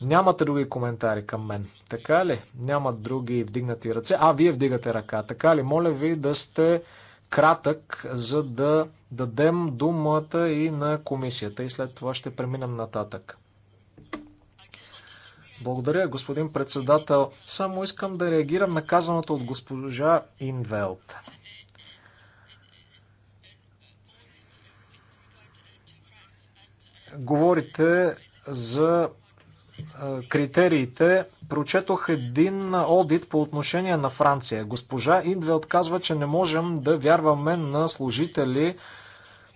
Нямате други коментари към мен, така ли? Няма други вдигнати ръце. А, вие вдигате ръка, така ли? Моля ви да сте кратък, за да дадем думата и на комисията и след това ще преминем нататък. Благодаря, господин председател. Само искам да реагирам на казаното от госпожа Инвелт. говорите за е, критериите. Прочетох един одит по отношение на Франция. Госпожа Индвелт казва, че не можем да вярваме на служители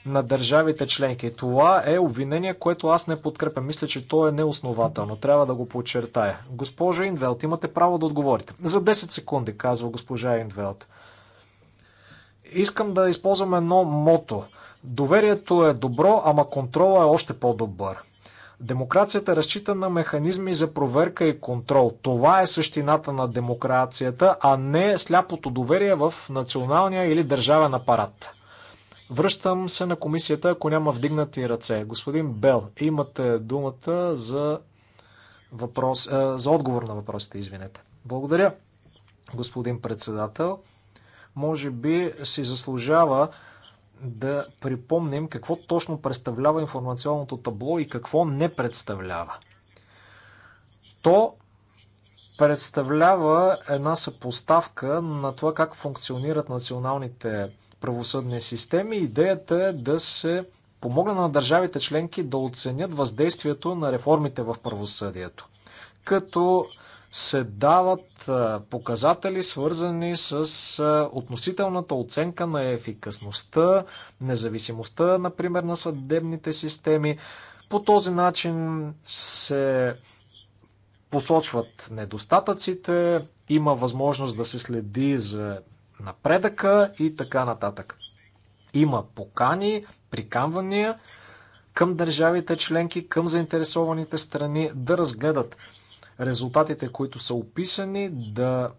на държавите членки. Това е обвинение, което аз не подкрепям. Мисля, че то е неоснователно. Трябва да го подчертая. Госпожа Индвелт, имате право да отговорите. За 10 секунди, казва госпожа Индвелт. Искам да използвам едно мото – Доверието е добро, ама контрола е още по-добър. Демокрацията разчита на механизми за проверка и контрол. Това е същината на демокрацията, а не сляпото доверие в националния или държавен апарат. Връщам се на комисията, ако няма вдигнати ръце. Господин Бел, имате думата за, въпрос, е, за отговор на въпросите, извинете. Благодаря, господин председател. Може би си заслужава да припомним какво точно представлява информационното табло и какво не представлява. То представлява една съпоставка на това как функционират националните правосъдни системи. Идеята е да се помогне на държавите членки да оценят въздействието на реформите в правосъдието, като се дават показатели, свързани с относителната оценка на ефикасността, независимостта, например, на съдебните системи. По този начин се посочват недостатъците, има възможност да се следи за напредъка и така нататък. Има покани, приканвания към държавите членки, към заинтересованите страни да разгледат резултатите, които са описани, да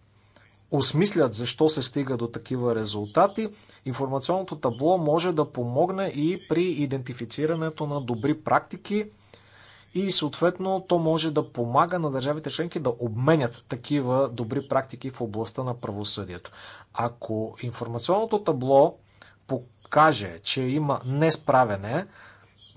осмислят защо се стига до такива резултати. Информационното табло може да помогне и при идентифицирането на добри практики и съответно то може да помага на държавите членки да обменят такива добри практики в областта на правосъдието. Ако информационното табло покаже, че има несправене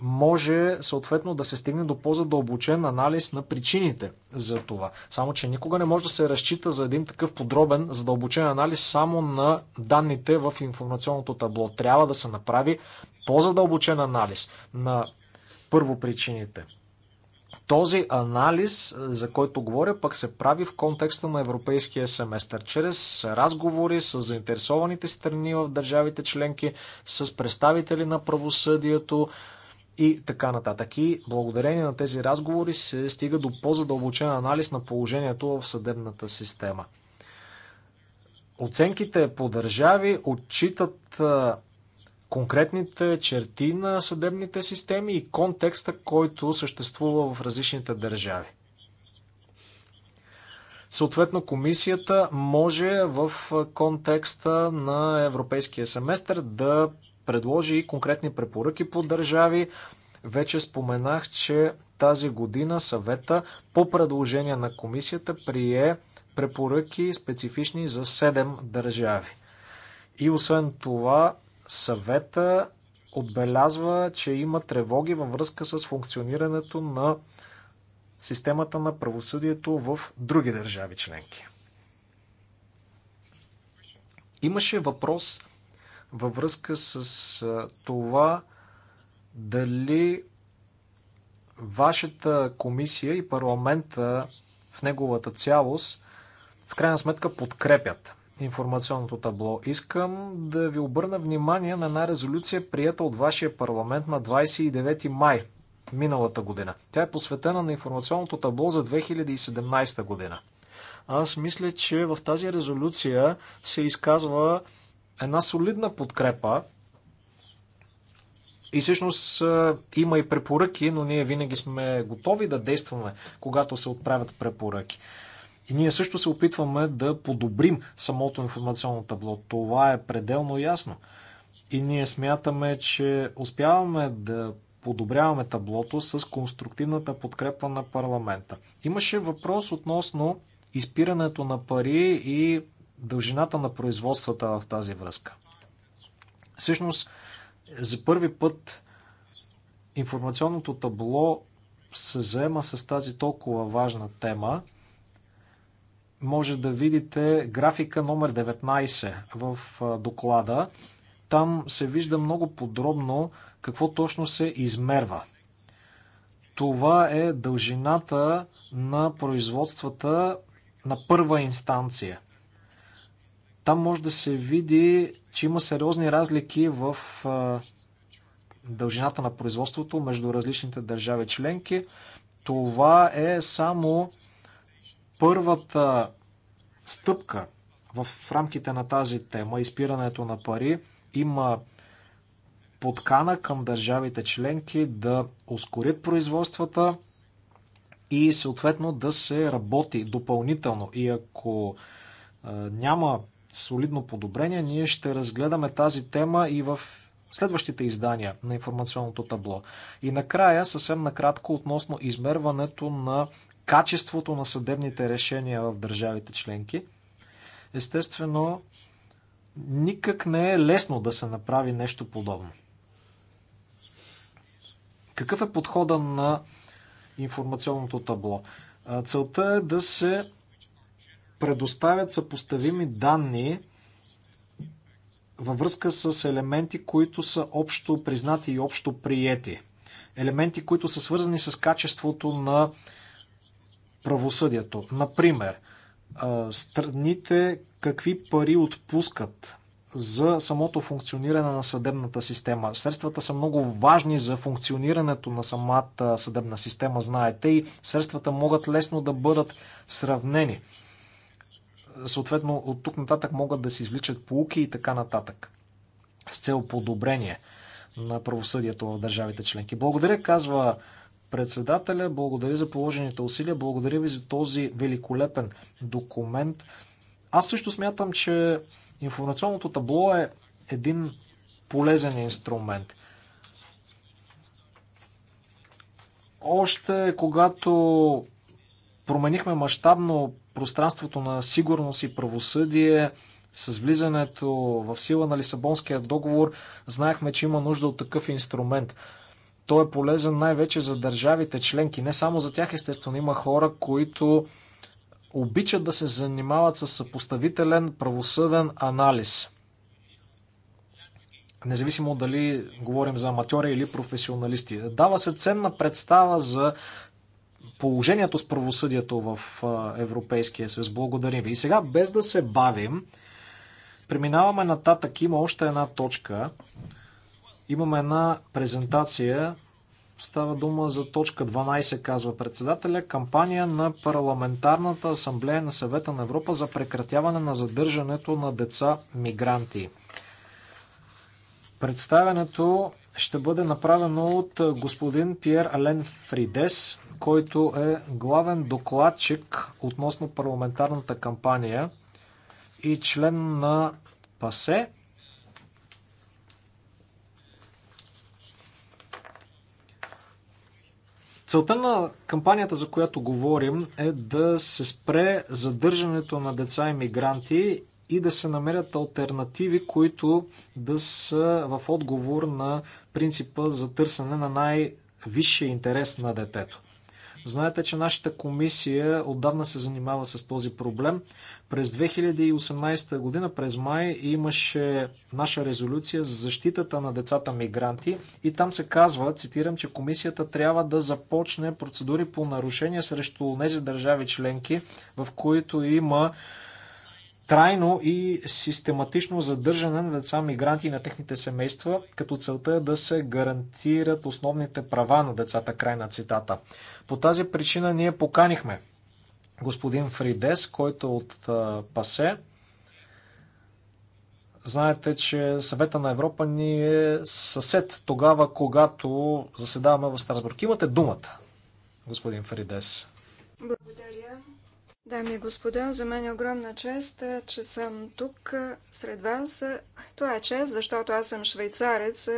може съответно да се стигне до по-задълбочен анализ на причините за това. Само, че никога не може да се разчита за един такъв подробен, задълбочен анализ само на данните в информационното табло. Трябва да се направи по-задълбочен анализ на първо причините. Този анализ, за който говоря, пък се прави в контекста на европейския семестър, чрез разговори с заинтересованите страни в държавите членки, с представители на правосъдието, и така нататък. И благодарение на тези разговори се стига до по-задълбочен анализ на положението в съдебната система. Оценките по държави отчитат конкретните черти на съдебните системи и контекста, който съществува в различните държави. Съответно, комисията може в контекста на европейския семестър да предложи и конкретни препоръки по държави. Вече споменах, че тази година съвета по предложение на комисията прие препоръки специфични за 7 държави. И освен това, съвета отбелязва, че има тревоги във връзка с функционирането на системата на правосъдието в други държави членки. Имаше въпрос във връзка с това дали вашата комисия и парламента в неговата цялост в крайна сметка подкрепят информационното табло. Искам да ви обърна внимание на една резолюция, прията от вашия парламент на 29 май миналата година. Тя е посветена на информационното табло за 2017 година. Аз мисля, че в тази резолюция се изказва една солидна подкрепа и всъщност има и препоръки, но ние винаги сме готови да действаме, когато се отправят препоръки. И ние също се опитваме да подобрим самото информационно табло. Това е пределно ясно. И ние смятаме, че успяваме да подобряваме таблото с конструктивната подкрепа на парламента. Имаше въпрос относно изпирането на пари и дължината на производствата в тази връзка. Всъщност, за първи път информационното табло се заема с тази толкова важна тема. Може да видите графика номер 19 в доклада. Там се вижда много подробно какво точно се измерва. Това е дължината на производствата на първа инстанция. Там може да се види, че има сериозни разлики в дължината на производството между различните държави членки. Това е само първата стъпка в рамките на тази тема, изпирането на пари. Има подкана към държавите членки да ускорят производствата и съответно да се работи допълнително. И ако няма солидно подобрение. Ние ще разгледаме тази тема и в следващите издания на информационното табло. И накрая, съвсем накратко, относно измерването на качеството на съдебните решения в държавите членки. Естествено, никак не е лесно да се направи нещо подобно. Какъв е подхода на информационното табло? Целта е да се предоставят съпоставими данни във връзка с елементи, които са общо признати и общо приети. Елементи, които са свързани с качеството на правосъдието. Например, страните какви пари отпускат за самото функциониране на съдебната система. Средствата са много важни за функционирането на самата съдебна система, знаете, и средствата могат лесно да бъдат сравнени. Съответно, от тук нататък могат да се извличат полуки и така нататък. С цел подобрение на правосъдието в държавите членки. Благодаря, казва председателя, благодаря за положените усилия, благодаря ви за този великолепен документ. Аз също смятам, че информационното табло е един полезен инструмент. Още когато променихме мащабно пространството на сигурност и правосъдие, с влизането в сила на Лисабонския договор, знаехме, че има нужда от такъв инструмент. Той е полезен най-вече за държавите членки. Не само за тях, естествено, има хора, които обичат да се занимават с съпоставителен правосъден анализ. Независимо дали говорим за аматьори или професионалисти. Дава се ценна представа за положението с правосъдието в Европейския съюз. Благодарим ви. И сега, без да се бавим, преминаваме нататък. Има още една точка. Имаме една презентация. Става дума за точка 12, казва председателя. Кампания на Парламентарната асамблея на съвета на Европа за прекратяване на задържането на деца мигранти. Представянето ще бъде направено от господин Пьер Ален Фридес, който е главен докладчик относно парламентарната кампания и член на ПАСЕ. Целта на кампанията, за която говорим, е да се спре задържането на деца и мигранти и да се намерят альтернативи, които да са в отговор на принципа за търсене на най-висшия интерес на детето. Знаете, че нашата комисия отдавна се занимава с този проблем. През 2018 година, през май, имаше наша резолюция за защитата на децата мигранти и там се казва, цитирам, че комисията трябва да започне процедури по нарушения срещу тези държави членки, в които има трайно и систематично задържане на деца мигранти и на техните семейства, като целта е да се гарантират основните права на децата, край на цитата. По тази причина ние поканихме господин Фридес, който е от ПАСЕ. Знаете, че съвета на Европа ни е съсед тогава, когато заседаваме в Страсбург. Имате думата, господин Фридес. Благодаря. Дами и господа, за мен е огромна чест, е, че съм тук е, сред вас. Е, това е чест, защото аз съм швейцарец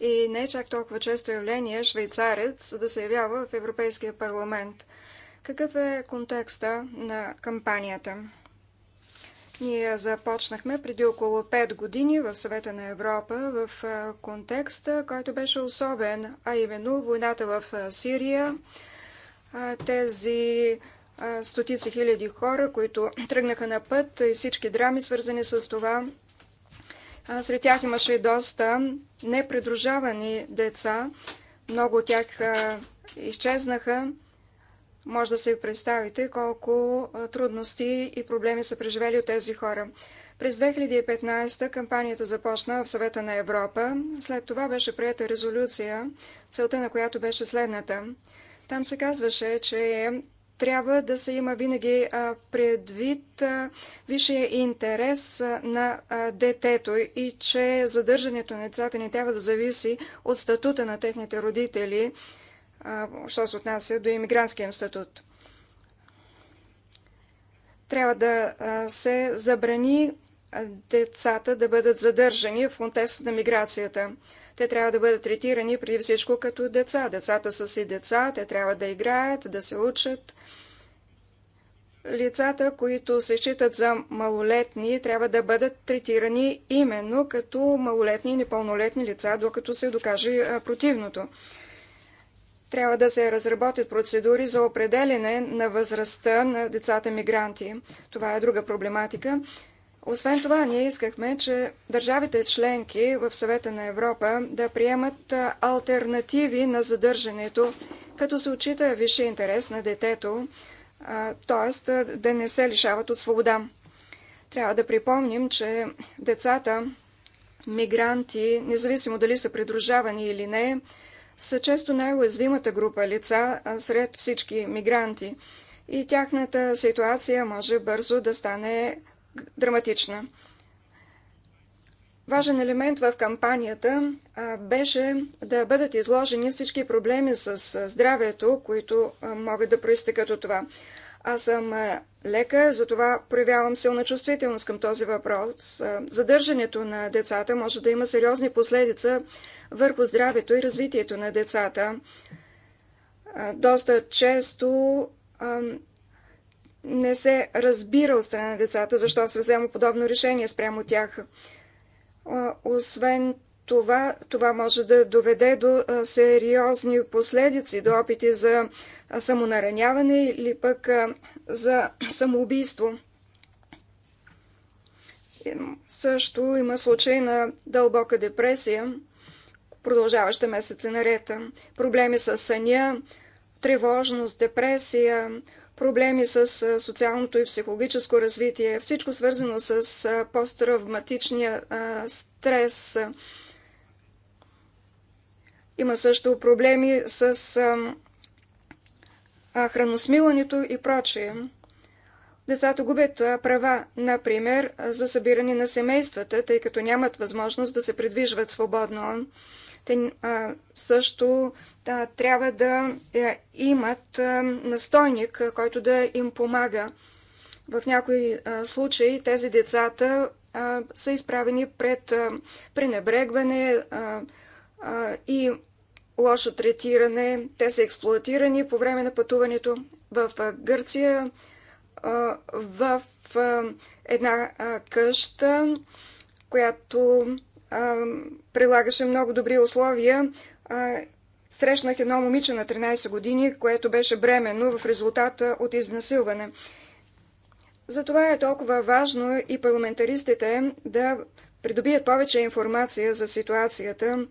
и не е чак толкова често явление швейцарец да се явява в Европейския парламент. Какъв е контекста на кампанията? Ние започнахме преди около 5 години в Съвета на Европа в контекста, който беше особен, а именно войната в Сирия, тези стотици хиляди хора, които тръгнаха на път и всички драми, свързани с това. Сред тях имаше и доста непредружавани деца. Много от тях изчезнаха. Може да се представите колко трудности и проблеми са преживели от тези хора. През 2015 кампанията започна в съвета на Европа. След това беше прията резолюция, целта на която беше следната. Там се казваше, че трябва да се има винаги предвид висшия интерес на детето и че задържането на децата не трябва да зависи от статута на техните родители, що се отнася до иммигрантския статут. Трябва да се забрани децата да бъдат задържани в контекста на миграцията. Те трябва да бъдат третирани преди всичко като деца. Децата са си деца, те трябва да играят, да се учат, лицата, които се считат за малолетни, трябва да бъдат третирани именно като малолетни и непълнолетни лица, докато се докаже противното. Трябва да се разработят процедури за определене на възрастта на децата мигранти. Това е друга проблематика. Освен това, ние искахме, че държавите членки в съвета на Европа да приемат альтернативи на задържането, като се отчита висши интерес на детето, т.е. да не се лишават от свобода. Трябва да припомним, че децата, мигранти, независимо дали са придружавани или не, са често най-уязвимата група лица сред всички мигранти и тяхната ситуация може бързо да стане драматична. Важен елемент в кампанията беше да бъдат изложени всички проблеми с здравето, които могат да проистекат от това. Аз съм лекар, затова проявявам силна чувствителност към този въпрос. Задържането на децата може да има сериозни последица върху здравето и развитието на децата. Доста често не се разбира от страна на децата защо се взема подобно решение спрямо тях. Освен това, това може да доведе до сериозни последици, до опити за самонараняване или пък за самоубийство. Също има случай на дълбока депресия, продължаваща месеци наред. Проблеми с съня, тревожност, депресия, проблеми с социалното и психологическо развитие, всичко свързано с посттравматичния стрес. Има също проблеми с храносмилането и прочие. Децата губят права, например, за събиране на семействата, тъй като нямат възможност да се придвижват свободно те също а, трябва да е, имат настойник, който да им помага. В някои случаи тези децата са изправени пред пренебрегване и лошо третиране. Те са експлуатирани по време на пътуването в Гърция, в една къща, която прилагаше много добри условия. Срещнах едно момиче на 13 години, което беше бременно в резултата от изнасилване. Затова е толкова важно и парламентаристите да придобият повече информация за ситуацията,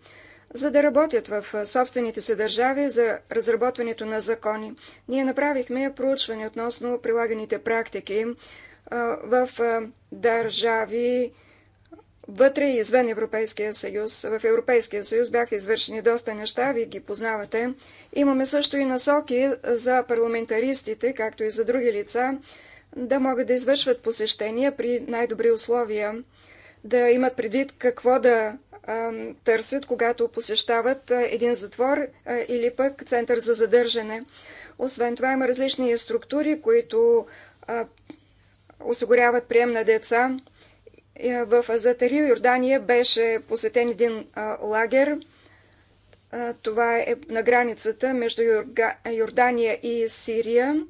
за да работят в собствените си държави за разработването на закони. Ние направихме проучване относно прилаганите практики в държави, вътре и извън Европейския съюз. В Европейския съюз бяха извършени доста неща, вие ги познавате. Имаме също и насоки за парламентаристите, както и за други лица, да могат да извършват посещения при най-добри условия, да имат предвид какво да а, търсят, когато посещават един затвор а, или пък център за задържане. Освен това има различни структури, които а, осигуряват прием на деца е, в Азатария, Йордания, беше посетен един лагер. Това е на границата между Йордания и Сирия.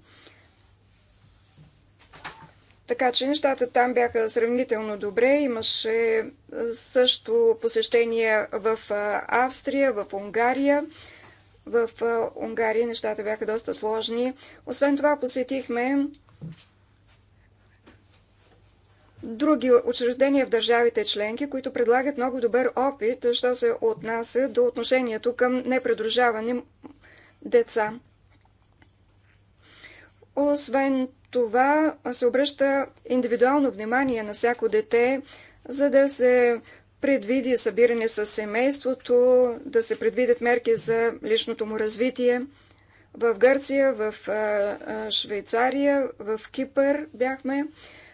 Така че нещата там бяха сравнително добре. Имаше също посещение в Австрия, в Унгария. В Унгария нещата бяха доста сложни. Освен това посетихме други учреждения в държавите членки, които предлагат много добър опит, що се отнася до отношението към непредружавани деца. Освен това, се обръща индивидуално внимание на всяко дете, за да се предвиди събиране с семейството, да се предвидят мерки за личното му развитие. В Гърция, в Швейцария, в Кипър бяхме.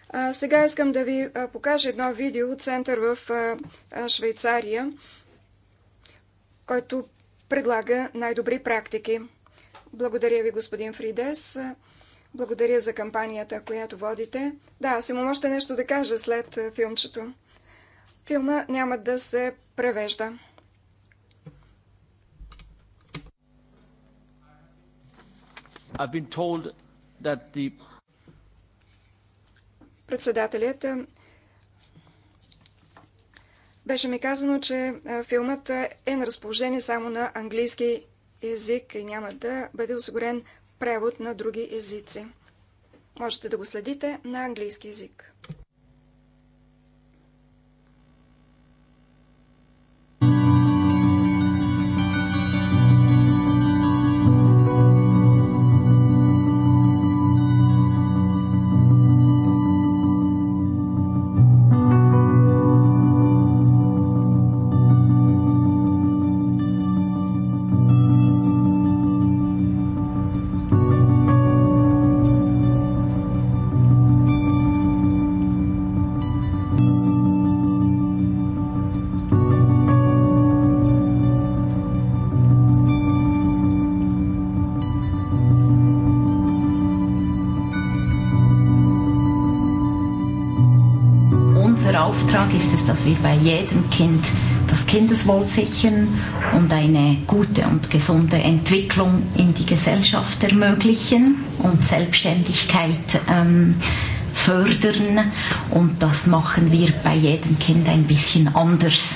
А, сега искам да ви покажа едно видео от център в а, Швейцария, който предлага най-добри практики. Благодаря ви, господин Фридес. Благодаря за кампанията, която водите. Да, аз имам още нещо да кажа след филмчето. Филма няма да се превежда. I've been told that the Председателят беше ми казано, че филмът е на разположение само на английски език и няма да бъде осигурен превод на други езици. Можете да го следите на английски език. wir bei jedem Kind das Kindeswohl sichern und eine gute und gesunde Entwicklung in die Gesellschaft ermöglichen und Selbstständigkeit ähm, fördern. Und das machen wir bei jedem Kind ein bisschen anders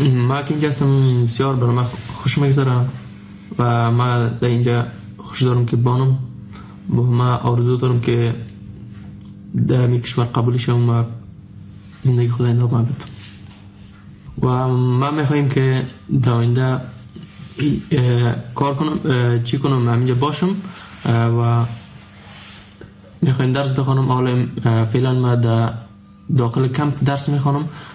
ما که اینجا هستم بسیار برای من خوش میگذره و ما در اینجا خوش دارم که بانم و من آرزو دارم که در می کشور قبول شم و زندگی خدا این من بدم و من میخواییم که در آینده کار کنم چی کنم اینجا باشم و میخوایم درس بخونم حالا فعلا ما در داخل کمپ درس میخوانم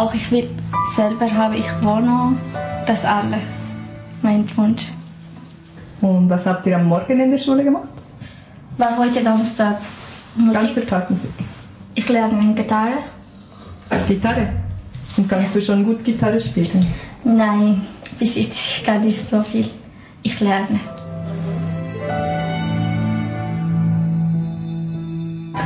Auch ich will selber habe ich Wohnung, das alle, mein Wunsch. Und was habt ihr am Morgen in der Schule gemacht? War heute Donnerstag Musik. Tag Musik. Ich lerne Gitarre. Gitarre? Und kannst ja. du schon gut Gitarre spielen? Nein, bis jetzt kann ich so viel. Ich lerne.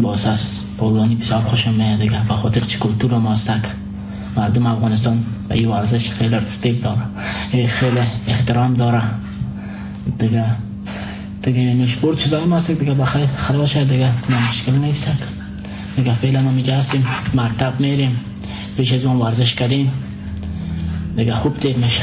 با اساس پولانی بسیار خوشم میاد دیگه و خاطر چی کلتور ما سک مردم افغانستان به این ورزش خیلی رسپیک داره خیلی احترام داره دیگه دیگه یعنی سپورت چیزایی ما سک دیگه بخیر خراب شد دیگه نه مشکل نیست دیگه فعلا ما میجا هستیم مرتب میریم پیش از اون ورزش کردیم دیگه خوب تیر میشه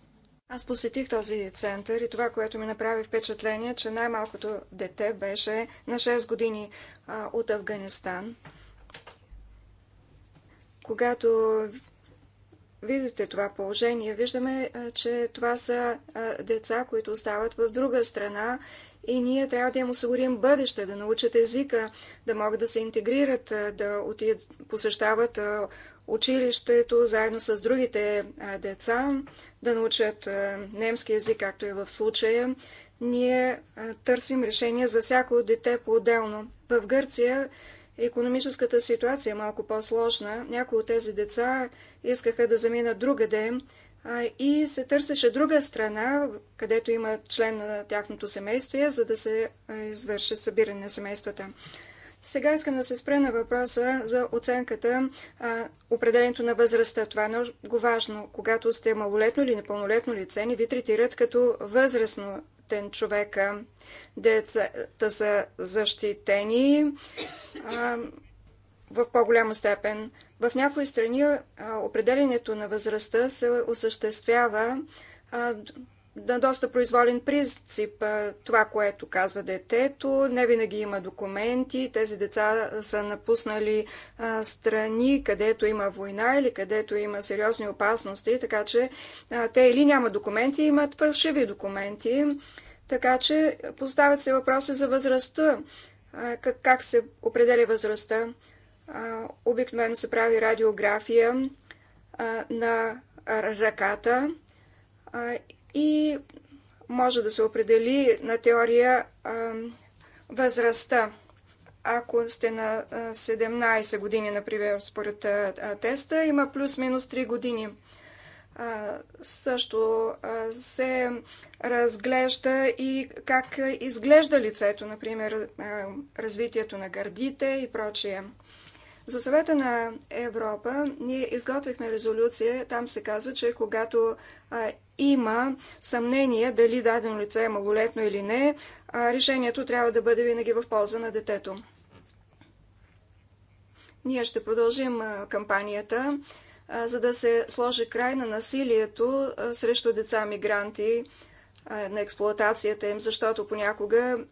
аз посетих този център и това, което ми направи впечатление, че най-малкото дете беше на 6 години а, от Афганистан. Когато видите това положение, виждаме, а, че това са а, деца, които остават в друга страна и ние трябва да им осигурим бъдеще, да научат езика, да могат да се интегрират, а, да отидат, посещават а, училището заедно с другите а, деца, да научат немски язик, както е в случая, ние търсим решение за всяко дете по-отделно. В Гърция економическата ситуация е малко по-сложна. Някои от тези деца искаха да заминат другаде и се търсеше друга страна, където има член на тяхното семейство, за да се извърши събиране на семействата. Сега искам да се спра на въпроса за оценката, а, определението на възрастта. Това е много важно. Когато сте малолетно или непълнолетно лице, не ви третират като възрастно тен човека. Децата са защитени а, в по-голяма степен. В някои страни а, определението на възрастта се осъществява а, на доста произволен принцип. Това, което казва детето, не винаги има документи. Тези деца са напуснали а, страни, където има война или където има сериозни опасности, така че а, те или няма документи, имат фалшиви документи. Така че поставят се въпроси за възрастта. А, как, как се определя възрастта? Обикновено се прави радиография на ръката и може да се определи на теория а, възрастта. Ако сте на 17 години, например, според теста, има плюс-минус 3 години. А, също а, се разглежда и как изглежда лицето, например, а, развитието на гърдите и прочие. За съвета на Европа ние изготвихме резолюция. Там се казва, че когато а, има съмнение дали дадено лице е малолетно или не, а, решението трябва да бъде винаги в полза на детето. Ние ще продължим а, кампанията, а, за да се сложи край на насилието а, срещу деца-мигранти на експлоатацията им, защото понякога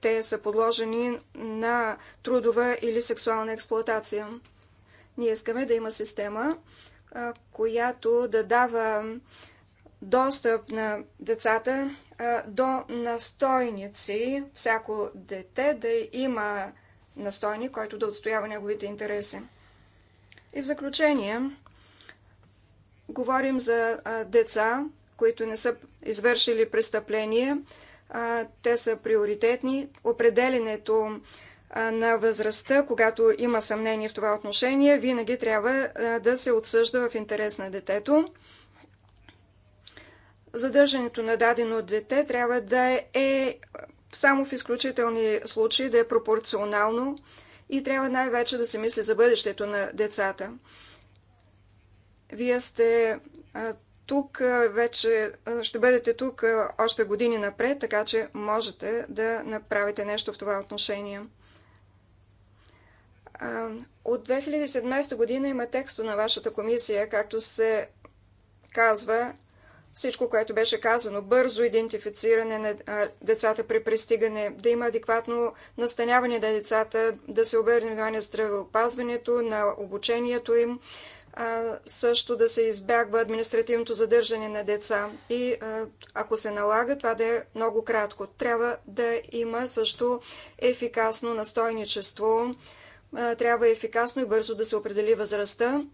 те са подложени на трудова или сексуална експлоатация. Ние искаме да има система, която да дава достъп на децата до настойници. Всяко дете да има настойник, който да отстоява неговите интереси. И в заключение, говорим за деца, които не са извършили престъпление. Те са приоритетни. Определенето на възрастта, когато има съмнение в това отношение, винаги трябва да се отсъжда в интерес на детето. Задържането на дадено дете трябва да е, е само в изключителни случаи, да е пропорционално и трябва най-вече да се мисли за бъдещето на децата. Вие сте тук вече ще бъдете тук още години напред, така че можете да направите нещо в това отношение. От 2017 година има тексто на вашата комисия, както се казва всичко, което беше казано, бързо идентифициране на децата при пристигане, да има адекватно настаняване на децата, да се обърне внимание на здравеопазването, на обучението им, също да се избягва административното задържане на деца и ако се налага, това да е много кратко. Трябва да има също ефикасно настойничество, трябва ефикасно и бързо да се определи възрастта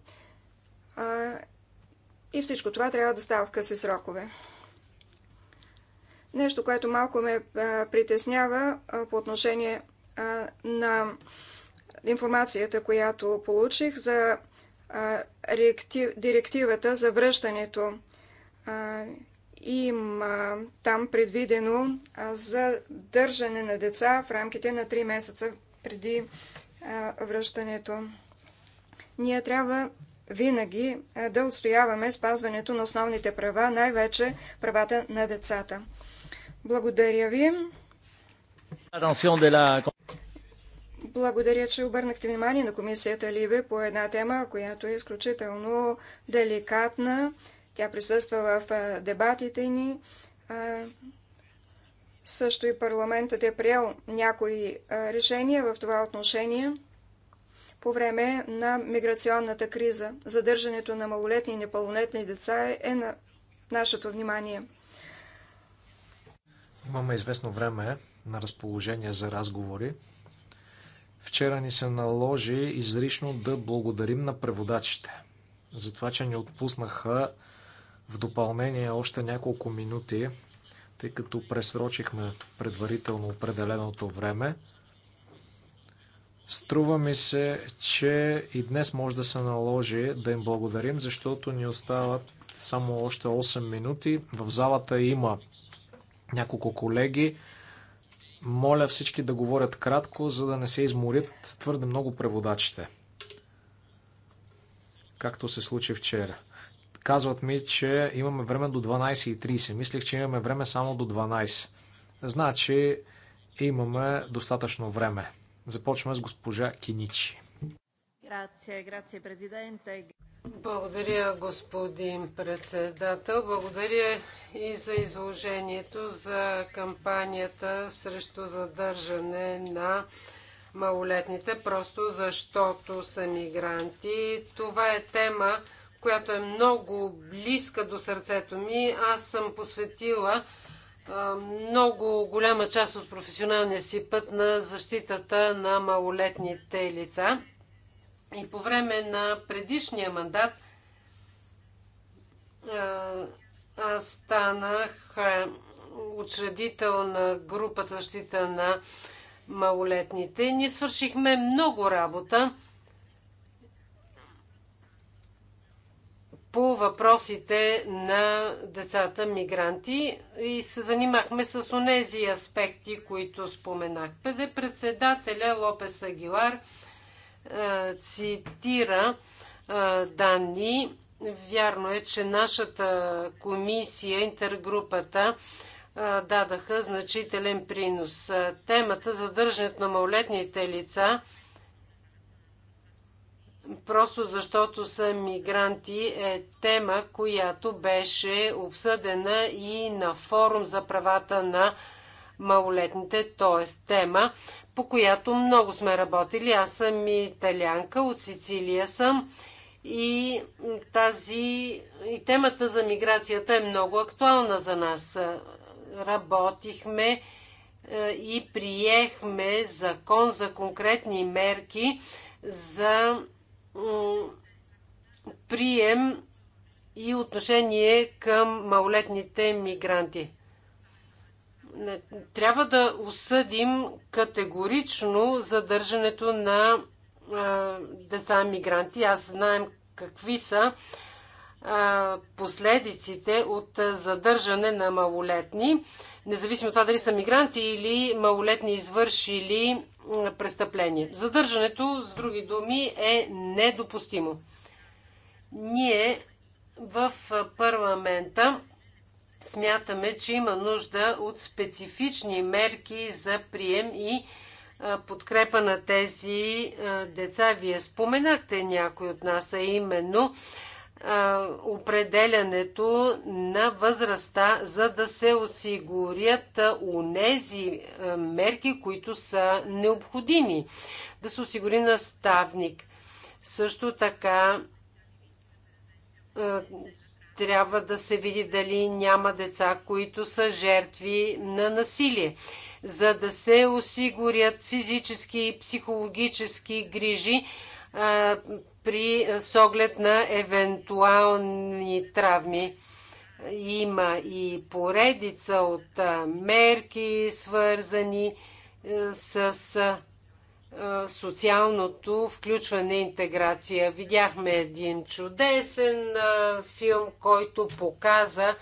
и всичко това трябва да става в къси срокове. Нещо, което малко ме притеснява по отношение на информацията, която получих за директивата за връщането. Има там предвидено за държане на деца в рамките на 3 месеца преди връщането. Ние трябва винаги да отстояваме спазването на основните права, най-вече правата на децата. Благодаря ви. Благодаря, че обърнахте внимание на комисията Либе по една тема, която е изключително деликатна. Тя присъства в дебатите ни. Също и парламентът е приел някои решения в това отношение по време на миграционната криза. Задържането на малолетни и непълнолетни деца е, е на нашето внимание. Имаме известно време на разположение за разговори. Вчера ни се наложи изрично да благодарим на преводачите за това, че ни отпуснаха в допълнение още няколко минути, тъй като пресрочихме предварително определеното време. Струва ми се, че и днес може да се наложи да им благодарим, защото ни остават само още 8 минути. В залата има няколко колеги. Моля всички да говорят кратко, за да не се изморят твърде много преводачите. Както се случи вчера. Казват ми, че имаме време до 12.30. Мислех, че имаме време само до 12. Значи имаме достатъчно време. Започваме с госпожа Киничи. Grazie, grazie Presidente. Благодаря, господин председател. Благодаря и за изложението за кампанията срещу задържане на малолетните, просто защото са мигранти. Това е тема, която е много близка до сърцето ми. Аз съм посветила много голяма част от професионалния си път на защитата на малолетните лица. И по време на предишния мандат аз станах учредител на групата защита на малолетните. Ние свършихме много работа по въпросите на децата мигранти и се занимахме с онези аспекти, които споменах. Пъде председателя Лопес Агилар – е, цитира е, данни. Вярно е, че нашата комисия, интергрупата, е, дадаха значителен принос. Темата задържането на малолетните лица просто защото са мигранти, е тема, която беше обсъдена и на форум за правата на малолетните, т.е. тема, по която много сме работили. Аз съм италянка, от Сицилия съм и тази и темата за миграцията е много актуална за нас. Работихме е, и приехме закон за конкретни мерки за прием и отношение към малолетните мигранти трябва да осъдим категорично задържането на а, деца мигранти. Аз знаем какви са а, последиците от задържане на малолетни, независимо от това дали са мигранти или малолетни извършили престъпление. Задържането, с други думи, е недопустимо. Ние в парламента смятаме, че има нужда от специфични мерки за прием и подкрепа на тези деца. Вие споменахте някой от нас, а именно определянето на възрастта, за да се осигурят унези мерки, които са необходими. Да се осигури наставник. Също така трябва да се види дали няма деца, които са жертви на насилие, за да се осигурят физически и психологически грижи а, при с оглед на евентуални травми. Има и поредица от мерки, свързани с социалното включване и интеграция. Видяхме един чудесен филм, който показа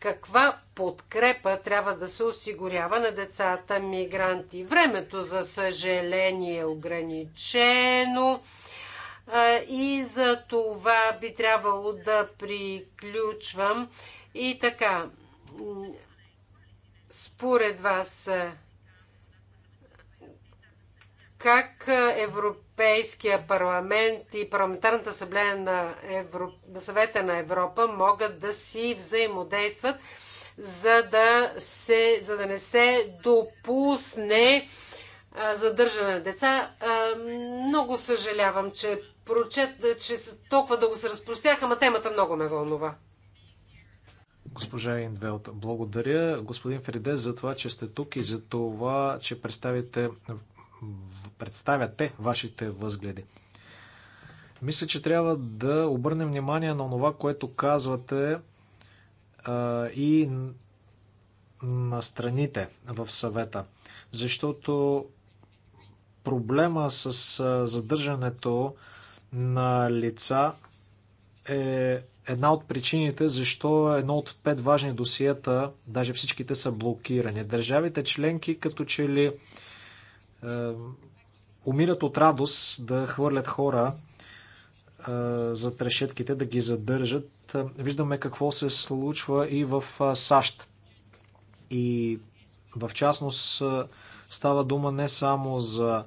каква подкрепа трябва да се осигурява на децата мигранти. Времето, за съжаление, е ограничено и за това би трябвало да приключвам. И така, според вас, как Европейския парламент и Парламентарната асамблея на, Евро... на съвета на Европа могат да си взаимодействат, за да, се, за да не се допусне задържане на деца. Много съжалявам, че прочет, че толкова дълго се разпростяха, ама темата много ме вълнува. Госпожа Индвелт, благодаря господин Фриде, за това, че сте тук и за това, че представите представяте вашите възгледи. Мисля, че трябва да обърнем внимание на това, което казвате а, и на страните в съвета. Защото проблема с задържането на лица е една от причините защо едно от пет важни досиета, даже всичките са блокирани. Държавите членки като че ли умират от радост да хвърлят хора за трешетките, да ги задържат. Виждаме какво се случва и в САЩ. И в частност става дума не само за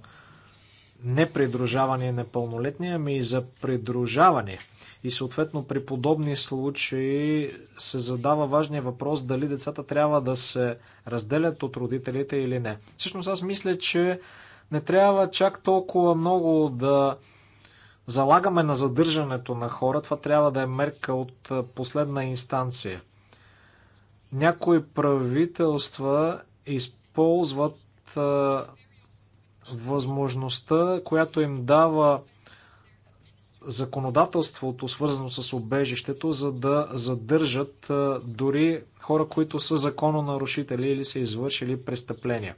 непридружаване непълнолетни, ами и за придружаване. И съответно при подобни случаи се задава важния въпрос дали децата трябва да се разделят от родителите или не. Всъщност аз мисля, че не трябва чак толкова много да залагаме на задържането на хора. Това трябва да е мерка от последна инстанция. Някои правителства използват възможността, която им дава законодателството, свързано с обежището, за да задържат дори хора, които са закононарушители или са извършили престъпления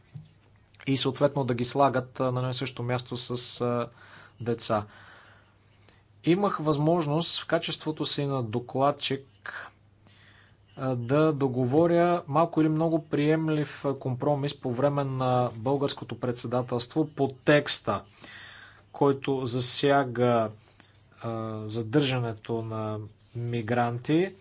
и съответно да ги слагат на едно и също място с деца. Имах възможност в качеството си на докладчик да договоря малко или много приемлив компромис по време на българското председателство по текста, който засяга задържането на мигранти.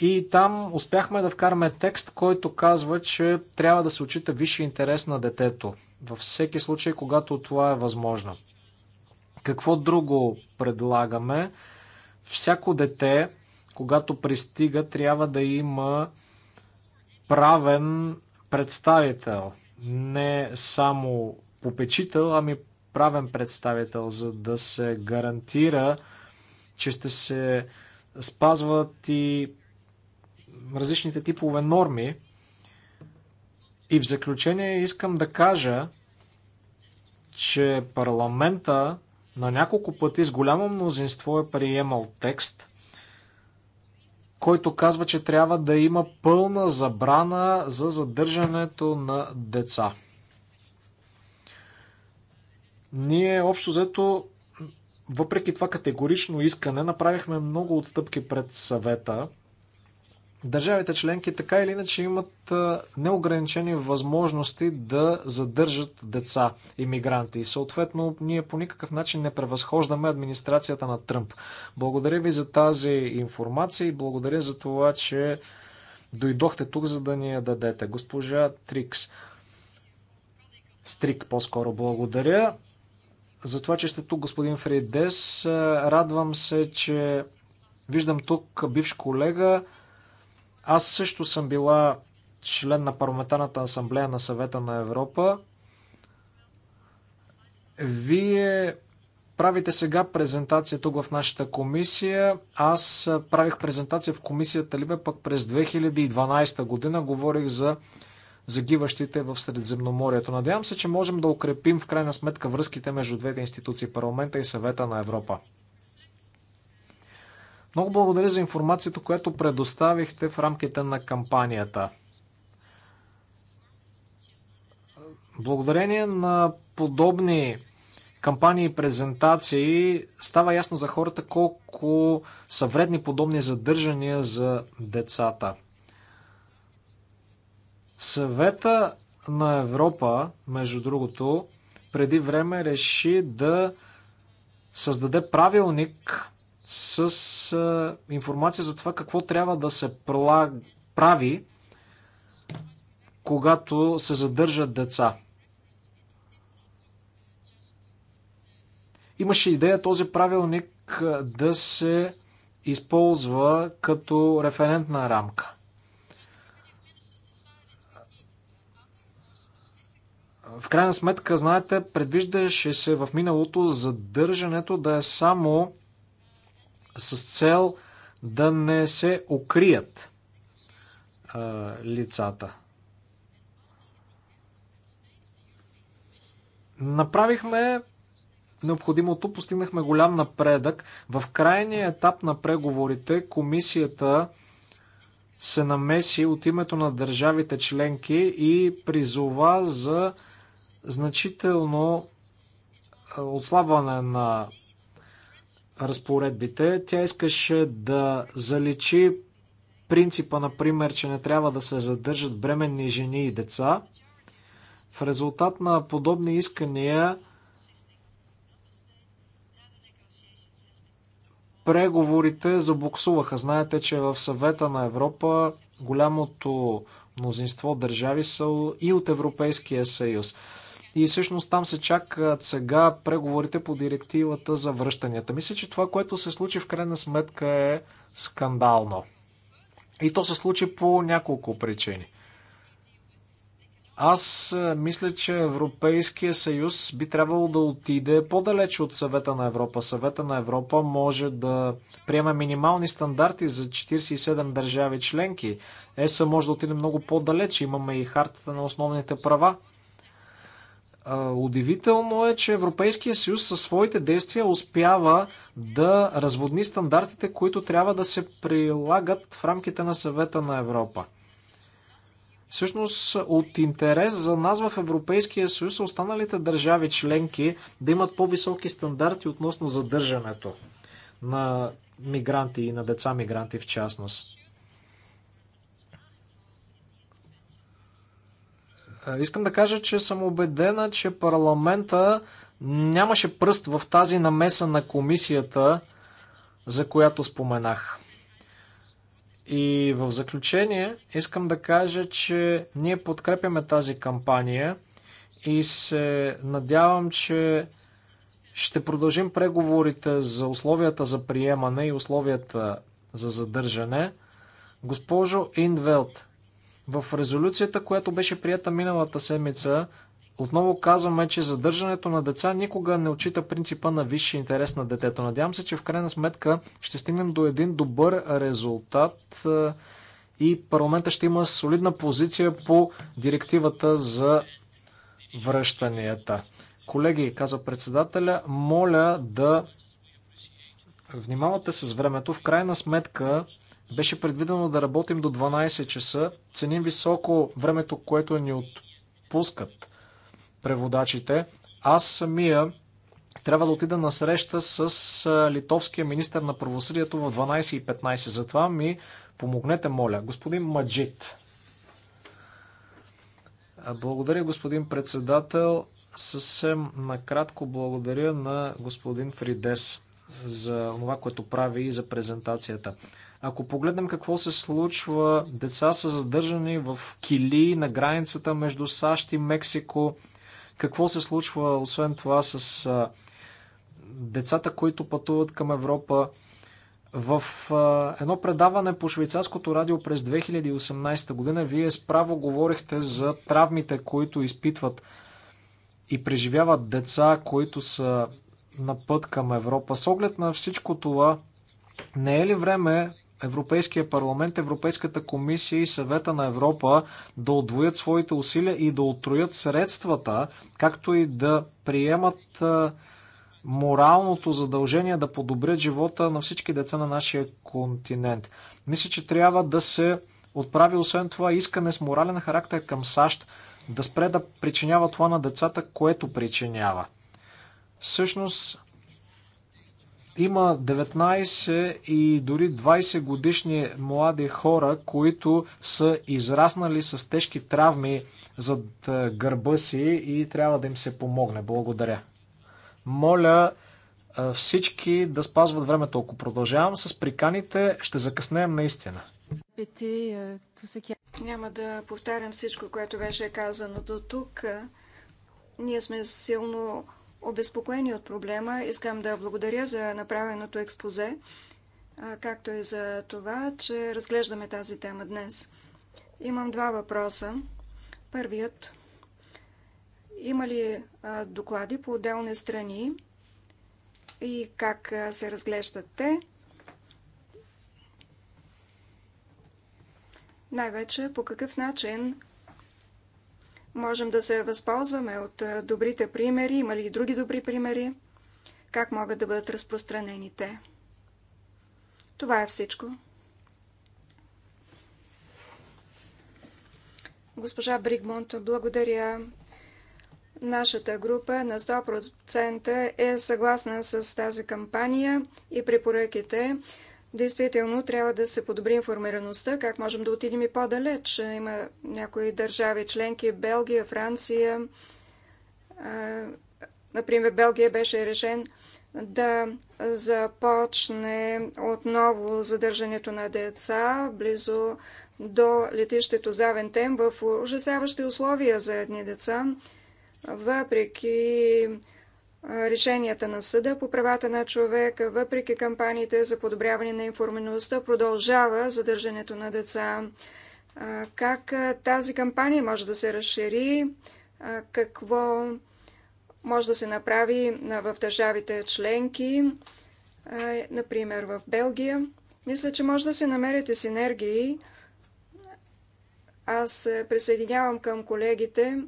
И там успяхме да вкараме текст, който казва, че трябва да се отчита висши интерес на детето. Във всеки случай, когато това е възможно. Какво друго предлагаме? Всяко дете, когато пристига, трябва да има правен представител. Не само попечител, ами правен представител, за да се гарантира, че ще се спазват и различните типове норми. И в заключение искам да кажа, че парламента на няколко пъти с голямо мнозинство е приемал текст, който казва, че трябва да има пълна забрана за задържането на деца. Ние общо взето, въпреки това категорично искане, направихме много отстъпки пред съвета Държавите членки така или иначе имат неограничени възможности да задържат деца, иммигранти. съответно, ние по никакъв начин не превъзхождаме администрацията на Тръмп. Благодаря ви за тази информация и благодаря за това, че дойдохте тук, за да ни я дадете. Госпожа Трикс. Стрик, по-скоро благодаря за това, че сте тук, господин Фридес. Радвам се, че виждам тук бивш колега. Аз също съм била член на Парламентарната асамблея на съвета на Европа. Вие правите сега презентация тук в нашата комисия. Аз правих презентация в комисията Либе пък през 2012 година. Говорих за загиващите в Средиземноморието. Надявам се, че можем да укрепим в крайна сметка връзките между двете институции, парламента и съвета на Европа. Много благодаря за информацията, която предоставихте в рамките на кампанията. Благодарение на подобни кампании и презентации става ясно за хората колко са вредни подобни задържания за децата. Съвета на Европа, между другото, преди време реши да създаде правилник с информация за това какво трябва да се прави, когато се задържат деца. Имаше идея този правилник да се използва като референтна рамка. В крайна сметка, знаете, предвиждаше се в миналото задържането да е само с цел да не се укрият а, лицата. Направихме необходимото, постигнахме голям напредък. В крайния етап на преговорите комисията се намеси от името на държавите членки и призова за значително отслабване на разпоредбите. Тя искаше да заличи принципа, например, че не трябва да се задържат бременни жени и деца. В резултат на подобни искания преговорите забуксуваха. Знаете, че в съвета на Европа голямото мнозинство държави са и от Европейския съюз. И всъщност там се чакат сега преговорите по директивата за връщанията. Мисля, че това, което се случи в крайна сметка е скандално. И то се случи по няколко причини. Аз е, мисля, че Европейския съюз би трябвало да отиде по далече от съвета на Европа. Съвета на Европа може да приема минимални стандарти за 47 държави членки. ЕСА може да отиде много по далече Имаме и хартата на основните права. Удивително е, че Европейския съюз със своите действия успява да разводни стандартите, които трябва да се прилагат в рамките на съвета на Европа. Всъщност от интерес за нас в Европейския съюз останалите държави членки да имат по-високи стандарти относно задържането на мигранти и на деца мигранти в частност. Искам да кажа, че съм убедена, че парламента нямаше пръст в тази намеса на комисията, за която споменах. И в заключение искам да кажа, че ние подкрепяме тази кампания и се надявам, че ще продължим преговорите за условията за приемане и условията за задържане. Госпожо Инвелт, в резолюцията, която беше прията миналата седмица, отново казваме, че задържането на деца никога не отчита принципа на висши интерес на детето. Надявам се, че в крайна сметка ще стигнем до един добър резултат е, и парламента ще има солидна позиция по директивата за връщанията. Колеги, каза председателя, моля да внимавате с времето. В крайна сметка беше предвидено да работим до 12 часа. Ценим високо времето, което ни отпускат преводачите. Аз самия трябва да отида на среща с литовския министр на правосъдието в 12.15. Затова ми помогнете, моля. Господин Маджит. Благодаря, господин председател. Съвсем накратко благодаря на господин Фридес за това, което прави и за презентацията. Ако погледнем какво се случва, деца са задържани в кили на границата между САЩ и Мексико. Какво се случва, освен това, с децата, които пътуват към Европа? В едно предаване по швейцарското радио през 2018 година вие справо говорихте за травмите, които изпитват и преживяват деца, които са на път към Европа. С оглед на всичко това, не е ли време Европейския парламент, Европейската комисия и съвета на Европа да отвоят своите усилия и да отроят средствата, както и да приемат моралното задължение да подобрят живота на всички деца на нашия континент. Мисля, че трябва да се отправи освен това искане с морален характер към САЩ да спре да причинява това на децата, което причинява. Всъщност, има 19 и дори 20 годишни млади хора, които са израснали с тежки травми зад е, гърба си и трябва да им се помогне. Благодаря. Моля е, всички да спазват времето. Ако продължавам с приканите, ще закъснем наистина. Няма да повтарям всичко, което беше казано до тук. Ние сме силно обезпокоени от проблема. Искам да благодаря за направеното експозе, както и за това, че разглеждаме тази тема днес. Имам два въпроса. Първият. Има ли доклади по отделни страни и как се разглеждат те? Най-вече по какъв начин можем да се възползваме от е, добрите примери? Има ли и други добри примери? Как могат да бъдат разпространени те? Това е всичко. Госпожа Бригмонт, благодаря. Нашата група на 100% е съгласна с тази кампания и препоръките. Действително трябва да се подобри информираността, как можем да отидем и по-далеч. Има някои държави членки, Белгия, Франция. Например, Белгия беше решен да започне отново задържането на деца близо до летището Завентем в ужасяващи условия за едни деца. Въпреки решенията на съда по правата на човека, въпреки кампаниите за подобряване на информираността, продължава задържането на деца. Как тази кампания може да се разшири? Какво може да се направи в държавите членки, например в Белгия? Мисля, че може да се намерите синергии. Аз присъединявам към колегите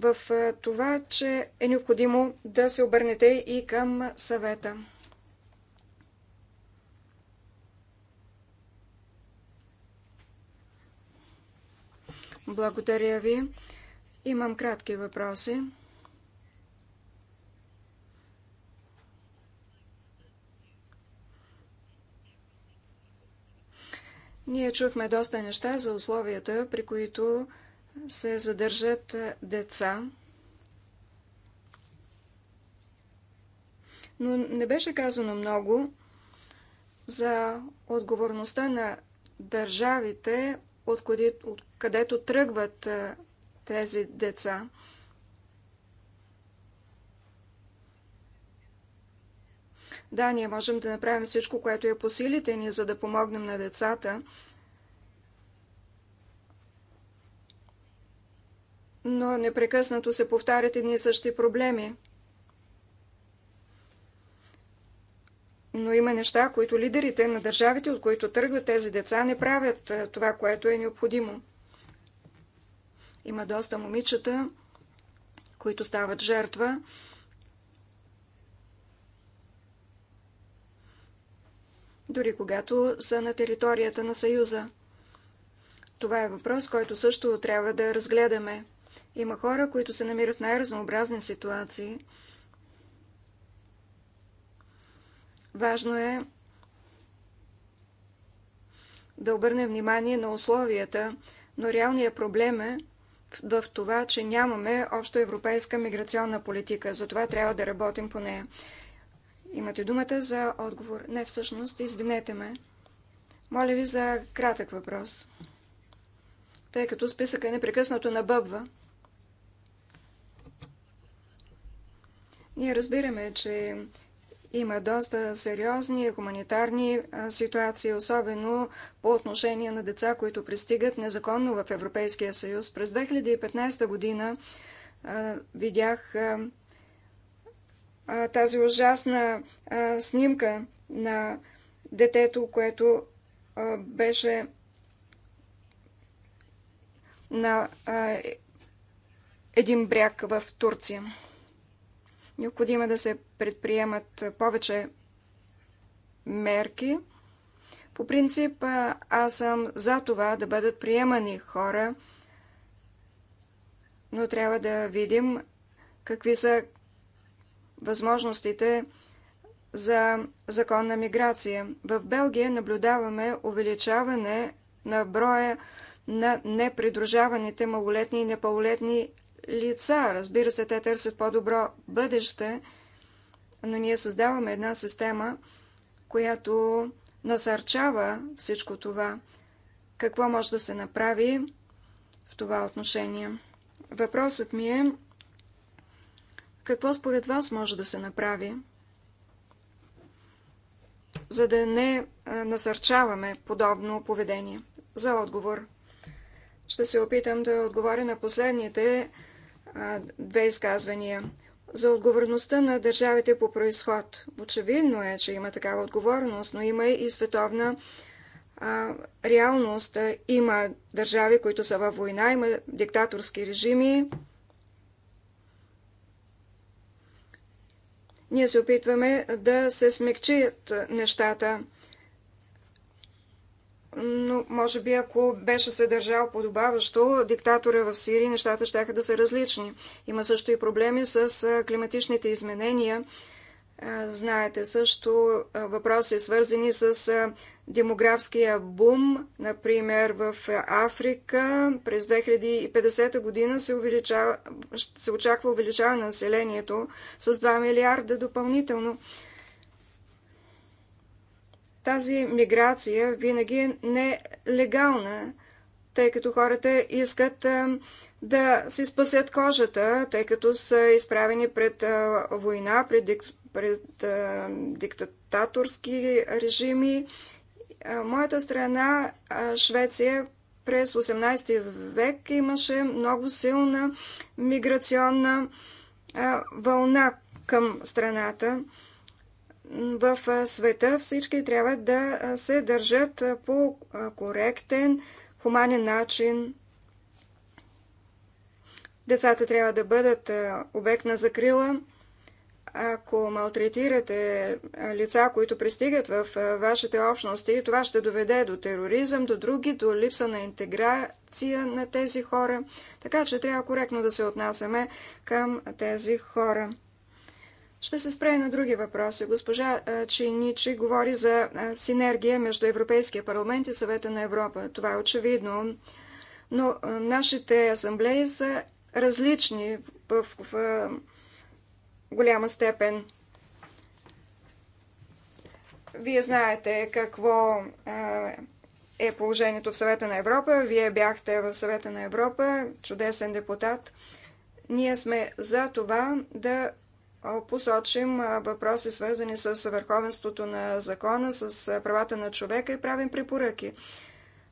в това, че е необходимо да се обърнете и към съвета. Благодаря ви. Имам кратки въпроси. Ние чухме доста неща за условията, при които се задържат деца. Но не беше казано много за отговорността на държавите, от където тръгват е, тези деца. Да, ние можем да направим всичко, което е по силите ни, за да помогнем на децата – но непрекъснато се повтарят едни и същи проблеми. Но има неща, които лидерите на държавите, от които тръгват тези деца, не правят това, което е необходимо. Има доста момичета, които стават жертва. Дори когато са на територията на Съюза. Това е въпрос, който също трябва да разгледаме. Има хора, които се намират в най-разнообразни ситуации. Важно е да обърнем внимание на условията, но реалният проблем е в това, че нямаме общо европейска миграционна политика. Затова трябва да работим по нея. Имате думата за отговор. Не, всъщност, извинете ме. Моля ви за кратък въпрос. Тъй като списъка непрекъснато набъбва. Ние разбираме, че има доста сериозни хуманитарни ситуации, особено по отношение на деца, които пристигат незаконно в Европейския съюз. През 2015 година видях тази ужасна снимка на детето, което беше на един бряг в Турция. Необходимо е да се предприемат повече мерки. По принцип, аз съм за това да бъдат приемани хора, но трябва да видим какви са възможностите за законна миграция. В Белгия наблюдаваме увеличаване на броя на непридружаваните малолетни и непълнолетни лица. Разбира се, те търсят по-добро бъдеще, но ние създаваме една система, която насърчава всичко това. Какво може да се направи в това отношение? Въпросът ми е какво според вас може да се направи, за да не насърчаваме подобно поведение? За отговор. Ще се опитам да отговоря на последните две изказвания. За отговорността на държавите по происход. Очевидно е, че има такава отговорност, но има и световна а, реалност. Има държави, които са във война, има диктаторски режими. Ние се опитваме да се смекчат нещата но може би ако беше се държал подобаващо диктатора в Сирия, нещата ще да са различни. Има също и проблеми с климатичните изменения. Знаете също въпроси свързани с демографския бум, например в Африка. През 2050 година се, увеличава, се очаква увеличаване на населението с 2 милиарда допълнително. Тази миграция винаги е нелегална, тъй като хората искат да си спасят кожата, тъй като са изправени пред война, пред, дик... пред диктаторски режими. Моята страна, Швеция, през 18 век имаше много силна миграционна вълна към страната в света всички трябва да се държат по коректен, хуманен начин. Децата трябва да бъдат обект на закрила. Ако малтретирате лица, които пристигат в вашите общности, това ще доведе до тероризъм, до други, до липса на интеграция на тези хора. Така че трябва коректно да се отнасяме към тези хора. Ще се спре на други въпроси. Госпожа Чиничи говори за синергия между Европейския парламент и Съвета на Европа. Това е очевидно. Но нашите асамблеи са различни в, в, в голяма степен. Вие знаете какво е положението в Съвета на Европа. Вие бяхте в Съвета на Европа, чудесен депутат. Ние сме за това да посочим въпроси, свързани с върховенството на закона, с правата на човека и правим препоръки.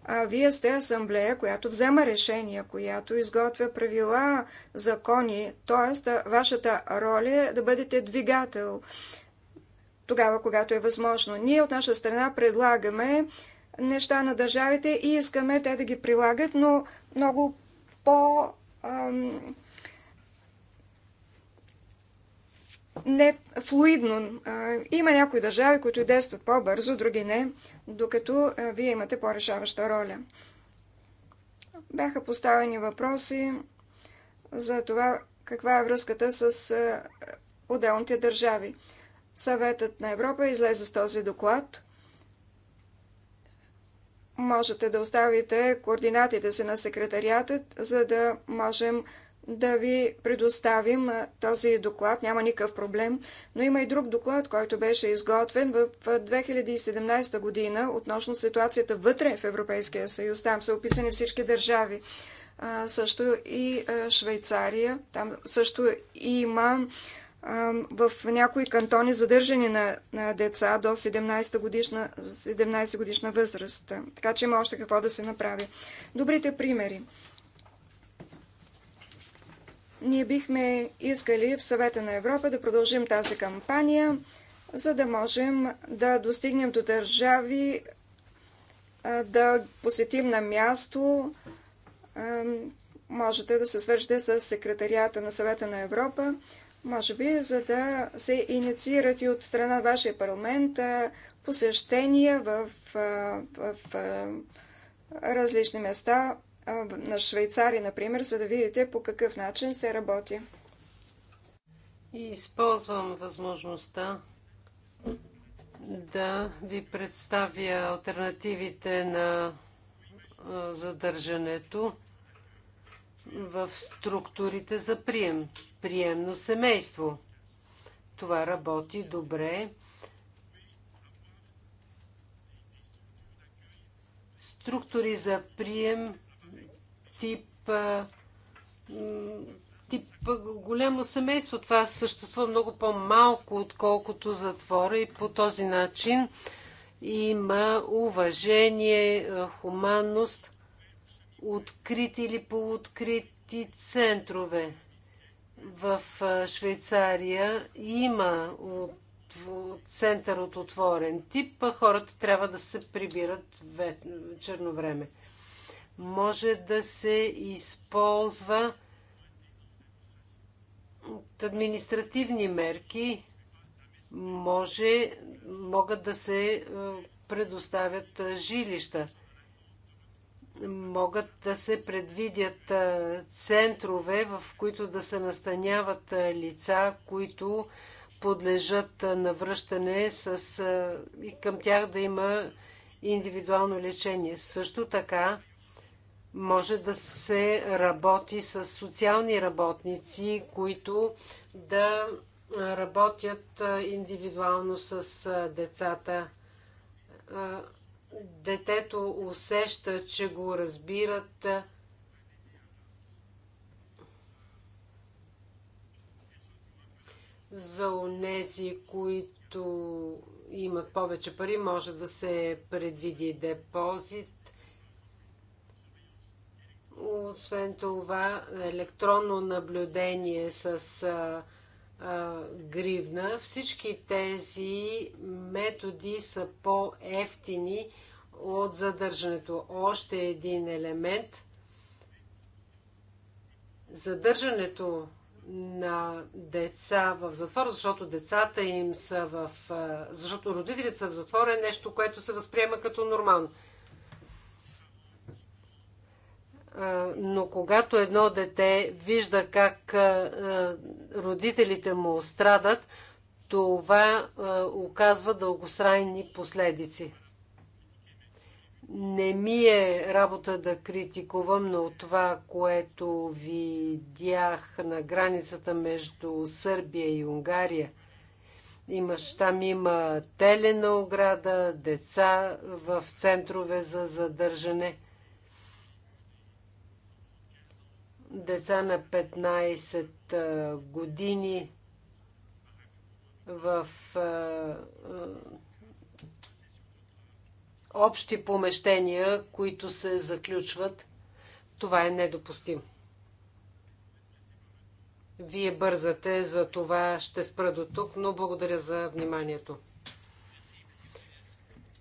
А вие сте асамблея, която взема решения, която изготвя правила, закони, т.е. вашата роля е да бъдете двигател тогава, когато е възможно. Ние от наша страна предлагаме неща на държавите и искаме те да ги прилагат, но много по- ам, не флуидно. Има някои държави, които действат по-бързо, други не, докато вие имате по-решаваща роля. Бяха поставени въпроси за това каква е връзката с отделните държави. Съветът на Европа излезе с този доклад. Можете да оставите координатите си на секретарията, за да можем да ви предоставим този доклад. Няма никакъв проблем. Но има и друг доклад, който беше изготвен в 2017 година относно ситуацията вътре в Европейския съюз. Там са описани всички държави. А, също и а, Швейцария. Там също има а, в някои кантони задържани на, на деца до 17 годишна, 17 годишна възраст. Така че има още какво да се направи. Добрите примери. Ние бихме искали в съвета на Европа да продължим тази кампания, за да можем да достигнем до държави, да посетим на място. Можете да се свържете с секретарията на съвета на Европа може би, за да се инициират и от страна на вашия парламент посещения в, в, в различни места на Швейцария, например, за да видите по какъв начин се работи. И използвам възможността да ви представя альтернативите на задържането в структурите за прием. Приемно семейство. Това работи добре. Структури за прием тип, тип голямо семейство. Това съществува много по-малко, отколкото затвора и по този начин има уважение, хуманност, открити или полуоткрити центрове. В Швейцария има център от отворен тип, а хората трябва да се прибират черно време може да се използва от административни мерки, може, могат да се е, предоставят е, жилища. Могат да се предвидят е, центрове, в които да се настаняват лица, които подлежат на връщане с, и към тях да има индивидуално лечение. Също така може да се работи с социални работници, които да работят индивидуално с децата. Детето усеща, че го разбират. За онези, които имат повече пари, може да се предвиди депозит освен това, електронно наблюдение с а, а, гривна. Всички тези методи са по-ефтини от задържането. Още един елемент. Задържането на деца в затвора, защото децата им са в... защото родителите са в затвора е нещо, което се възприема като нормално но когато едно дете вижда как родителите му страдат, това оказва дългосрайни последици. Не ми е работа да критикувам, но това, което видях на границата между Сърбия и Унгария, имаш, там има телена ограда, деца в центрове за задържане – деца на 15 години в общи помещения, които се заключват. Това е недопустимо. Вие бързате, за това ще спра до тук, но благодаря за вниманието.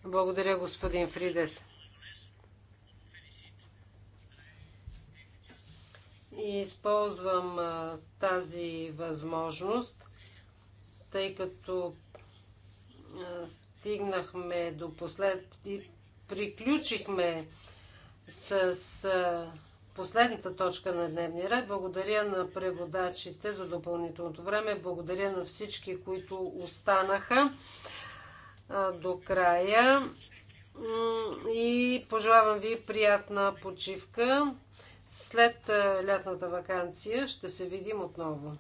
Благодаря, господин Фридес. И използвам а, тази възможност, тъй като а, стигнахме до послед... И приключихме с а, последната точка на дневния ред. Благодаря на преводачите за допълнителното време. Благодаря на всички, които останаха до края. И пожелавам ви приятна почивка. След е, лятната вакансия ще се видим отново.